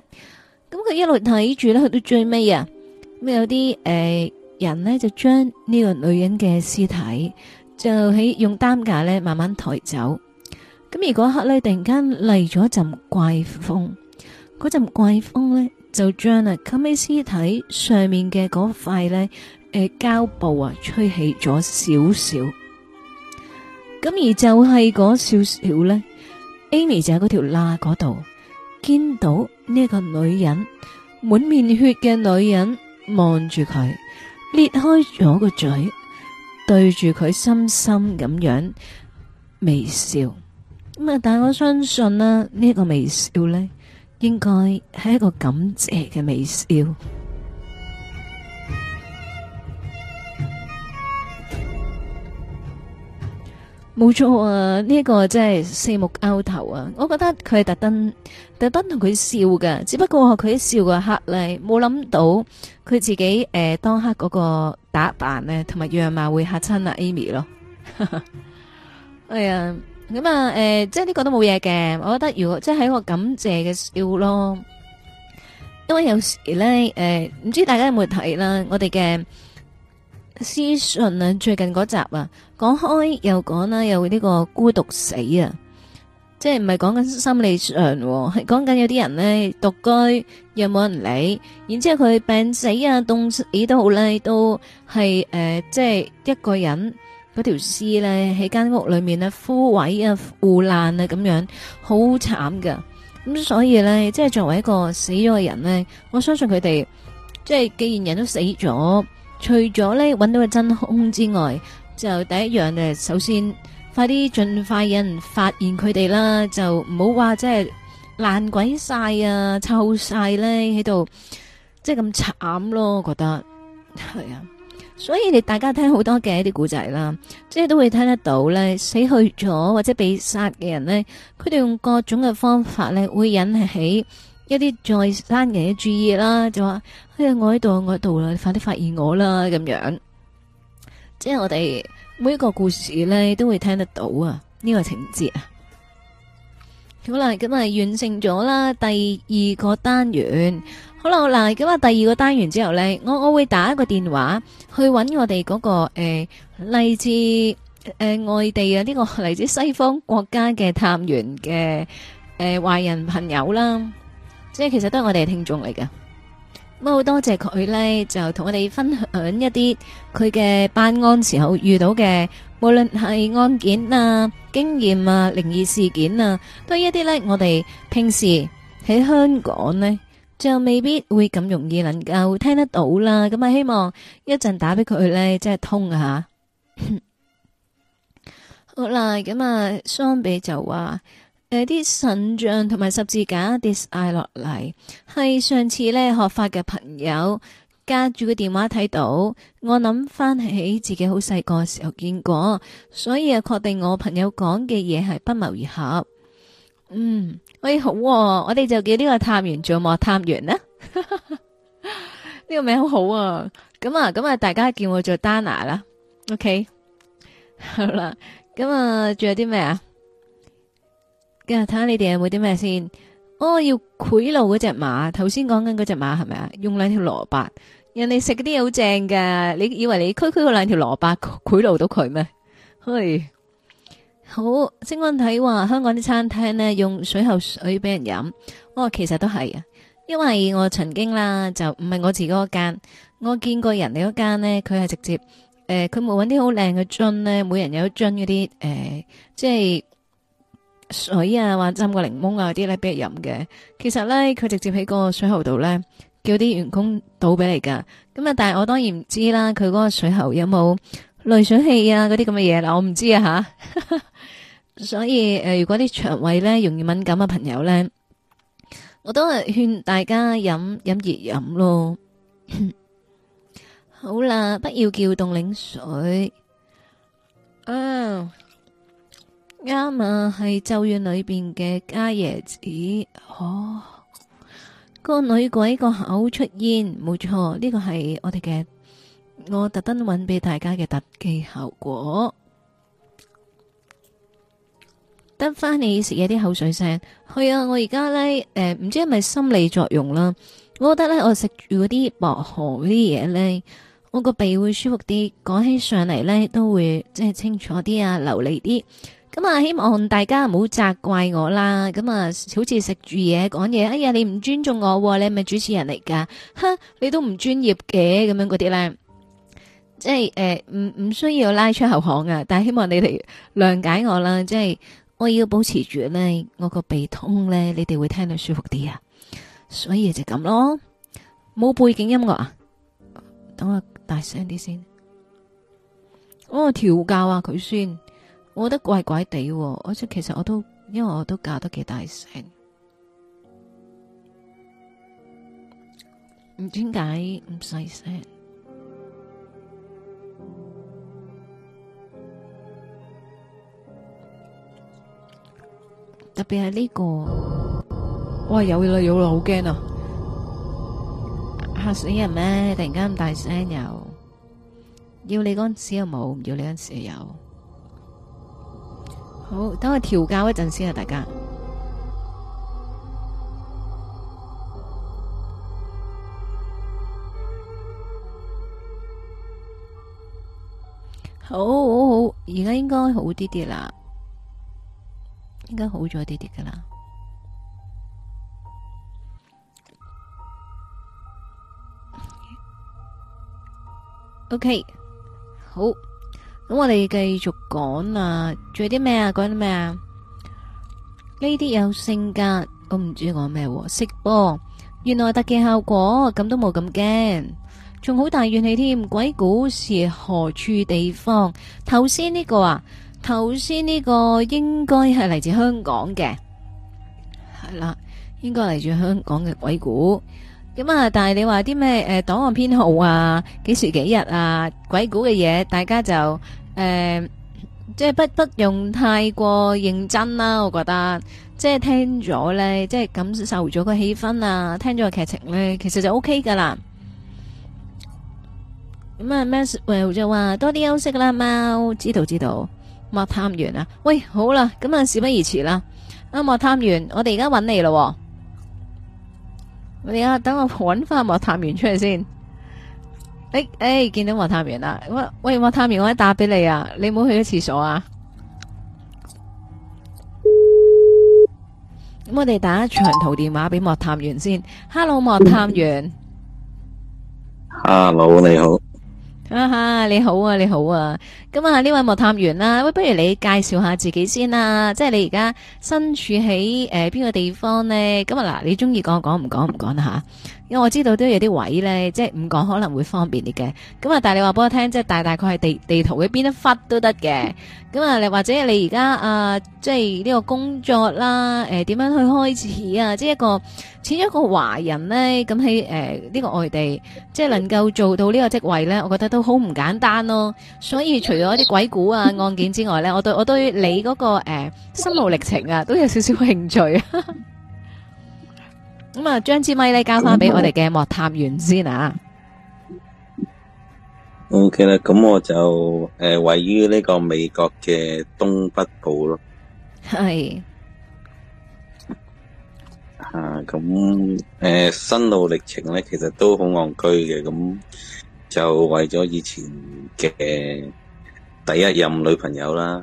咁佢一路睇住咧，去到最尾啊，咁有啲誒、呃、人呢，就將呢個女人嘅屍體就喺用擔架咧慢慢抬走。咁而嗰刻咧突然間嚟咗一陣怪風，嗰陣怪風咧就將啊嗰啲屍體上面嘅嗰塊咧，誒、呃，膠布啊，吹起咗少少，咁而就係嗰少少呢。Amy 就喺嗰條罅嗰度，見到呢個女人滿面血嘅女人望住佢，裂開咗個嘴，對住佢深深咁樣微笑。咁啊，但我相信啦、啊，呢、這個微笑呢，應該係一個感謝嘅微笑。冇錯啊，呢、呢個真係四目勾頭啊！我覺得佢係特登、特登同佢笑噶，只不過佢笑個刻咧，冇諗到佢自己誒、呃、當刻嗰個打扮咧，同埋樣貌會嚇親啊 Amy 咯。係、 哎、啊，咁啊，誒，即係呢個都冇嘢嘅，我覺得如果即係喺個感謝嘅笑咯，因為有時咧，誒、呃，唔知大家有冇睇啦，我哋嘅。私信啊，最近嗰集啊，講開又講啦，有呢個孤獨死啊，即係唔係講緊心理上，係講緊有啲人咧獨居又冇人理，然之後佢病死啊、凍死都好啦，都係誒、呃，即係一個人嗰條屍咧喺間屋裏面咧枯萎啊、腐爛啊咁樣，好慘噶。咁所以咧，即係作為一個死咗嘅人咧，我相信佢哋即係既然人都死咗。除咗搵到個真空之外，就第一樣呢，首先快啲盡快有人發現佢哋啦，就唔好話即係爛鬼晒啊、臭晒呢喺度，即係咁慘咯。我覺得係啊，所以你大家聽好多嘅一啲故仔啦，即係都會聽得到呢，死去咗或者被殺嘅人呢，佢哋用各種嘅方法呢，會引起。一啲再生嘅注意啦，就話：，哎呀，我喺度，我喺度啦，你快啲發現我啦，咁樣。即係我哋每一個故事咧，都會聽得到啊，呢個情節啊。好啦，咁啊完成咗啦第二個單元。好啦，嗱，咁啊第二個單元之後咧，我我會打一個電話去搵我哋嗰個誒，嚟自誒外地嘅呢個嚟自西方國家嘅探員嘅誒壞人朋友啦。即係其實都係我哋嘅聽眾嚟㗎，咁好多謝佢咧，就同我哋分享一啲佢嘅辦案時候遇到嘅，無論係案件啊、經驗啊、靈異事件啊，都一啲咧。我哋平時喺香港咧，就未必會咁容易能夠聽得到啦。咁啊，希望一陣打俾佢咧，即係通吓。好啦，咁啊，相比就話。誒，啲神像同埋十字架嗌落嚟，係、like, 上次咧學法嘅朋友加住個電話睇到，我諗翻起自己好細個嘅時候見過，所以啊，確定我朋友講嘅嘢係不謀而合。嗯，喂好、啊，我哋就叫呢個探員做莫探員咧？呢 個名好好啊！咁啊，咁啊，大家叫我做丹 a 啦。OK，好啦，咁啊，仲有啲咩啊？睇下你哋有冇啲咩先？哦，要賄賂嗰隻馬，頭先講緊嗰隻馬係咪啊？用兩條蘿蔔，人哋食啲好正㗎。你以為你區區嗰兩條蘿蔔賄賂到佢咩？嘿，好，新聞睇話香港啲餐廳呢，用水喉水俾人飲，我、哦、其實都係啊，因為我曾經啦就唔係我自己嗰間，我見過人哋嗰間呢，佢係直接誒，佢冇搵啲好靚嘅樽呢，每人有一樽嗰啲誒，即係。水啊，或者浸個檸檬啊啲咧俾人飲嘅，其實咧佢直接喺個水喉度咧叫啲員工倒俾你噶，咁啊，但係我當然唔知啦，佢嗰個水喉有冇濾水器啊嗰啲咁嘅嘢啦，我唔知啊吓，所以誒、呃，如果啲腸胃咧容易敏感嘅朋友咧，我都係勸大家飲飲熱飲咯。 好啦，不要叫凍檸水啊！啱啊，係咒怨裏邊嘅家爺子哦。個女鬼個口出煙，冇錯，呢個係我哋嘅，我特登揾俾大家嘅特技效果。得翻你食嘢啲口水聲，係啊。我而家呢，誒、呃，唔知係咪心理作用啦。我覺得呢，我食住嗰啲薄荷啲嘢呢，我個鼻會舒服啲，講起上嚟呢，都會即係清楚啲啊，流利啲。咁啊，希望大家唔好責怪我啦。咁啊，好似食住嘢講嘢，哎呀，你唔尊重我，你係咪主持人嚟噶？哼，你都唔專業嘅，咁樣嗰啲咧，即係誒，唔、呃、唔需要拉出後巷啊。但係希望你哋諒解我啦。即係我要保持住咧，我個鼻通咧，你哋會聽到舒服啲啊。所以就咁咯，冇背景音樂啊。等我大聲啲先。我、哦、調教下佢先。我覺得怪怪地，我即其實我都，因為我都叫得幾大聲，唔知點解唔細聲，特別係呢個，哇，有啦有啦，好驚啊嚇死人咩？突然間咁大聲又，要你嗰陣時又冇，唔要你嗰陣時又有。好，等我調教一陣先啊，大家。好，好，好，而家應該好啲啲啦，應該好咗啲啲噶啦。OK，好。咁我哋繼續講啊，仲有啲咩啊？講啲咩啊？呢啲有性格，我唔知講咩，識噃，原來特技效果咁都冇咁驚，仲好大怨氣添。鬼故事何處地方？頭先呢個啊，頭先呢個應該係嚟自香港嘅，係啦，應該嚟自香港嘅鬼故。咁啊，但係你話啲咩誒檔案編號啊，幾時幾日啊？鬼故嘅嘢，大家就。誒、呃，即係不不用太過認真啦，我覺得，即係聽咗咧，即係感受咗個氣氛啊，聽咗個劇情咧，其實就 O K 噶啦。咁啊、well，咩？誒，就話多啲休息啦，貓，知道知道。莫探員啊，喂，好啦，咁啊，事不宜遲啦，啱啊，莫探員，我哋而家揾你咯，我哋而家等我揾翻莫探員出嚟先。誒誒、哎哎，見到莫探員啦、啊！喂，莫探員，我一打俾你啊，你冇去咗廁所啊！咁 我哋打長途電話俾莫探員先。Hello，莫探員。Hello，你好。啊哈，你好啊，你好啊！咁啊，呢位莫探員啦，喂，不如你介紹下自己先啦、啊，即係你而家身處喺誒邊個地方呢？咁啊嗱，你中意講講唔講唔講啦。因為我知道都有啲位咧，即係唔講可能會方便啲嘅。咁啊，但係你話俾我聽，即係大大概係地地圖嘅邊一忽都得嘅。咁啊， 你或者你而家啊，即係呢個工作啦，誒、呃，點樣去開始啊？即係一個似一個華人咧，咁喺誒呢個外地，即係能夠做到個職呢個職位咧，我覺得都好唔簡單咯。所以除咗啲鬼故啊案件之外咧， 我對我對你嗰、那個誒心路歷程啊，都有少少興趣。 咁啊，將支咪咧交翻俾我哋嘅莫探員先啊。O K 啦，咁我就誒位於呢個美國嘅東北部咯。係。吓，咁誒，心路歷程咧，其實都好戇居嘅。咁就為咗以前嘅第一任女朋友啦。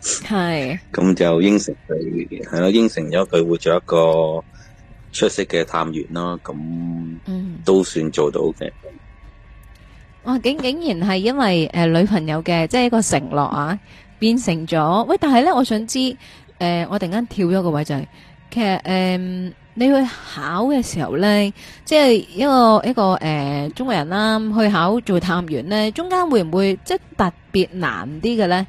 係。咁就應承佢係咯，應承咗佢會做一個。出色嘅探員啦，咁都算做到嘅。哇，竟竟然係因為誒女朋友嘅，即係一個承諾啊，變成咗。喂，但係咧，我想知誒，我突然間跳咗個位就係，其實誒，你去考嘅時候咧，即係一個一個誒中國人啦，去考做探員咧，中間會唔會即係特別難啲嘅咧？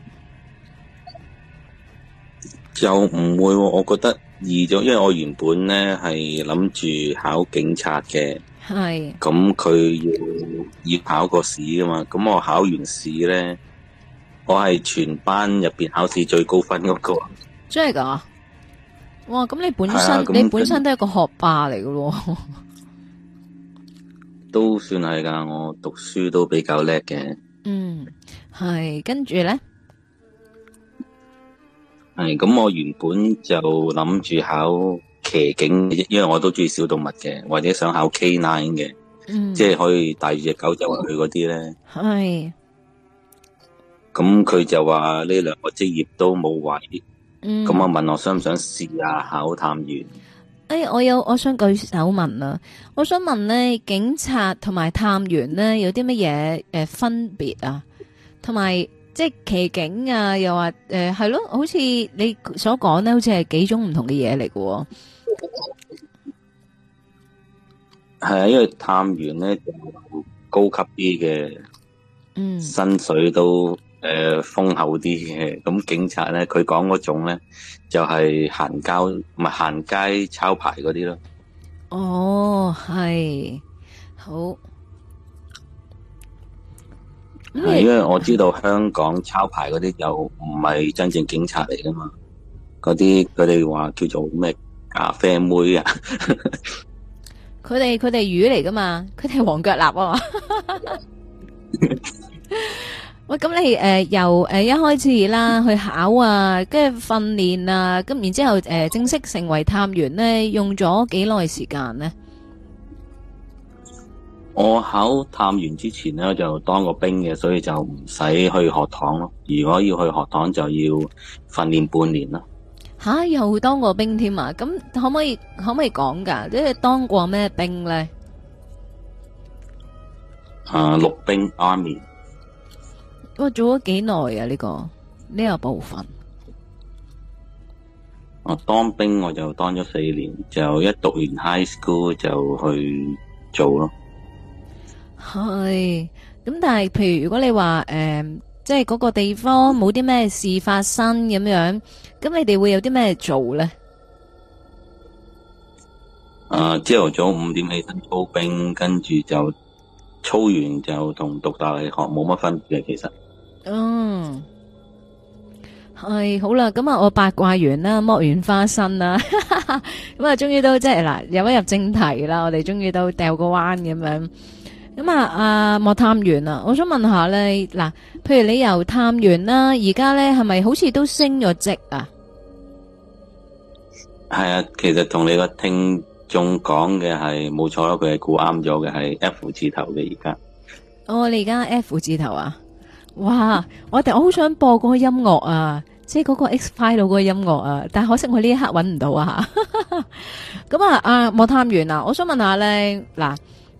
又唔會，我覺得。二咗，因為我原本咧係諗住考警察嘅。係咁佢要要考個試噶嘛，咁我考完試咧，我係全班入邊考試最高分嗰、嗰個。真係噶？哇！咁你本身、啊、你本身都係個學霸嚟噶咯？都算係噶，我讀書都比較叻嘅。嗯，係跟住咧。係，咁我原本就諗住考騎警，因為我都中意小動物嘅，或者想考 K nine 嘅，嗯、即係可以帶住隻狗就去嗰啲咧。係是，咁佢就話呢兩個職業都冇位。咁、嗯、我問我想唔想試下考探員？誒、哎，我有我想舉手問啦，我想問咧，警察同埋探員咧有啲乜嘢誒分別啊？同埋。即係騎警啊，又話誒係咯，好似你所講咧，好似係幾種唔同嘅嘢嚟嘅。係啊，因為探員咧就高級啲嘅，嗯，薪水都誒豐厚啲嘅。咁警察咧，佢講嗰種咧就係行交唔係行街抄牌嗰啲咯。哦，係好。因為我知道香港抄牌嗰啲又唔係真正警察嚟噶嘛，嗰啲佢哋話叫做咩咖啡妹啊，佢哋佢哋魚嚟噶嘛，佢哋黃腳立啊。 喂，咁你誒、呃、由誒、呃、一開始啦去考啊，跟住訓練啊，咁然之後誒、呃、正式成為探員咧，用咗幾耐時間咧？我考探員之前咧就當過兵嘅，所以就唔使去學堂咯。如果要去學堂，就要訓練半年咯。吓、啊，又當過兵添啊？咁可唔可以可唔可以講㗎？即係當過咩兵咧？啊，陸兵，army。哇，做咗幾耐啊？呢、這個呢、這個部分。我、啊、當兵我就當咗四年，就一讀完 high school 就去做咯。係，咁但係，譬如，如果你話誒，即係嗰個地方冇啲咩事發生咁樣，咁你哋會有啲咩做咧？啊，朝頭早五點起身操兵，跟住就操完就同讀大學冇乜分別，其實。嗯，係好啦，咁啊，我八卦完啦，剝完花生啦，咁啊，終於都即係嗱，入一入正題啦，我哋終於都掉個彎咁樣。咁啊，啊莫探員啊，我想問下咧，嗱，譬如你由探員啦，啊，而家咧係咪好似都升咗職啊？係啊，其實同你個聽眾講嘅係冇錯咯，佢係估啱咗嘅，係 F 字頭嘅而家。哦，你而家 F 字頭啊？哇， 我哋我好想播嗰個音樂啊，即係嗰個 X File 嗰個音樂啊，但係可惜我呢一刻搵唔到啊吓。咁 啊，阿，啊、莫探員啊，我想問下咧，嗱。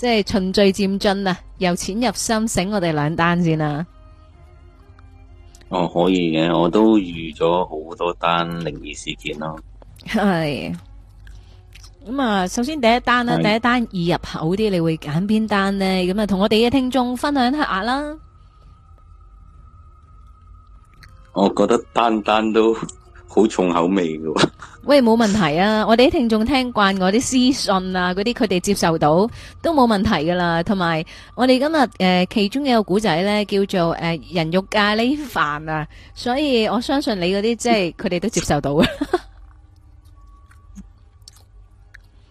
即係循序漸進啊！由淺入深，醒我哋兩單先啦。哦，可以嘅，我都預咗好多單靈異事件咯。係咁啊！首先第一單啦，第一單易入口啲，你會揀邊單呢？咁啊，同我哋嘅聽眾分享下吓啦。我覺得單單都好重口味喎， 喂，冇問題啊！我哋啲聽眾聽慣我啲屍訊啊，嗰啲佢哋接受到都冇問題噶啦。同埋我哋今日誒、呃，其中有一個古仔咧，叫做誒、呃、人肉咖喱飯啊，所以我相信你嗰啲即係佢哋都接受到啊。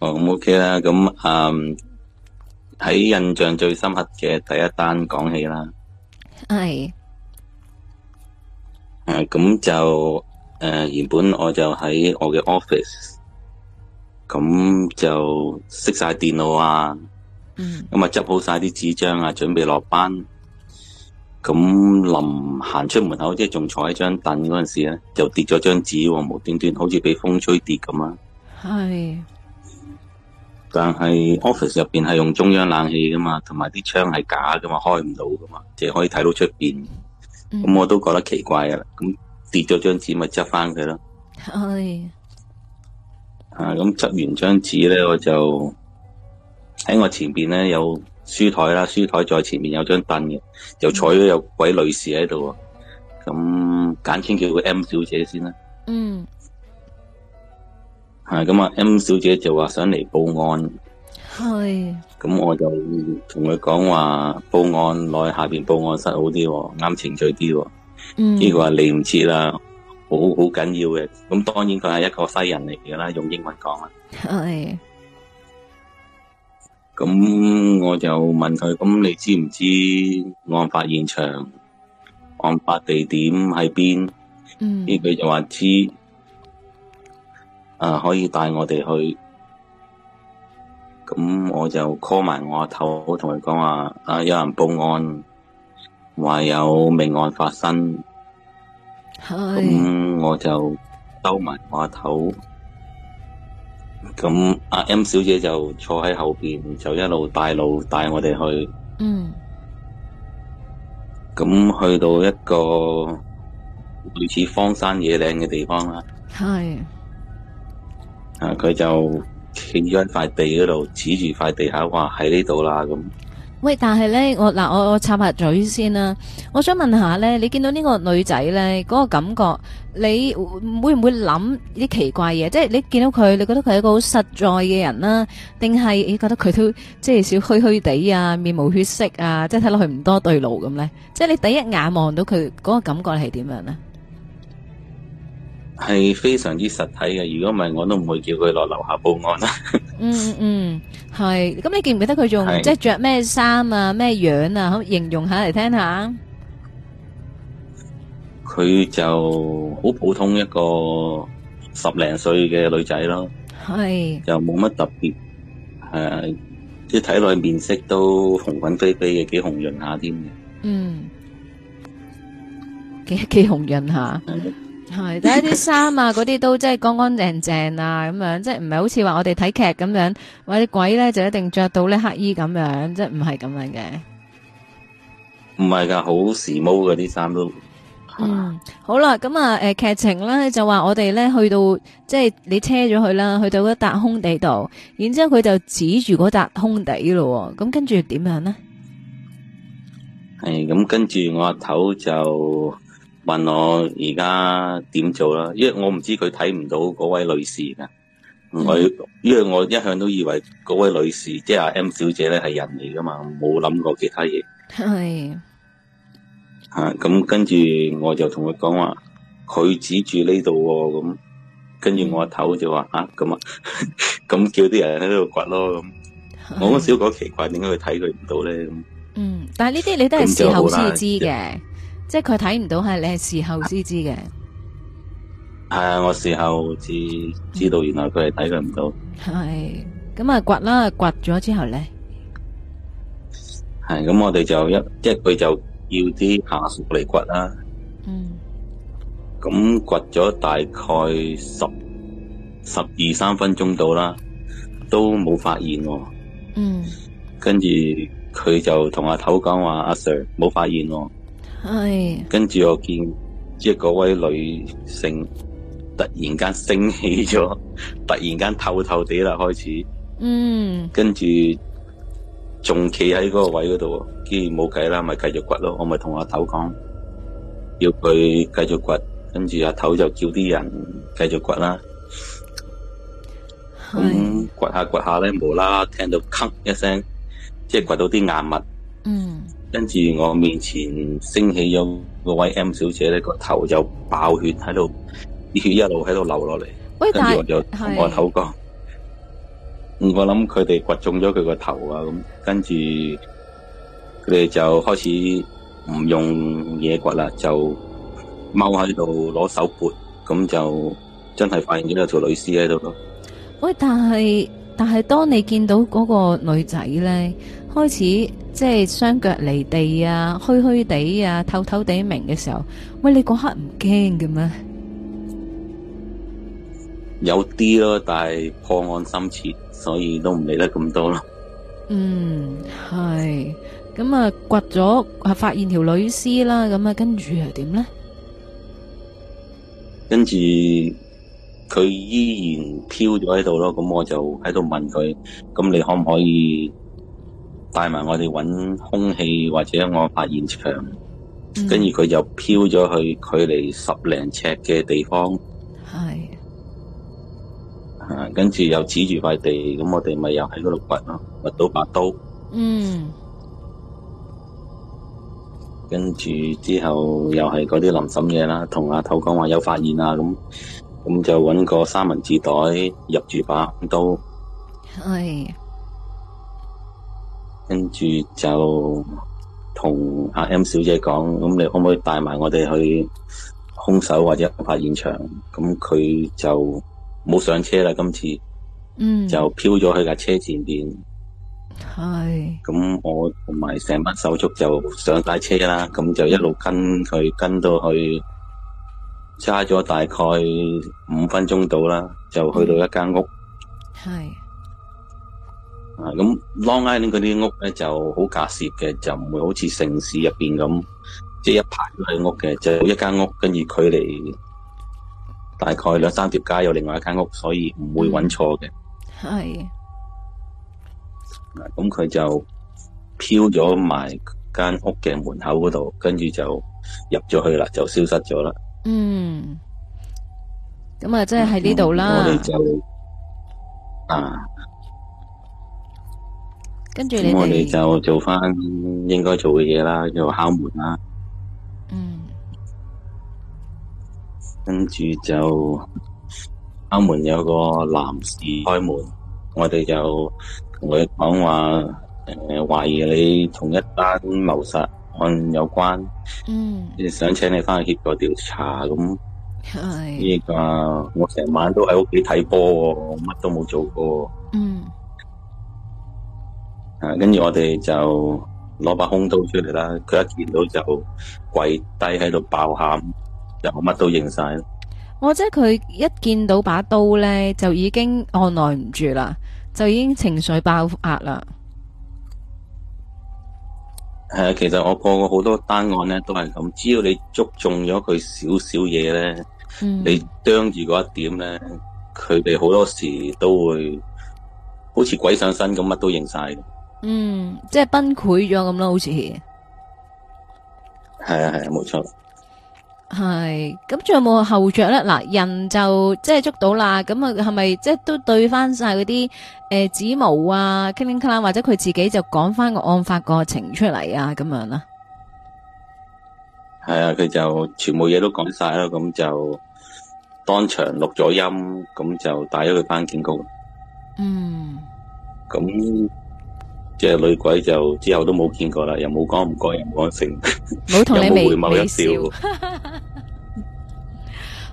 哦，咁 OK 啦，咁喺、嗯、印象最深刻嘅第一單講起啦，係誒是，咁、嗯、就。誒、呃，原本我就喺我嘅 office，咁就熄晒電腦啊，咁啊執好晒啲紙張啊，準備落班。咁臨行出門口，即係仲坐喺張凳嗰陣時咧，就跌咗張紙、哦，無端端好似俾風吹跌咁啊！係是。但係 office 入邊係用中央冷氣噶嘛，同埋啲窗係假噶嘛，開唔到噶嘛，即係可以睇到出邊。咁、嗯、我都覺得奇怪噶啦，咁。跌咗張紙咪執翻佢咯。係。啊，咁執完張紙咧，我就喺我前邊咧有書台啦，書台再前面，有張凳嘅，就坐咗有位女士喺度。咁簡稱叫佢 M 小姐先啦。嗯。係，咁啊 M 小姐就話想嚟報案。係的。咁我就同佢講話報案，攞去下邊報案室好啲，哦，啱程序啲。呢個話你唔知啦，好好緊要嘅。咁當然佢係一個西人嚟嘅啦，用英文講啦。係對。咁、嗯、我就問佢，咁、嗯、你知唔知道案發現場、案發地點喺邊？嗯。呢佢就話知。啊，可以帶我哋去。咁、嗯、我就 call 埋我阿頭，同佢講話，啊，有人報案，話有命案發生。咁我就兜埋話頭，咁阿 M 小姐就坐喺後邊，就一路帶路帶我哋去。嗯。咁去到一個類似荒山野嶺嘅地方啦。係的。啊，佢就企咗一塊地嗰度，指住塊地下話喺呢度啦，咁。喂，但係咧，我嗱，我我插下嘴先啦。我想問下咧，你見到呢個女仔咧，嗰個感覺，你會唔會諗啲奇怪嘢？即係你見到佢，你覺得佢係一個好實在嘅人啦，定係你覺得佢都即係少虛虛地啊，面無血色啊，即係睇落去唔多對路咁咧？即係你第一眼望到佢嗰個感覺係點樣咧？係非常之實體嘅。如果唔係，我都唔會叫佢落樓下報案啦、 嗯。嗯嗯，係。咁你記唔記得佢仲是即係着咩衫啊？咩樣啊？好，形容一下嚟，聽一下。佢就好普通一個十零歲嘅女仔咯，係是，又冇乜特別，係即係睇落面色都紅粉菲菲嘅，幾紅潤下添。嘅。嗯，幾幾紅潤下。係，但啲衫啊，嗰啲都真係乾乾淨淨啊，咁樣即係唔係好似話我哋睇劇咁樣，或者鬼咧就一定着到咧黑衣咁樣，即係唔係咁樣嘅。唔係噶，好時髦嘅啲衫都。啊、嗯，好啦，咁啊，誒、呃，劇情咧就話我哋咧去到即係你車咗佢啦，去到嗰笪空地度，然之後佢就指住嗰笪空地咯，咁跟住點樣呢？係，咁跟住我阿頭就。問我而家點做啦？因為我唔知佢睇唔到嗰位女士噶，我、嗯、因為我一向都以為嗰位女士，即係阿 M 小姐咧係人嚟噶嘛，冇諗過其他嘢。係是啊，咁跟住我就同佢講話，佢指住呢度咁，跟住我阿頭就話啊，咁、嗯、啊，咁 叫啲人喺度掘咯咁。是我覺得小小奇怪，點解佢睇佢唔到咧？嗯，但係呢啲你都係事後先知嘅。即係佢睇唔到是，係你係事後先知嘅。係啊，我事後知知道，原來佢係睇佢唔到。係咁啊，掘啦，掘咗之後咧，係咁，那我哋就一即係佢就要啲下屬嚟掘啦。嗯。咁掘咗大概十十二三分鐘到啦，都冇發現喎。嗯。跟住佢就同阿頭講話：，阿、啊、Sir，冇發現喎。係，是跟住我見即係嗰位女性突然間升起咗，突然間透透地啦開始，嗯，跟住仲企喺嗰個位嗰度，既然冇計啦，咪繼續掘咯，我咪同阿頭講要佢繼續掘，跟住阿頭就叫啲人繼續掘啦，咁掘是、嗯、下掘下咧冇啦啦聽到咳一聲，即係掘到啲硬物。嗯，跟住我面前升起咗個位 M 小姐咧，個頭就爆血喺度，啲血一路喺度流落嚟。喂，但係，係，我諗佢哋掘中咗佢個頭啊！咁跟住佢哋就開始唔用嘢掘啦，就踎喺度攞手撥，咁就真係發現咗有條女屍喺度咯。喂，但係但係，當你見到嗰個女仔咧，開始即係雙腳離地啊，虛虛地啊，透透地明嘅時候，喂，你嗰刻唔驚嘅咩？有啲咯，但係破案心切，所以都唔理得咁多咯。嗯，係。咁啊，掘咗啊，發現條女屍啦，咁啊，跟住又點咧？跟住佢依然飄咗喺度咯，咁我就喺度問佢，咁你可唔可以帶埋我哋搵空氣或者我發現牆，跟住佢就飄咗去距離十零尺嘅地方，係，跟住又指住塊地，咁我哋咪又喺嗰度掘咯，掘到把刀，嗯，跟住之後又係嗰啲林心嘢啦，同阿頭講話有發現啊，咁咁就搵個三文治袋入住把刀，係。跟住就同阿 M 小姐講，咁你可唔可以帶埋我哋去凶手或者案發現場？咁佢就冇上車啦，今次，嗯，就飄咗去架車前邊，係。咁我同埋成班手足就上晒車啦，咁就一路跟佢跟到去，揸咗大概五分鐘到啦，就去到一間屋，係。咁 Long Island 嗰啲屋咧就好隔涉嘅，就唔會好似城市入邊咁，即係一排都係屋嘅，就一間屋，跟住距離大概兩三條街有另外一間屋，所以唔會揾錯嘅。係、嗯，咁佢就飄咗埋間屋嘅門口嗰度，跟住就入咗去啦，就消失咗啦。嗯，咁啊，即係喺呢度啦。我哋就啊。咁、嗯、我哋就做翻應該做嘅嘢啦，就敲門啦。嗯。跟住就敲門，有個男士開門，我哋就同佢講話，誒、呃、懷疑你同一單謀殺案有關。嗯。想請你翻去協助調查咁。係。呢個、這個、我成晚都喺屋企睇波，乜都冇做過。嗯。跟住我哋就攞把空刀出嚟啦。佢一見到就跪低喺度爆喊，就乜都認晒。我即佢一見到把刀咧，就已經按耐唔住啦，就已經情緒爆壓啦。其實我過過好多單案咧，都係咁。只要你捉中咗佢少少嘢咧，嗯、你啄住嗰一點咧，佢哋好多時都會好似鬼上身咁，乜都認晒。嗯，即係崩潰咗咁咯，好似係啊，係啊，冇錯。係咁，仲有冇後着咧？嗱，人就即係捉到啦，咁啊，係咪即係都對翻晒嗰啲誒指模啊，cling cling 啦，或者佢自己就講翻個案發過程出嚟啊，咁樣啦？係啊，佢就全部嘢都講晒啦，咁就當場錄咗音，咁就帶咗佢翻警局。嗯，咁。即係女鬼就之後都冇見過啦，又冇講唔講，又冇講成，冇同跟你回眸 一笑。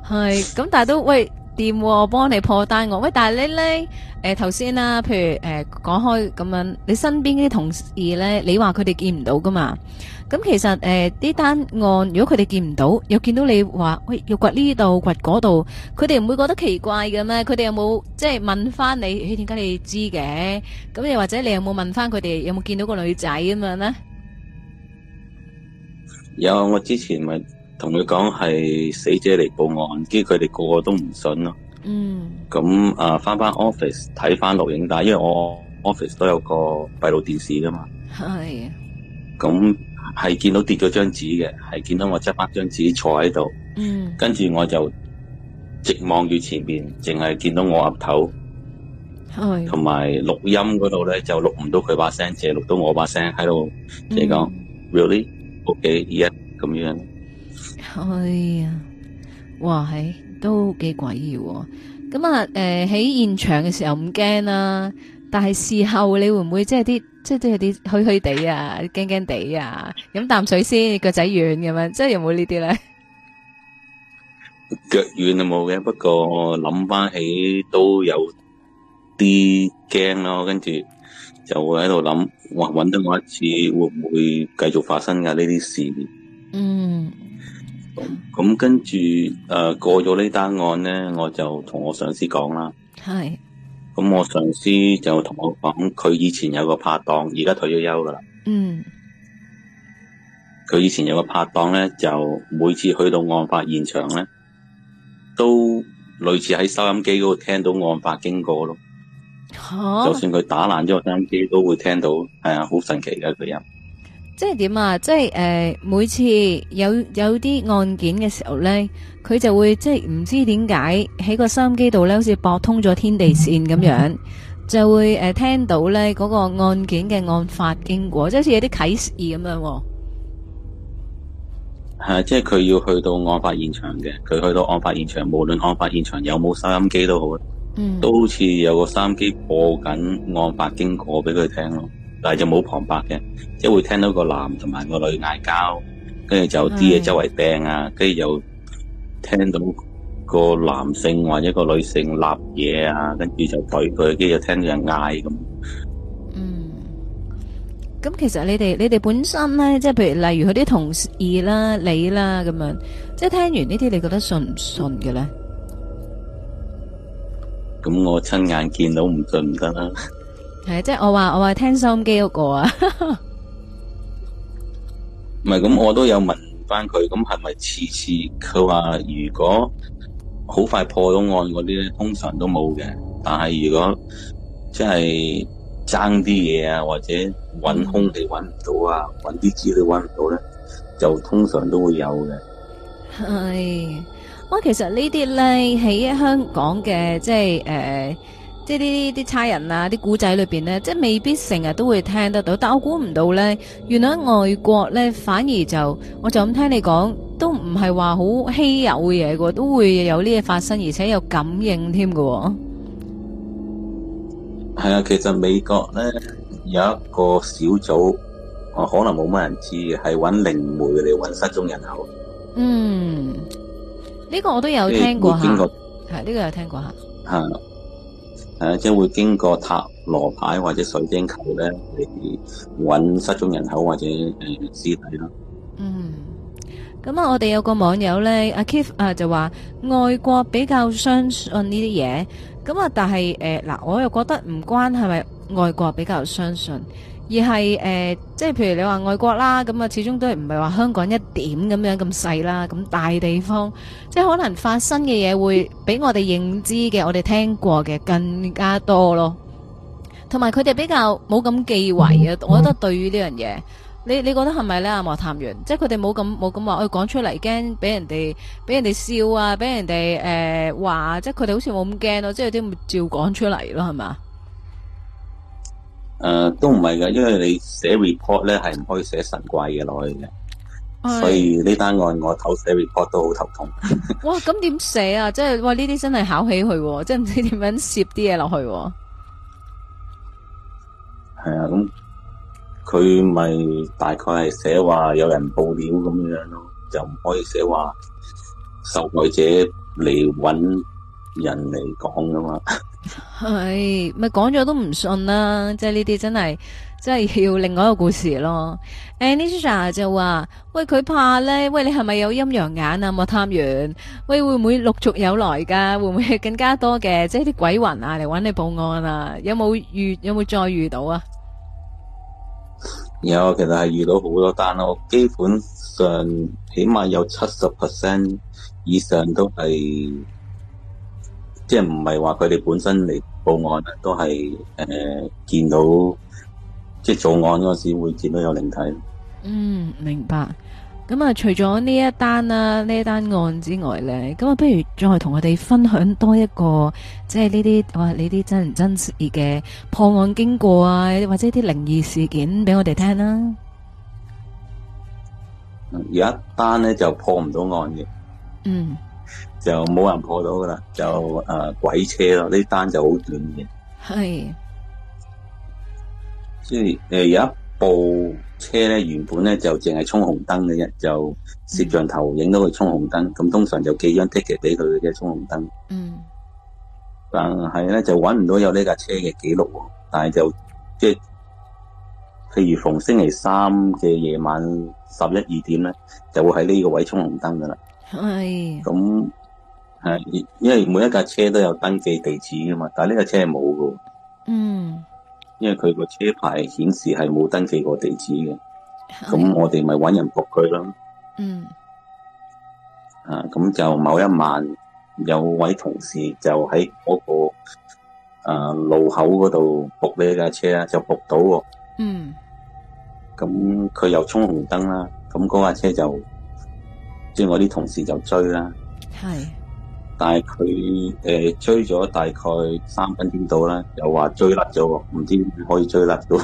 係咁， 但係都喂掂，啊，我幫你破單我喂，但係你咧。誒，頭先啦，譬如誒、呃，講開咁樣，你身邊啲同事咧，你話佢哋見唔到噶嘛？咁其實誒，呢、呃、單案如果佢哋見唔到，又見到你話喂，又掘呢度掘嗰度，佢哋唔會覺得奇怪嘅咩？佢哋有冇即係問翻你？點解你知嘅？咁又或者你有冇問翻佢哋有冇見到個女仔咁樣咧？有，我之前咪同佢講係死者嚟報案，跟住佢哋個個都唔信咯。嗯，咁啊，翻翻 office 睇翻錄影帶，因為我 office 都有個閉路電視噶嘛。係，咁係見到跌咗張紙嘅，係見到我執翻張紙坐喺度。嗯，跟住我就直望住前面，淨係見到我岌頭，係，同埋錄音嗰度咧就錄唔到佢把聲，淨係錄到我把聲喺度，即係講 really OK 一咁樣。哎呀，哇係！都幾詭異，咁啊，誒，喺現場嘅時候唔驚啦，但係事後你會唔會即係啲即係即係啲虛虛地啊，驚驚地啊，飲啖水先，腳仔軟咁樣，即係有冇呢啲咧？腳軟啊冇嘅，不過諗翻起都有啲驚咯，跟住就會喺度諗，哇，搵到我一次，會唔會繼續發生噶呢啲事？嗯。咁、嗯、跟住、誒、呃，過咗呢單案咧，我就同我上司講啦。係是，咁我上司就同我講，佢以前有個拍檔，而家退咗休噶啦。嗯，佢以前有個拍檔咧，就每次去到案發現場咧，都類似喺收音機嗰度聽到案發經過咯。哦、就算佢打爛咗個收音機，都會聽到，係啊，好神奇嘅一個人。即係點啊？即係誒、呃，每次有有啲案件嘅時候呢，佢就會即係唔知點解喺個收音機度呢，好似駁通咗天地線咁樣，就會誒、呃、聽到呢嗰、那個案件嘅案發經過，即係好似有啲啟示咁樣、哦。係，即係佢要去到案發現場嘅，佢去到案發現場，無論案發現場有冇收音機都好、嗯、都好似有個收音機播緊案發經過俾佢聽咯。就冇旁白嘅，即係會聽到個男同埋個女嗌交，跟住就啲嘢周圍掟啊，跟住又聽到個男性或者個女性立嘢啊，跟住就懟佢，跟住又聽到人嗌咁。嗯，咁其實你哋你哋本身咧，即係譬如例如佢啲同事啦、你啦咁樣，即係聽完呢啲，你覺得信唔信嘅咧？咁我親眼見到唔信唔得啦。係，即係我話我話聽收音機嗰個啊，唔係咁，我都有問翻佢，咁係咪次次佢話如果好快破到案嗰啲咧，通常都冇嘅，但係如果即係爭啲嘢啊，或者搵空地搵唔到啊，搵啲資料搵唔到咧，就通常都會有嘅。係，我其實呢啲咧喺香港嘅，即係誒。呃即係呢啲差人啊，啲古仔裏邊咧，即係未必成日都會聽得到。但係我估唔到咧，原來喺外國咧，反而就我就咁聽你講，都唔係話好稀有嘅嘢，都會有呢嘢發生，而且有感應添㗎。係啊，其實美國咧有一個小組，我可能冇乜人知，係揾靈媒嚟揾失蹤人口。嗯，呢個我都有聽過下，係呢個有聽過下。係。誒，即係、啊、會經過塔羅牌或者水晶球咧嚟揾失蹤人口或者屍體咯、啊。嗯，咁啊，我哋有個網友咧，阿 Keith 啊就話外國比較相信呢啲嘢，咁啊，但係誒嗱，我又覺得唔關係咪外國比較相信？而係誒、呃，即係譬如你話外國啦，咁啊始終都係唔係話香港一點咁樣咁細啦，咁大地方，即係可能發生嘅嘢會比我哋認知嘅、嗯、我哋聽過嘅更加多咯。同埋佢哋比較冇咁忌諱啊，嗯嗯、我覺得對於呢樣嘢，你你覺得係咪咧？阿莫探員，即係佢哋冇咁冇咁話，我講、哎、出嚟驚俾人哋俾人哋笑啊，俾人哋誒話，即係佢哋好似冇咁驚咯，即係有啲照講出嚟咯，係嘛？誒、呃，都唔係嘅，因為你寫 report 咧，係唔可以寫神怪嘢落去嘅，oh, 所以呢單案我頭寫 report 都好頭痛。哇，咁點寫啊？即係 哇，呢啲真係考起佢，即係唔知點樣攝啲嘢落去。係啊，咁佢咪大概係寫話有人報料咁樣咯，就唔可以寫話受害者嚟搵人嚟講噶嘛。係咪講咗都唔信啦？即係呢啲真係，真係要另外一個故事咯。Anissa 就話：喂，佢怕咧，喂，你係咪有陰陽眼啊？麥探員，喂，會唔會陸續有來噶？會唔會更加多嘅？即係啲鬼魂啊嚟揾你報案啊？有冇遇？有冇再遇到啊？有，其實係遇到好多單咯，但我基本上起碼有七十 percent 以上都係。即係唔係話佢哋本身嚟報案都係誒、呃、見到即係做案嗰時會見到有靈體。嗯，明白。咁啊，除咗呢一單啦，呢一單案之外咧，咁啊，不如再同我哋分享多一個，即係呢啲哇，呢啲真人真事嘅破案經過啊，或者啲靈異事件俾我哋聽啦。而一單咧就破唔到案嘅。嗯。就冇人破到噶啦，就誒、呃、鬼車咯，呢單就好短嘅。係的，即係誒，有一部車咧，原本咧就淨係衝紅燈嘅，啫就攝像頭影到佢衝紅燈，咁、嗯、通常就寄張 ticket 俾佢嘅衝紅燈。嗯，但係咧就搵唔到有呢架車嘅記錄，但係就即係、就是，譬如逢星期三嘅夜晚十一二點咧，就會喺呢個位衝紅燈噶啦。係的，咁。誒，因為每一架車都有登記地址噶嘛，但係呢架車係冇噶。嗯，因為佢個車牌顯示係冇登記過地址嘅，咁的我哋咪搵人撲佢咯。嗯。啊，咁就某一晚，有位同事就喺嗰、那個誒、呃、路口嗰度撲呢架車、嗯、啊，就撲到喎。嗯。咁佢又衝紅燈啦，咁嗰架車就即係我啲同事就追啦。係。但係佢誒追咗大概三分鐘到啦，又話追甩咗，唔知可以追甩咗。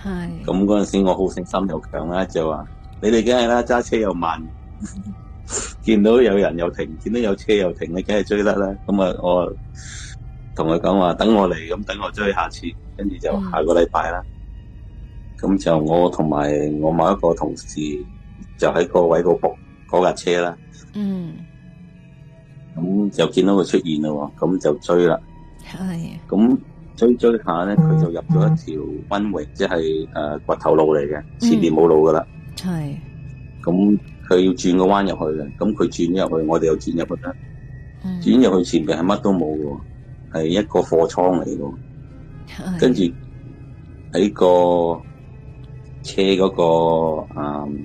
係咁嗰陣時，我好勝心又強啦，就話你哋梗係啦，揸車又慢， 見到有人又停，見到有車又停，你梗係追甩啦。咁啊，我同佢講，話等我嚟，咁等我追，下次跟住就下個禮拜啦。咁、嗯、就我同埋我某一個同事就喺個位度泊嗰架車啦。嗯。咁就見到佢出現喎、哦，咁就追啦。係的。咁追追下咧，佢就入咗一條溫圍，即係誒掘頭路嚟嘅，前面冇路噶啦。係的。咁佢要轉個彎入去嘅，咁佢轉咗入去，我哋又轉入去啦。嗯。轉入去前面係乜都冇喎，係一個貨倉嚟喎。跟住喺個車嗰個誒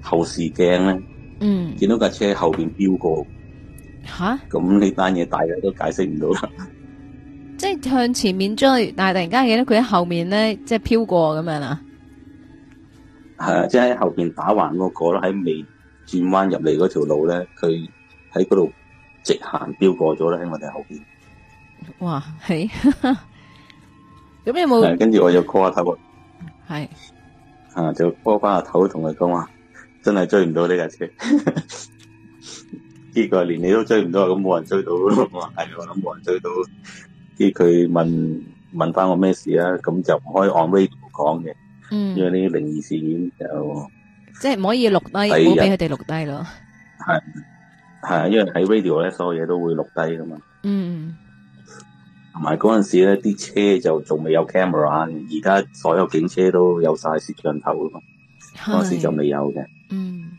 後視鏡咧，嗯，見到架車後邊飆過。吓！咁呢單嘢大約都解釋唔到，即係向前面追， 但係突然間見到佢喺後面咧，即係飄過咁樣啦。係即係後邊打橫嗰個啦，喺未轉彎入嚟嗰條路咧，佢喺嗰度直行飄過咗啦，喺我哋後邊。哇！係咁 有冇？跟住我就 call 下頭，係的啊，就 call 翻個頭同佢講話，真係追唔到呢架車。 結果連你都追唔到，咁冇人追到咯。係，我諗冇人追到。即佢問問翻我咩事啊？咁就唔可以 on radio 講嘅，因為呢啲靈異事件就即係唔可以錄低，唔俾佢哋錄低咯。係係，因為喺 radio 咧，所有嘢都會錄低噶嘛。嗯，同埋嗰陣時咧，啲車就仲未有 camera，而家所有警車都有晒攝像頭噶嘛。嗰時就未有嘅。嗯。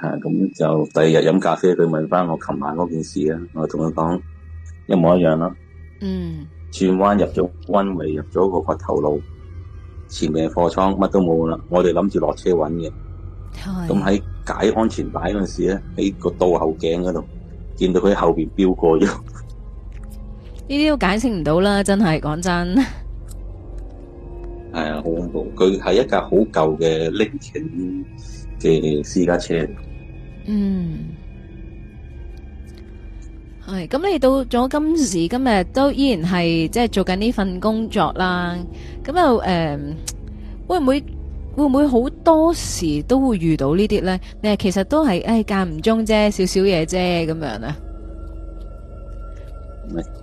係咁、嗯、就第二日飲咖啡，佢問翻我琴晚嗰件事咧，我同佢講一模一樣咯。嗯，轉彎入咗彎未入咗嗰個頭腦，前面貨倉乜都冇啦，我哋諗住落車揾嘅。咁喺是解安全帶嗰陣時咧，喺個倒後鏡嗰度見到佢喺後邊飆過咗。呢啲都解釋唔到啦，真係講真的。係啊、哎，好恐怖，佢係一架好舊嘅林肯，嘅私家車，嗯，係咁你到咗今時今日都依然係即係做緊呢份工作啦，咁又誒、嗯、會唔會會唔會好多時都會遇到呢啲咧？你係其實都係誒間唔中啫，少少嘢啫咁樣啊。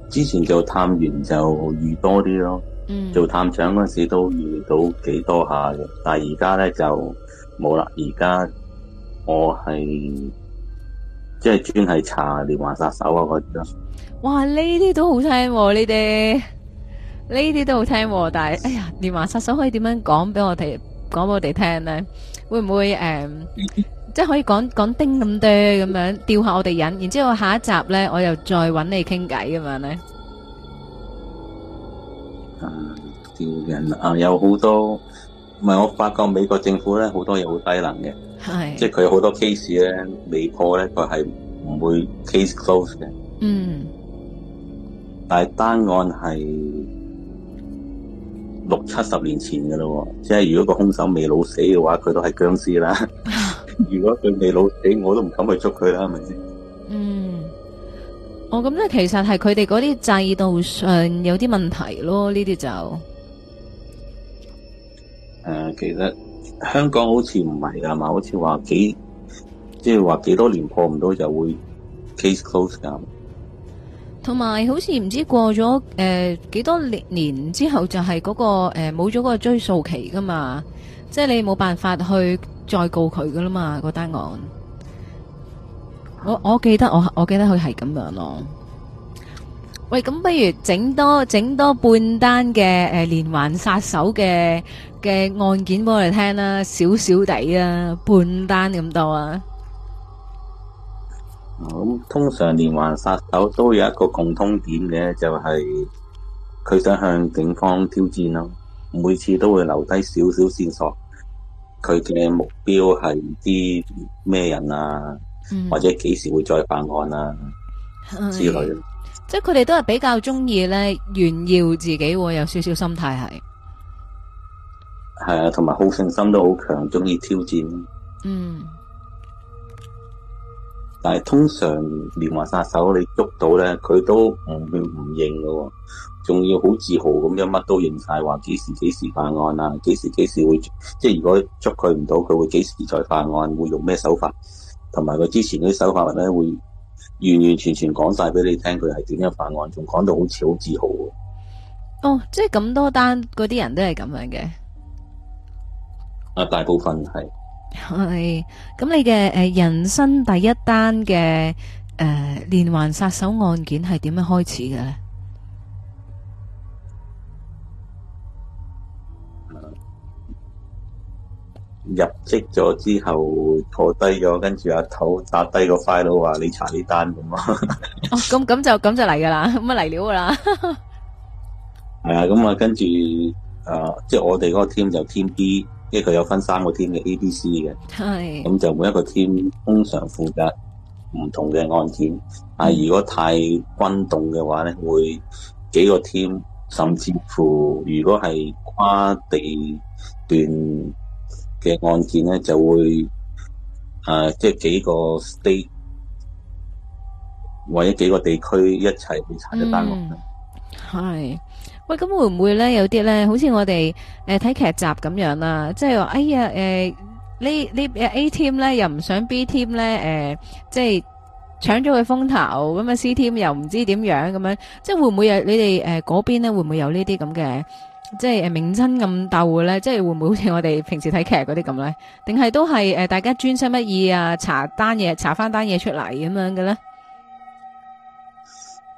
之前做探員就遇多啲咯，嗯，做探長嗰陣時都遇到幾多下嘅，但係而家咧就。冇啦，而家我係即係專係查連環殺手啊嗰啲咯。哇，呢啲都好聽啊，呢啲呢啲都好聽啊。但係，哎呀，連環殺手可以點樣講俾我哋講俾我哋聽咧？會唔會誒，嗯、 即係可以講講釘咁多咁樣吊下我哋人？然之後下一集咧，我又再揾你傾偈咁樣咧。嗯、啊，吊人啊，有好多。唔係，我發覺美國政府咧好多嘢好低能嘅，是即係佢有好多 case 咧未破咧，佢係唔會 case close 嘅。嗯，但係單案係六七十年前嘅咯，即係如果個兇手未老死嘅話，佢都係僵屍啦。 如果佢未老死，我都唔敢去捉佢啦，係咪先？嗯，我咁即係其實係佢哋嗰啲制度上有啲問題咯，呢啲就。誒、呃，其實香港好似唔係噶嘛，好似話幾即係話幾多年破唔到就會 case close 噶。同埋好似唔知過咗誒、呃、幾多年之後就、嗰個呃，就係嗰個誒冇咗個追訴期噶嘛，即係你冇辦法去再告佢噶啦嘛。嗰單案，我我記得我我記得佢係咁樣咯。喂，咁不如整多整多半單嘅、誒連環殺手嘅嘅案件俾我哋聽啦，少少地啊，半單咁多啊。咁通常連環殺手都有一個共通點嘅，就係佢想向警方挑戰咯。每次都會留低少少線索，佢嘅目標係唔知咩人啊，或者幾時會再犯案啊之類。即係佢哋都係比較中意咧，炫耀自己，有少少心態係。係啊，同埋好勝心都好強，中意挑戰。嗯。但係通常連環殺手你捉到咧，佢都唔會唔認噶，仲要好自豪咁樣乜都認晒，話幾時幾時犯案啊，幾時幾時會即係如果捉佢唔到，佢會幾時再犯案？會用咩手法？同埋佢之前啲手法咧會。完完全全講晒俾你聽，佢係點樣犯案，仲講到好似好自豪。哦，即係咁多單嗰啲人都係咁樣嘅。啊，大部分係。係，咁你嘅誒、呃、人生第一單嘅誒連環殺手案件係點樣開始嘅咧？入職咗之後坐低咗、 oh, 跟住阿頭打低個 file 話你查呢單咁咯。咁咁就咁就嚟噶啦，咁啊嚟料噶啦。係啊，咁啊跟住誒，即係我哋嗰個 team 就 team B，因為佢有分三個 team 嘅 A、B 的、C 嘅。係咁就每一個 team 通常負責唔同嘅案件，但係如果太轟動嘅話咧，會幾個 team 甚至乎如果係跨地段。嘅案件咧就會誒、啊，即係幾個 state 或者幾個地區一齊去查一單案。係、嗯，喂，咁會唔會咧有啲咧，好似我哋誒睇劇集咁樣啦，即係話哎呀誒，呢呢誒 A team 咧又唔想 B team 咧誒，即係搶咗佢風頭，咁啊 C team 又唔知點樣咁樣，即係、即係、會唔會有你哋誒嗰邊咧會唔會有呢啲咁嘅？即係誒明爭咁鬥咧，即係會唔會好似我哋平時睇劇嗰啲咁咧？定係都係誒大家專心乜意啊查單嘢，查翻單嘢出嚟咁樣嘅咧？誒、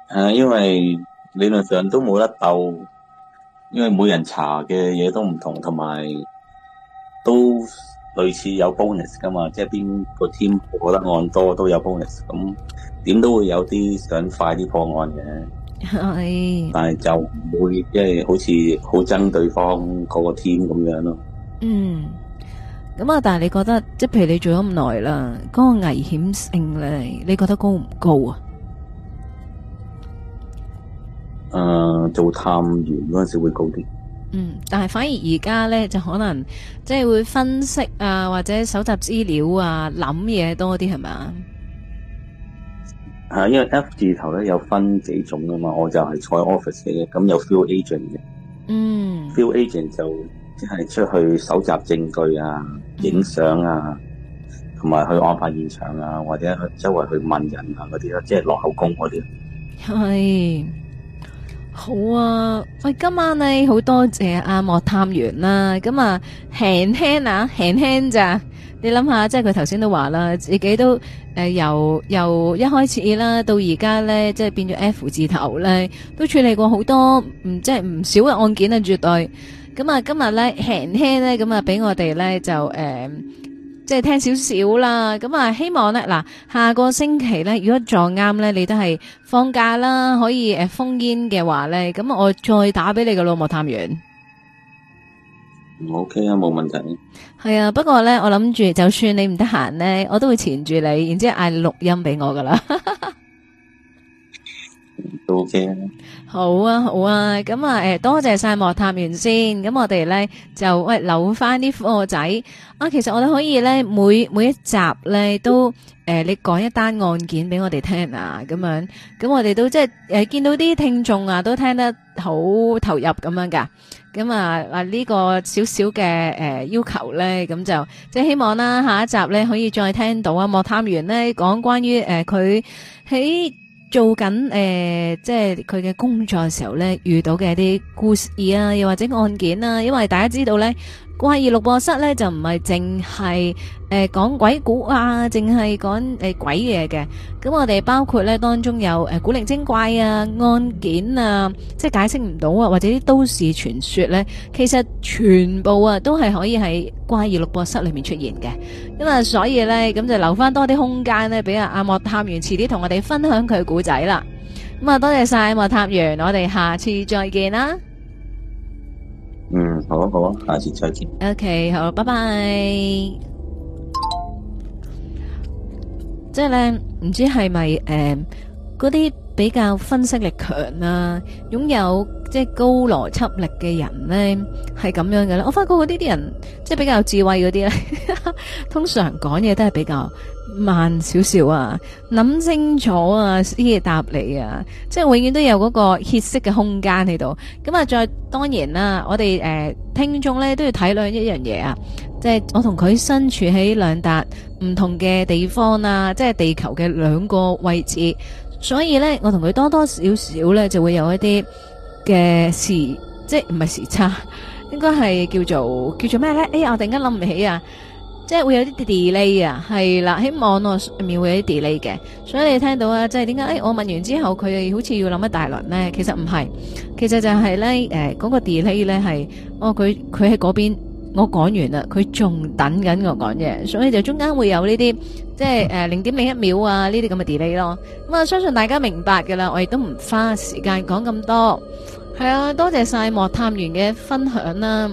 呃，因為理論上都冇得鬥，因為每人查嘅嘢都唔同，同埋都類似有 bonus 噶嘛，即係邊個 team 破得案多都有 bonus，咁點都會有啲想快啲破案嘅。係是、嗯，但係就唔會即係好似好憎對方嗰個 team 咁樣咯。嗯，咁啊，但係你覺得，即係譬如你做咗咁耐啦，嗰、那個危險性咧，你覺得高唔高啊？誒、呃，做探員嗰陣時會高啲。嗯，但係反而而家咧，就可能即係、就是、會分析啊，或者搜集資料啊，諗嘢多啲係咪啊？啊，因為 F 字頭咧有分幾種噶嘛，我就係坐 office 嘅，咁有 field agent 嘅。嗯，field agent 就即係出去搜集證據啊、影相啊，同埋、嗯、去案發現場啊，或者去周圍去問人啊嗰啲咯，即係落口供嗰啲。係，好啊，喂，今晚咧好多謝阿、啊、莫探員啦，咁啊，輕輕啊，輕輕咋。你諗下，即係佢頭先都話啦，自己都誒、呃，由由一開始啦，到而家咧，即係變咗 F 字頭咧，都處理過好多，唔即係唔少嘅案件啊，絕對。咁啊，今日咧輕輕咧，咁啊，俾我哋咧就誒、呃，即係聽少少啦。咁啊，希望咧嗱，下個星期咧，如果撞啱咧，你都係放假啦，可以誒封煙嘅話咧，咁我再打俾你嘅咯，莫探員。我 OK 啊，冇問題。係啊，不過咧，我諗住就算你唔得閒咧，我都會纏住你，然之後嗌錄音俾我噶啦。都 OK 好啊，好啊。咁啊，誒，多謝晒莫探員先。咁我哋咧就喂，留翻啲貨仔啊。其實我哋可以咧，每每一集咧都誒、呃，你講一單案件俾我哋聽啊。咁樣，咁我哋都即係誒，見到啲聽眾啊，都聽得好投入咁樣噶。咁、嗯、啊，啊、這、呢個少少嘅要求咧，咁就即係希望啦、啊，下一集咧可以再聽到啊，莫探員咧講關於誒佢喺做緊誒、呃、即係佢嘅工作嘅時候咧，遇到嘅啲故事啊，又或者案件啊，因為大家知道咧。怪異錄播室呢，就唔係淨係誒講鬼故啊，淨係講誒鬼嘢嘅。咁我哋包括呢當中有誒、呃、古靈精怪啊、案件啊，即係解釋唔到啊，或者啲都市傳說呢，其實全部啊都係可以喺怪異錄播室裏面出現嘅。咁啊，所以呢，咁就留翻多啲空間呢，俾阿阿莫探員遲啲同我哋分享佢嘅古仔啦。咁啊，多謝晒莫探員，我哋下次再見啦。嗯，好啊好啊，下次再見。OK，好，拜拜。即係咧，唔知係咪誒，嗰、呃、啲比較分析力強啊，擁有即係高邏輯力嘅人咧，係咁樣嘅咧。我發覺嗰啲啲人，即係比較智慧嗰啲咧， 通常講嘢都係比較。慢少少啊，諗清楚啊，先至答你啊，即係永遠都有嗰個歇息嘅空間喺度。咁啊，再當然啦，我哋誒、呃、聽眾呢都要體諒一樣嘢啊，即係我同佢身處喺兩笪唔同嘅地方啊，即係地球嘅兩個位置，所以呢，我同佢多多少少呢就會有一啲嘅時，即係唔係時差，應該係叫做叫做咩呢？哎呀，我突然間諗唔起啊！即係會有啲 delay 啊，係啦，喺網絡上面會有啲 delay 嘅，所以你聽到啊，即係點解？誒、哎，我問完之後，佢好似要諗一大輪呢？其實唔係，其實就係呢。誒、呃，嗰個 delay 呢，係，哦，佢佢喺嗰邊，我講完啦，佢仲等緊我講嘢，所以就中間會有呢啲，即係誒零點零一秒啊，呢啲咁嘅 delay 咯。咁啊，相信大家明白噶啦，我亦都唔花時間講咁多。係啊，多謝晒莫探員嘅分享啦。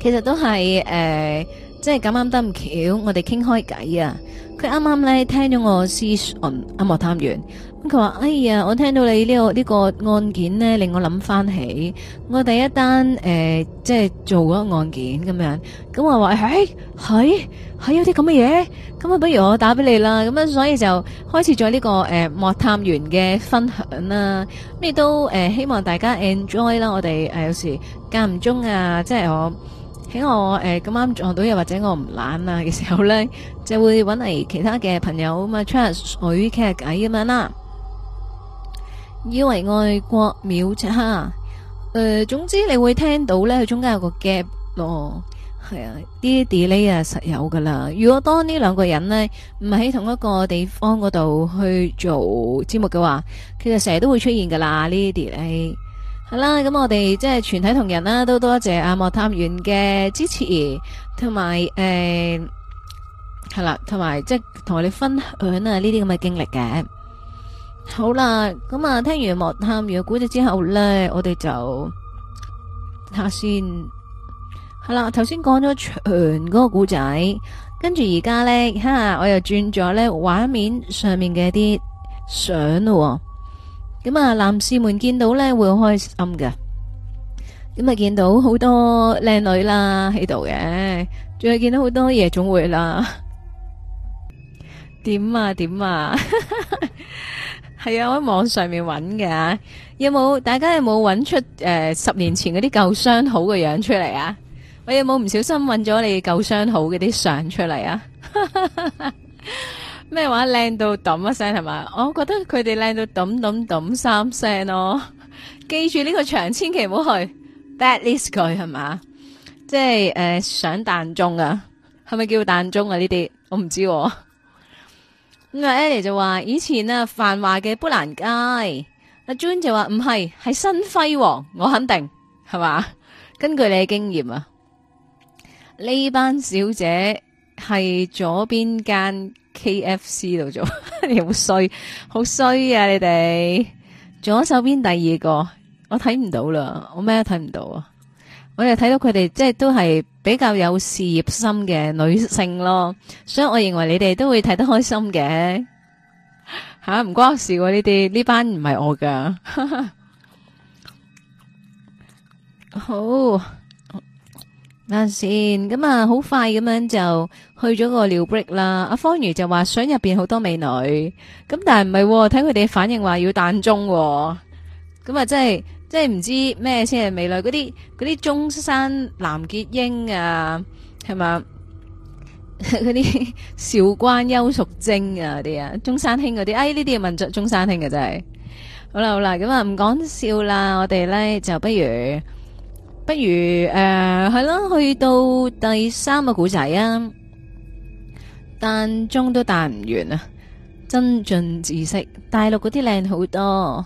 其實都係誒。呃即係咁啱得唔巧，我哋傾開偈啊！佢啱啱咧聽咗我私訊《阿莫探員》，咁佢話：哎呀，我聽到你呢個呢個案件咧，令我諗翻起我第一單誒，即係做嗰個案件咁樣。咁我話：係，係，係，有啲咁嘅嘢。咁啊，不如我打俾你啦。咁啊，所以就開始咗呢個誒《莫探員》嘅分享啦。咁亦都誒，希望大家 enjoy 啦。我哋誒有時間唔中啊，即係我。喺我誒，咁、呃、啱撞到又或者我唔懶啊嘅時候咧，就會搵嚟其他嘅朋友咁啊，吹下水，傾下偈咁樣啦。以為外國秒差，誒、呃，總之你會聽到咧，佢中間有個 gap 咯，係、哦、啊，啲 delay 啊，實有㗎喇。如果當呢兩個人咧唔係喺同一個地方嗰度去做節目嘅話，其實成日都會出現㗎喇呢啲 delay。係啦，咁、 嗯、我哋即係全體同仁啦，都多謝阿、啊、莫探員嘅支持，同埋誒、係、啊、啦，同埋即係同我哋分享啊呢啲咁嘅經歷嘅。好啦，咁、嗯、啊，聽完莫探員嘅故事之後咧，我哋就睇下先。係、嗯、啦，頭先講咗長嗰個古仔，跟住而家咧，吓、啊、我又轉咗咧畫面上面嘅啲相咯。咁啊，男士們見到呢，會好開心嘅，咁啊，見到好多靚女啦喺度嘅，仲係見到好多夜總會啦，點啊點啊，係啊， 我喺網上面揾嘅，有冇大家有冇揾出誒、呃、十年前嗰啲舊相好嘅樣出嚟啊？我有冇唔小心揾咗你舊相好嗰啲相出嚟啊？ 咩話靚到揼一聲係嘛？我覺得佢哋靚到揼揼揼三聲咯。記住呢個場，千祈唔好去。Bad list 佢係嘛？即係誒，上、呃、彈鐘啊？係咪叫彈鐘啊？呢啲我唔知、啊。咁阿 E 就話以前啊繁華嘅砵蘭街，阿 John 就話唔係，係新輝煌，我肯定係嘛？根據你嘅經驗啊，呢班小姐。係左邊間 KFC 度做， 你好衰，好衰啊！你哋左手邊第二個，我睇唔到啦，我咩都睇唔到啊！我哋睇到佢哋即係都係比較有事業心嘅女性咯，所以我認為你哋都會睇得開心嘅，吓，唔關我事喎！呢啲呢班唔係我噶， 好。睇下先，咁啊好快咁樣就去咗個尿 break 啦。阿方如就話水入邊好多美女，咁但係唔係，睇佢哋反應話要彈鐘，咁啊真係真係唔知咩先係美女。嗰啲嗰啲中山藍潔瑛啊，係嘛？嗰啲韶關邱淑貞啊啲啊，中山兄嗰啲，哎呢啲要問咗中山兄嘅真係。好啦好啦，咁啊唔講笑啦，我哋咧就不如。不如誒，係、呃、啦，去到第三個古仔啊，彈鐘都彈唔完啊！增進知識，大陸嗰啲靚好多。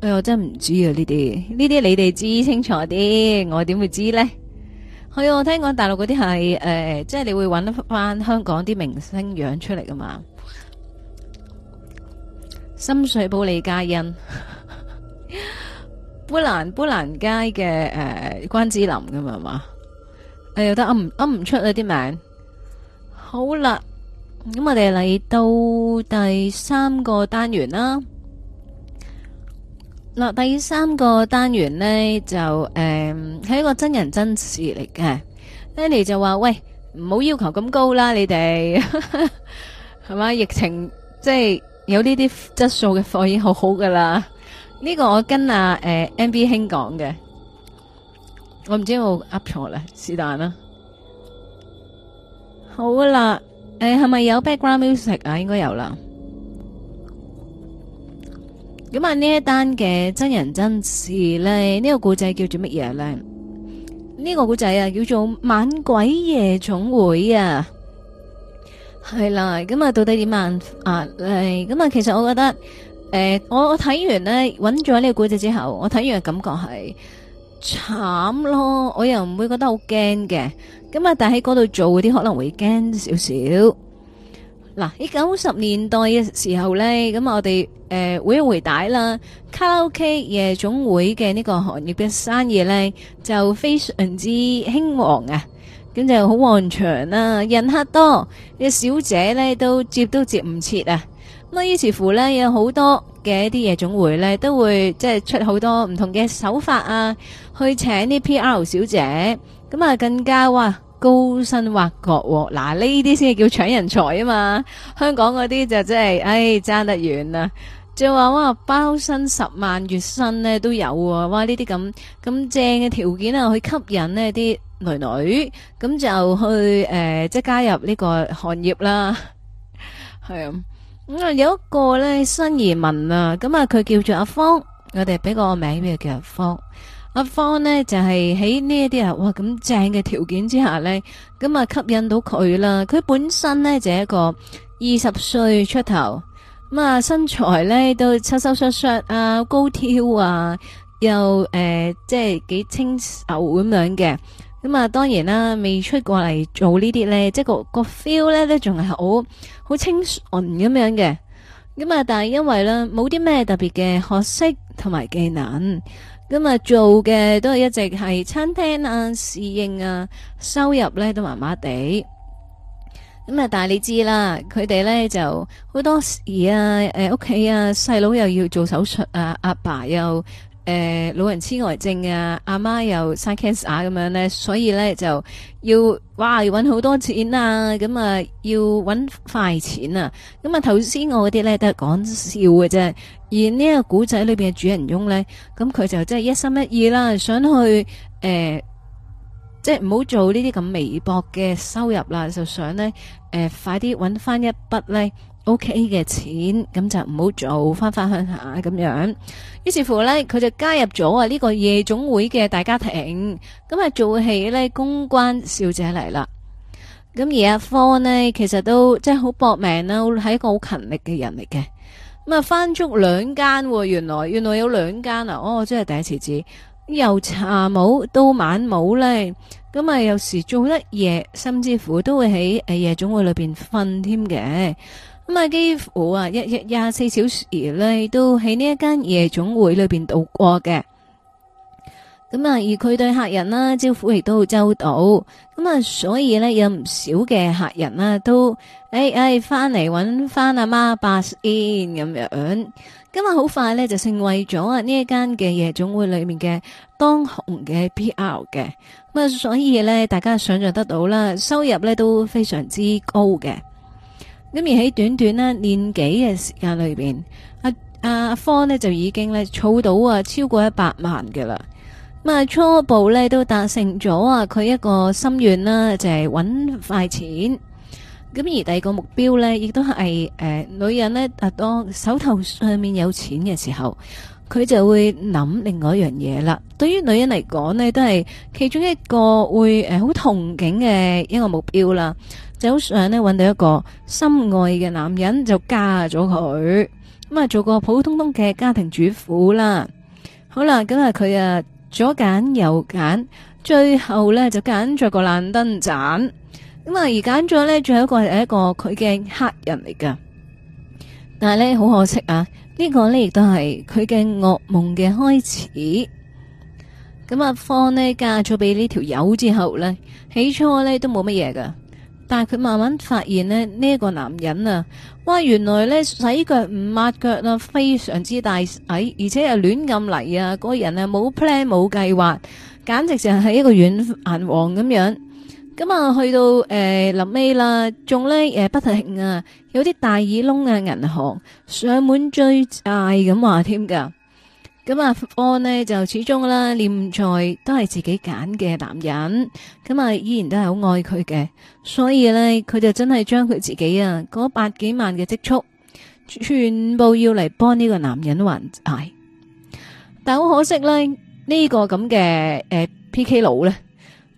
哎呀，我真唔知道啊呢啲，呢啲你哋知清楚啲，我點會知呢？係、哎、我聽講大陸嗰啲係誒，即係你會揾得翻香港啲明星樣出嚟㗎嘛？深水埗李嘉欣。 砵蘭砵蘭街嘅誒、呃、關之琳㗎嘛係嘛？誒有得噏唔唔出啊啲名。好啦，咁我哋嚟到第三個單元啦。嗱、呃，第三個單元呢，就誒係、呃、一個真人真事嚟嘅。Danny 就話：喂，唔好要求咁高啦，你哋係嘛？疫情即係有呢啲質素嘅課已經好好噶啦。呢個我跟阿誒 M B 兄講嘅，我唔知我噏錯咧，是但啦。好啦，誒係咪有 background music 啊？應該有啦。咁啊呢一單嘅真人真事咧，呢個故仔叫做乜嘢咧？呢個故仔啊叫做晚鬼夜總會啊，係啦。咁啊到底點辦啊？嚟，咁啊，其實我覺得。誒、呃，我我睇完呢，揾咗呢個古仔之後，我睇完嘅感覺係慘咯，我又唔會覺得好驚嘅，咁啊，但喺嗰度做嗰啲可能會驚少少。嗱，喺九十年代嘅時候呢，咁、嗯、我哋誒會一回帶啦，卡拉 OK 夜總會嘅呢個行業嘅生意呢，就非常之興旺啊，咁就好旺場啦，啊，人客多，啲、這個、小姐呢都接都接唔切啊。咁啊，於是乎咧，有好多嘅一啲夜總會咧，都會即係出好多唔同嘅手法啊，去請啲 P.R. 小姐，咁啊更加哇高薪挖角、啊，嗱呢啲先係叫搶人才啊嘛！香港嗰啲就真係，唉、哎、爭得遠啦，就話哇包薪十萬月薪咧都有喎、啊，哇呢啲咁咁正嘅條件啊，去吸引呢啲女女，咁就去誒、呃、即係加入呢個行業啦，係 啊。咁啊、嗯，有一個咧新移民啊，咁、嗯、啊，佢叫做阿芳。我哋俾個名佢叫阿芳。阿芳咧就係喺呢一啲啊，哇咁正嘅條件之下咧，咁、嗯、啊吸引到佢啦。佢本身咧就係、一個二十歲出頭，咁、嗯、啊身材咧都瘦瘦削削啊，高挑啊，又誒、呃、即係幾清秀咁樣嘅。咁啊，當然啦，未出過嚟做呢啲呢，即係個 feel 呢，都仲係好好清純咁樣嘅。咁啊，但係因為呢，冇啲咩特別嘅學識同埋技能，咁啊做嘅都係一直係餐廳啊、侍應啊，收入呢都麻麻地。咁啊，但係你知啦，佢哋呢就好多時啊，誒屋企啊，細佬又要做手術啊，阿爸又。誒、呃，老人痴呆症啊，阿媽，媽又生 cancer 咁樣呢。所以呢，就要哇，要搵好多錢啊，咁、嗯、啊要搵快錢啊，咁啊頭先我啲呢，都係講笑嘅啫，而呢個古仔裏邊嘅主人翁呢，咁、嗯、佢就真係一心一意啦，想去誒、呃，即係唔好做呢啲咁微薄嘅收入啦，就想呢，誒、呃、快啲搵返一筆呢。O.K. 嘅錢，咁就唔好做翻翻鄉下咁樣。於是乎呢，佢就加入咗啊呢個夜總會嘅大家庭，咁啊做起呢公關小姐嚟啦。咁而阿科呢，其實都即係好搏命啦，係一個好勤力嘅人嚟嘅。咁啊翻足兩間、哦，原來原來有兩間啊！哦、oh，真係第一次知，由茶舞到晚舞呢，咁啊有時做得夜，甚至乎都會喺誒夜總會裏邊瞓添嘅。咁啊，幾乎啊，一日廿四小時咧，都喺呢一間夜總會裏邊度過嘅。咁啊，而佢對客人啦，招呼亦都好周到。咁啊，所以咧，有唔少嘅客人啦，都誒誒，翻嚟搵翻阿媽，bus in 咁樣。咁啊好快咧，就成為咗啊呢一間嘅夜總會裏面嘅當紅嘅 PR 嘅。咁啊，所以咧、啊哎哎，大家想象得到啦，收入咧都非常之高嘅。咁而喺短短呢年幾嘅時間裏邊，阿阿方呢就已經咧儲到啊超過一百萬嘅啦。咁啊初步咧都達成咗啊佢一個心願啦，就係搵快錢。咁而第二個目標咧，亦都係誒女人咧，當手頭上面有錢嘅時候，佢就會諗另外一樣嘢啦。對於女人嚟講呢，都係其中一個會誒好憧憬嘅一個目標啦。早上呢，搵到一個心愛嘅男人就嫁咗佢，咁啊做個普通通嘅家庭主婦啦。好啦，咁啊佢啊左揀右揀，最後呢，就揀咗個爛燈盞。咁啊而揀咗呢，仲有一個係一個佢嘅黑人嚟噶。但係呢，好可惜啊，呢個呢，亦都係佢嘅噩夢嘅開始。咁阿芳呢，嫁咗俾呢條友之後呢，起初呢，都冇乜嘢噶。但係佢慢慢發現咧，呢一個男人啊，哇原來咧，洗腳唔抹腳啊，非常之大嘥，而且又亂咁嚟啊，個人啊冇 plan 冇計劃，簡直就係一個軟銀王咁樣。咁、嗯、啊去到誒臨尾啦，仲咧誒不停啊有啲大耳窿啊銀行上門追債咁話添噶。咁啊，安呢，就始終啦，念在都係自己揀嘅男人，咁啊依然都係好愛佢嘅，所以咧佢就真係將佢自己啊嗰百幾萬嘅積蓄，全部要嚟幫呢個男人還債。但好可惜咧，這個這呃、呢個咁嘅誒 P K 佬咧，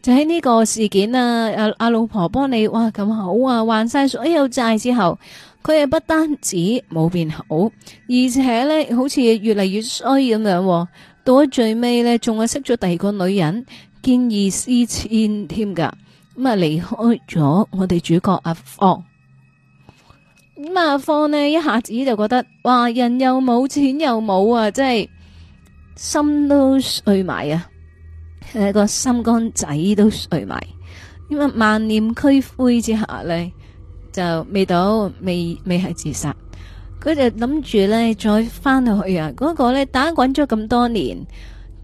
就喺呢個事件啊，阿、啊、阿老婆幫你哇咁好啊，還晒所有債之後。佢係不單止冇變好，而且咧好似越嚟越衰咁樣。到咗最尾呢，仲係識咗第二個女人，見異思遷添噶。咁啊，離開咗我哋主角阿方。咁啊，阿方呢，一下子就覺得，哇！人又冇，錢又冇啊，真係心都碎埋啊，個心肝仔都碎埋。因為萬念俱灰之下呢。就未到，未未係自殺，佢就諗住咧再翻到去啊！嗰、那個咧打滾咗咁多年。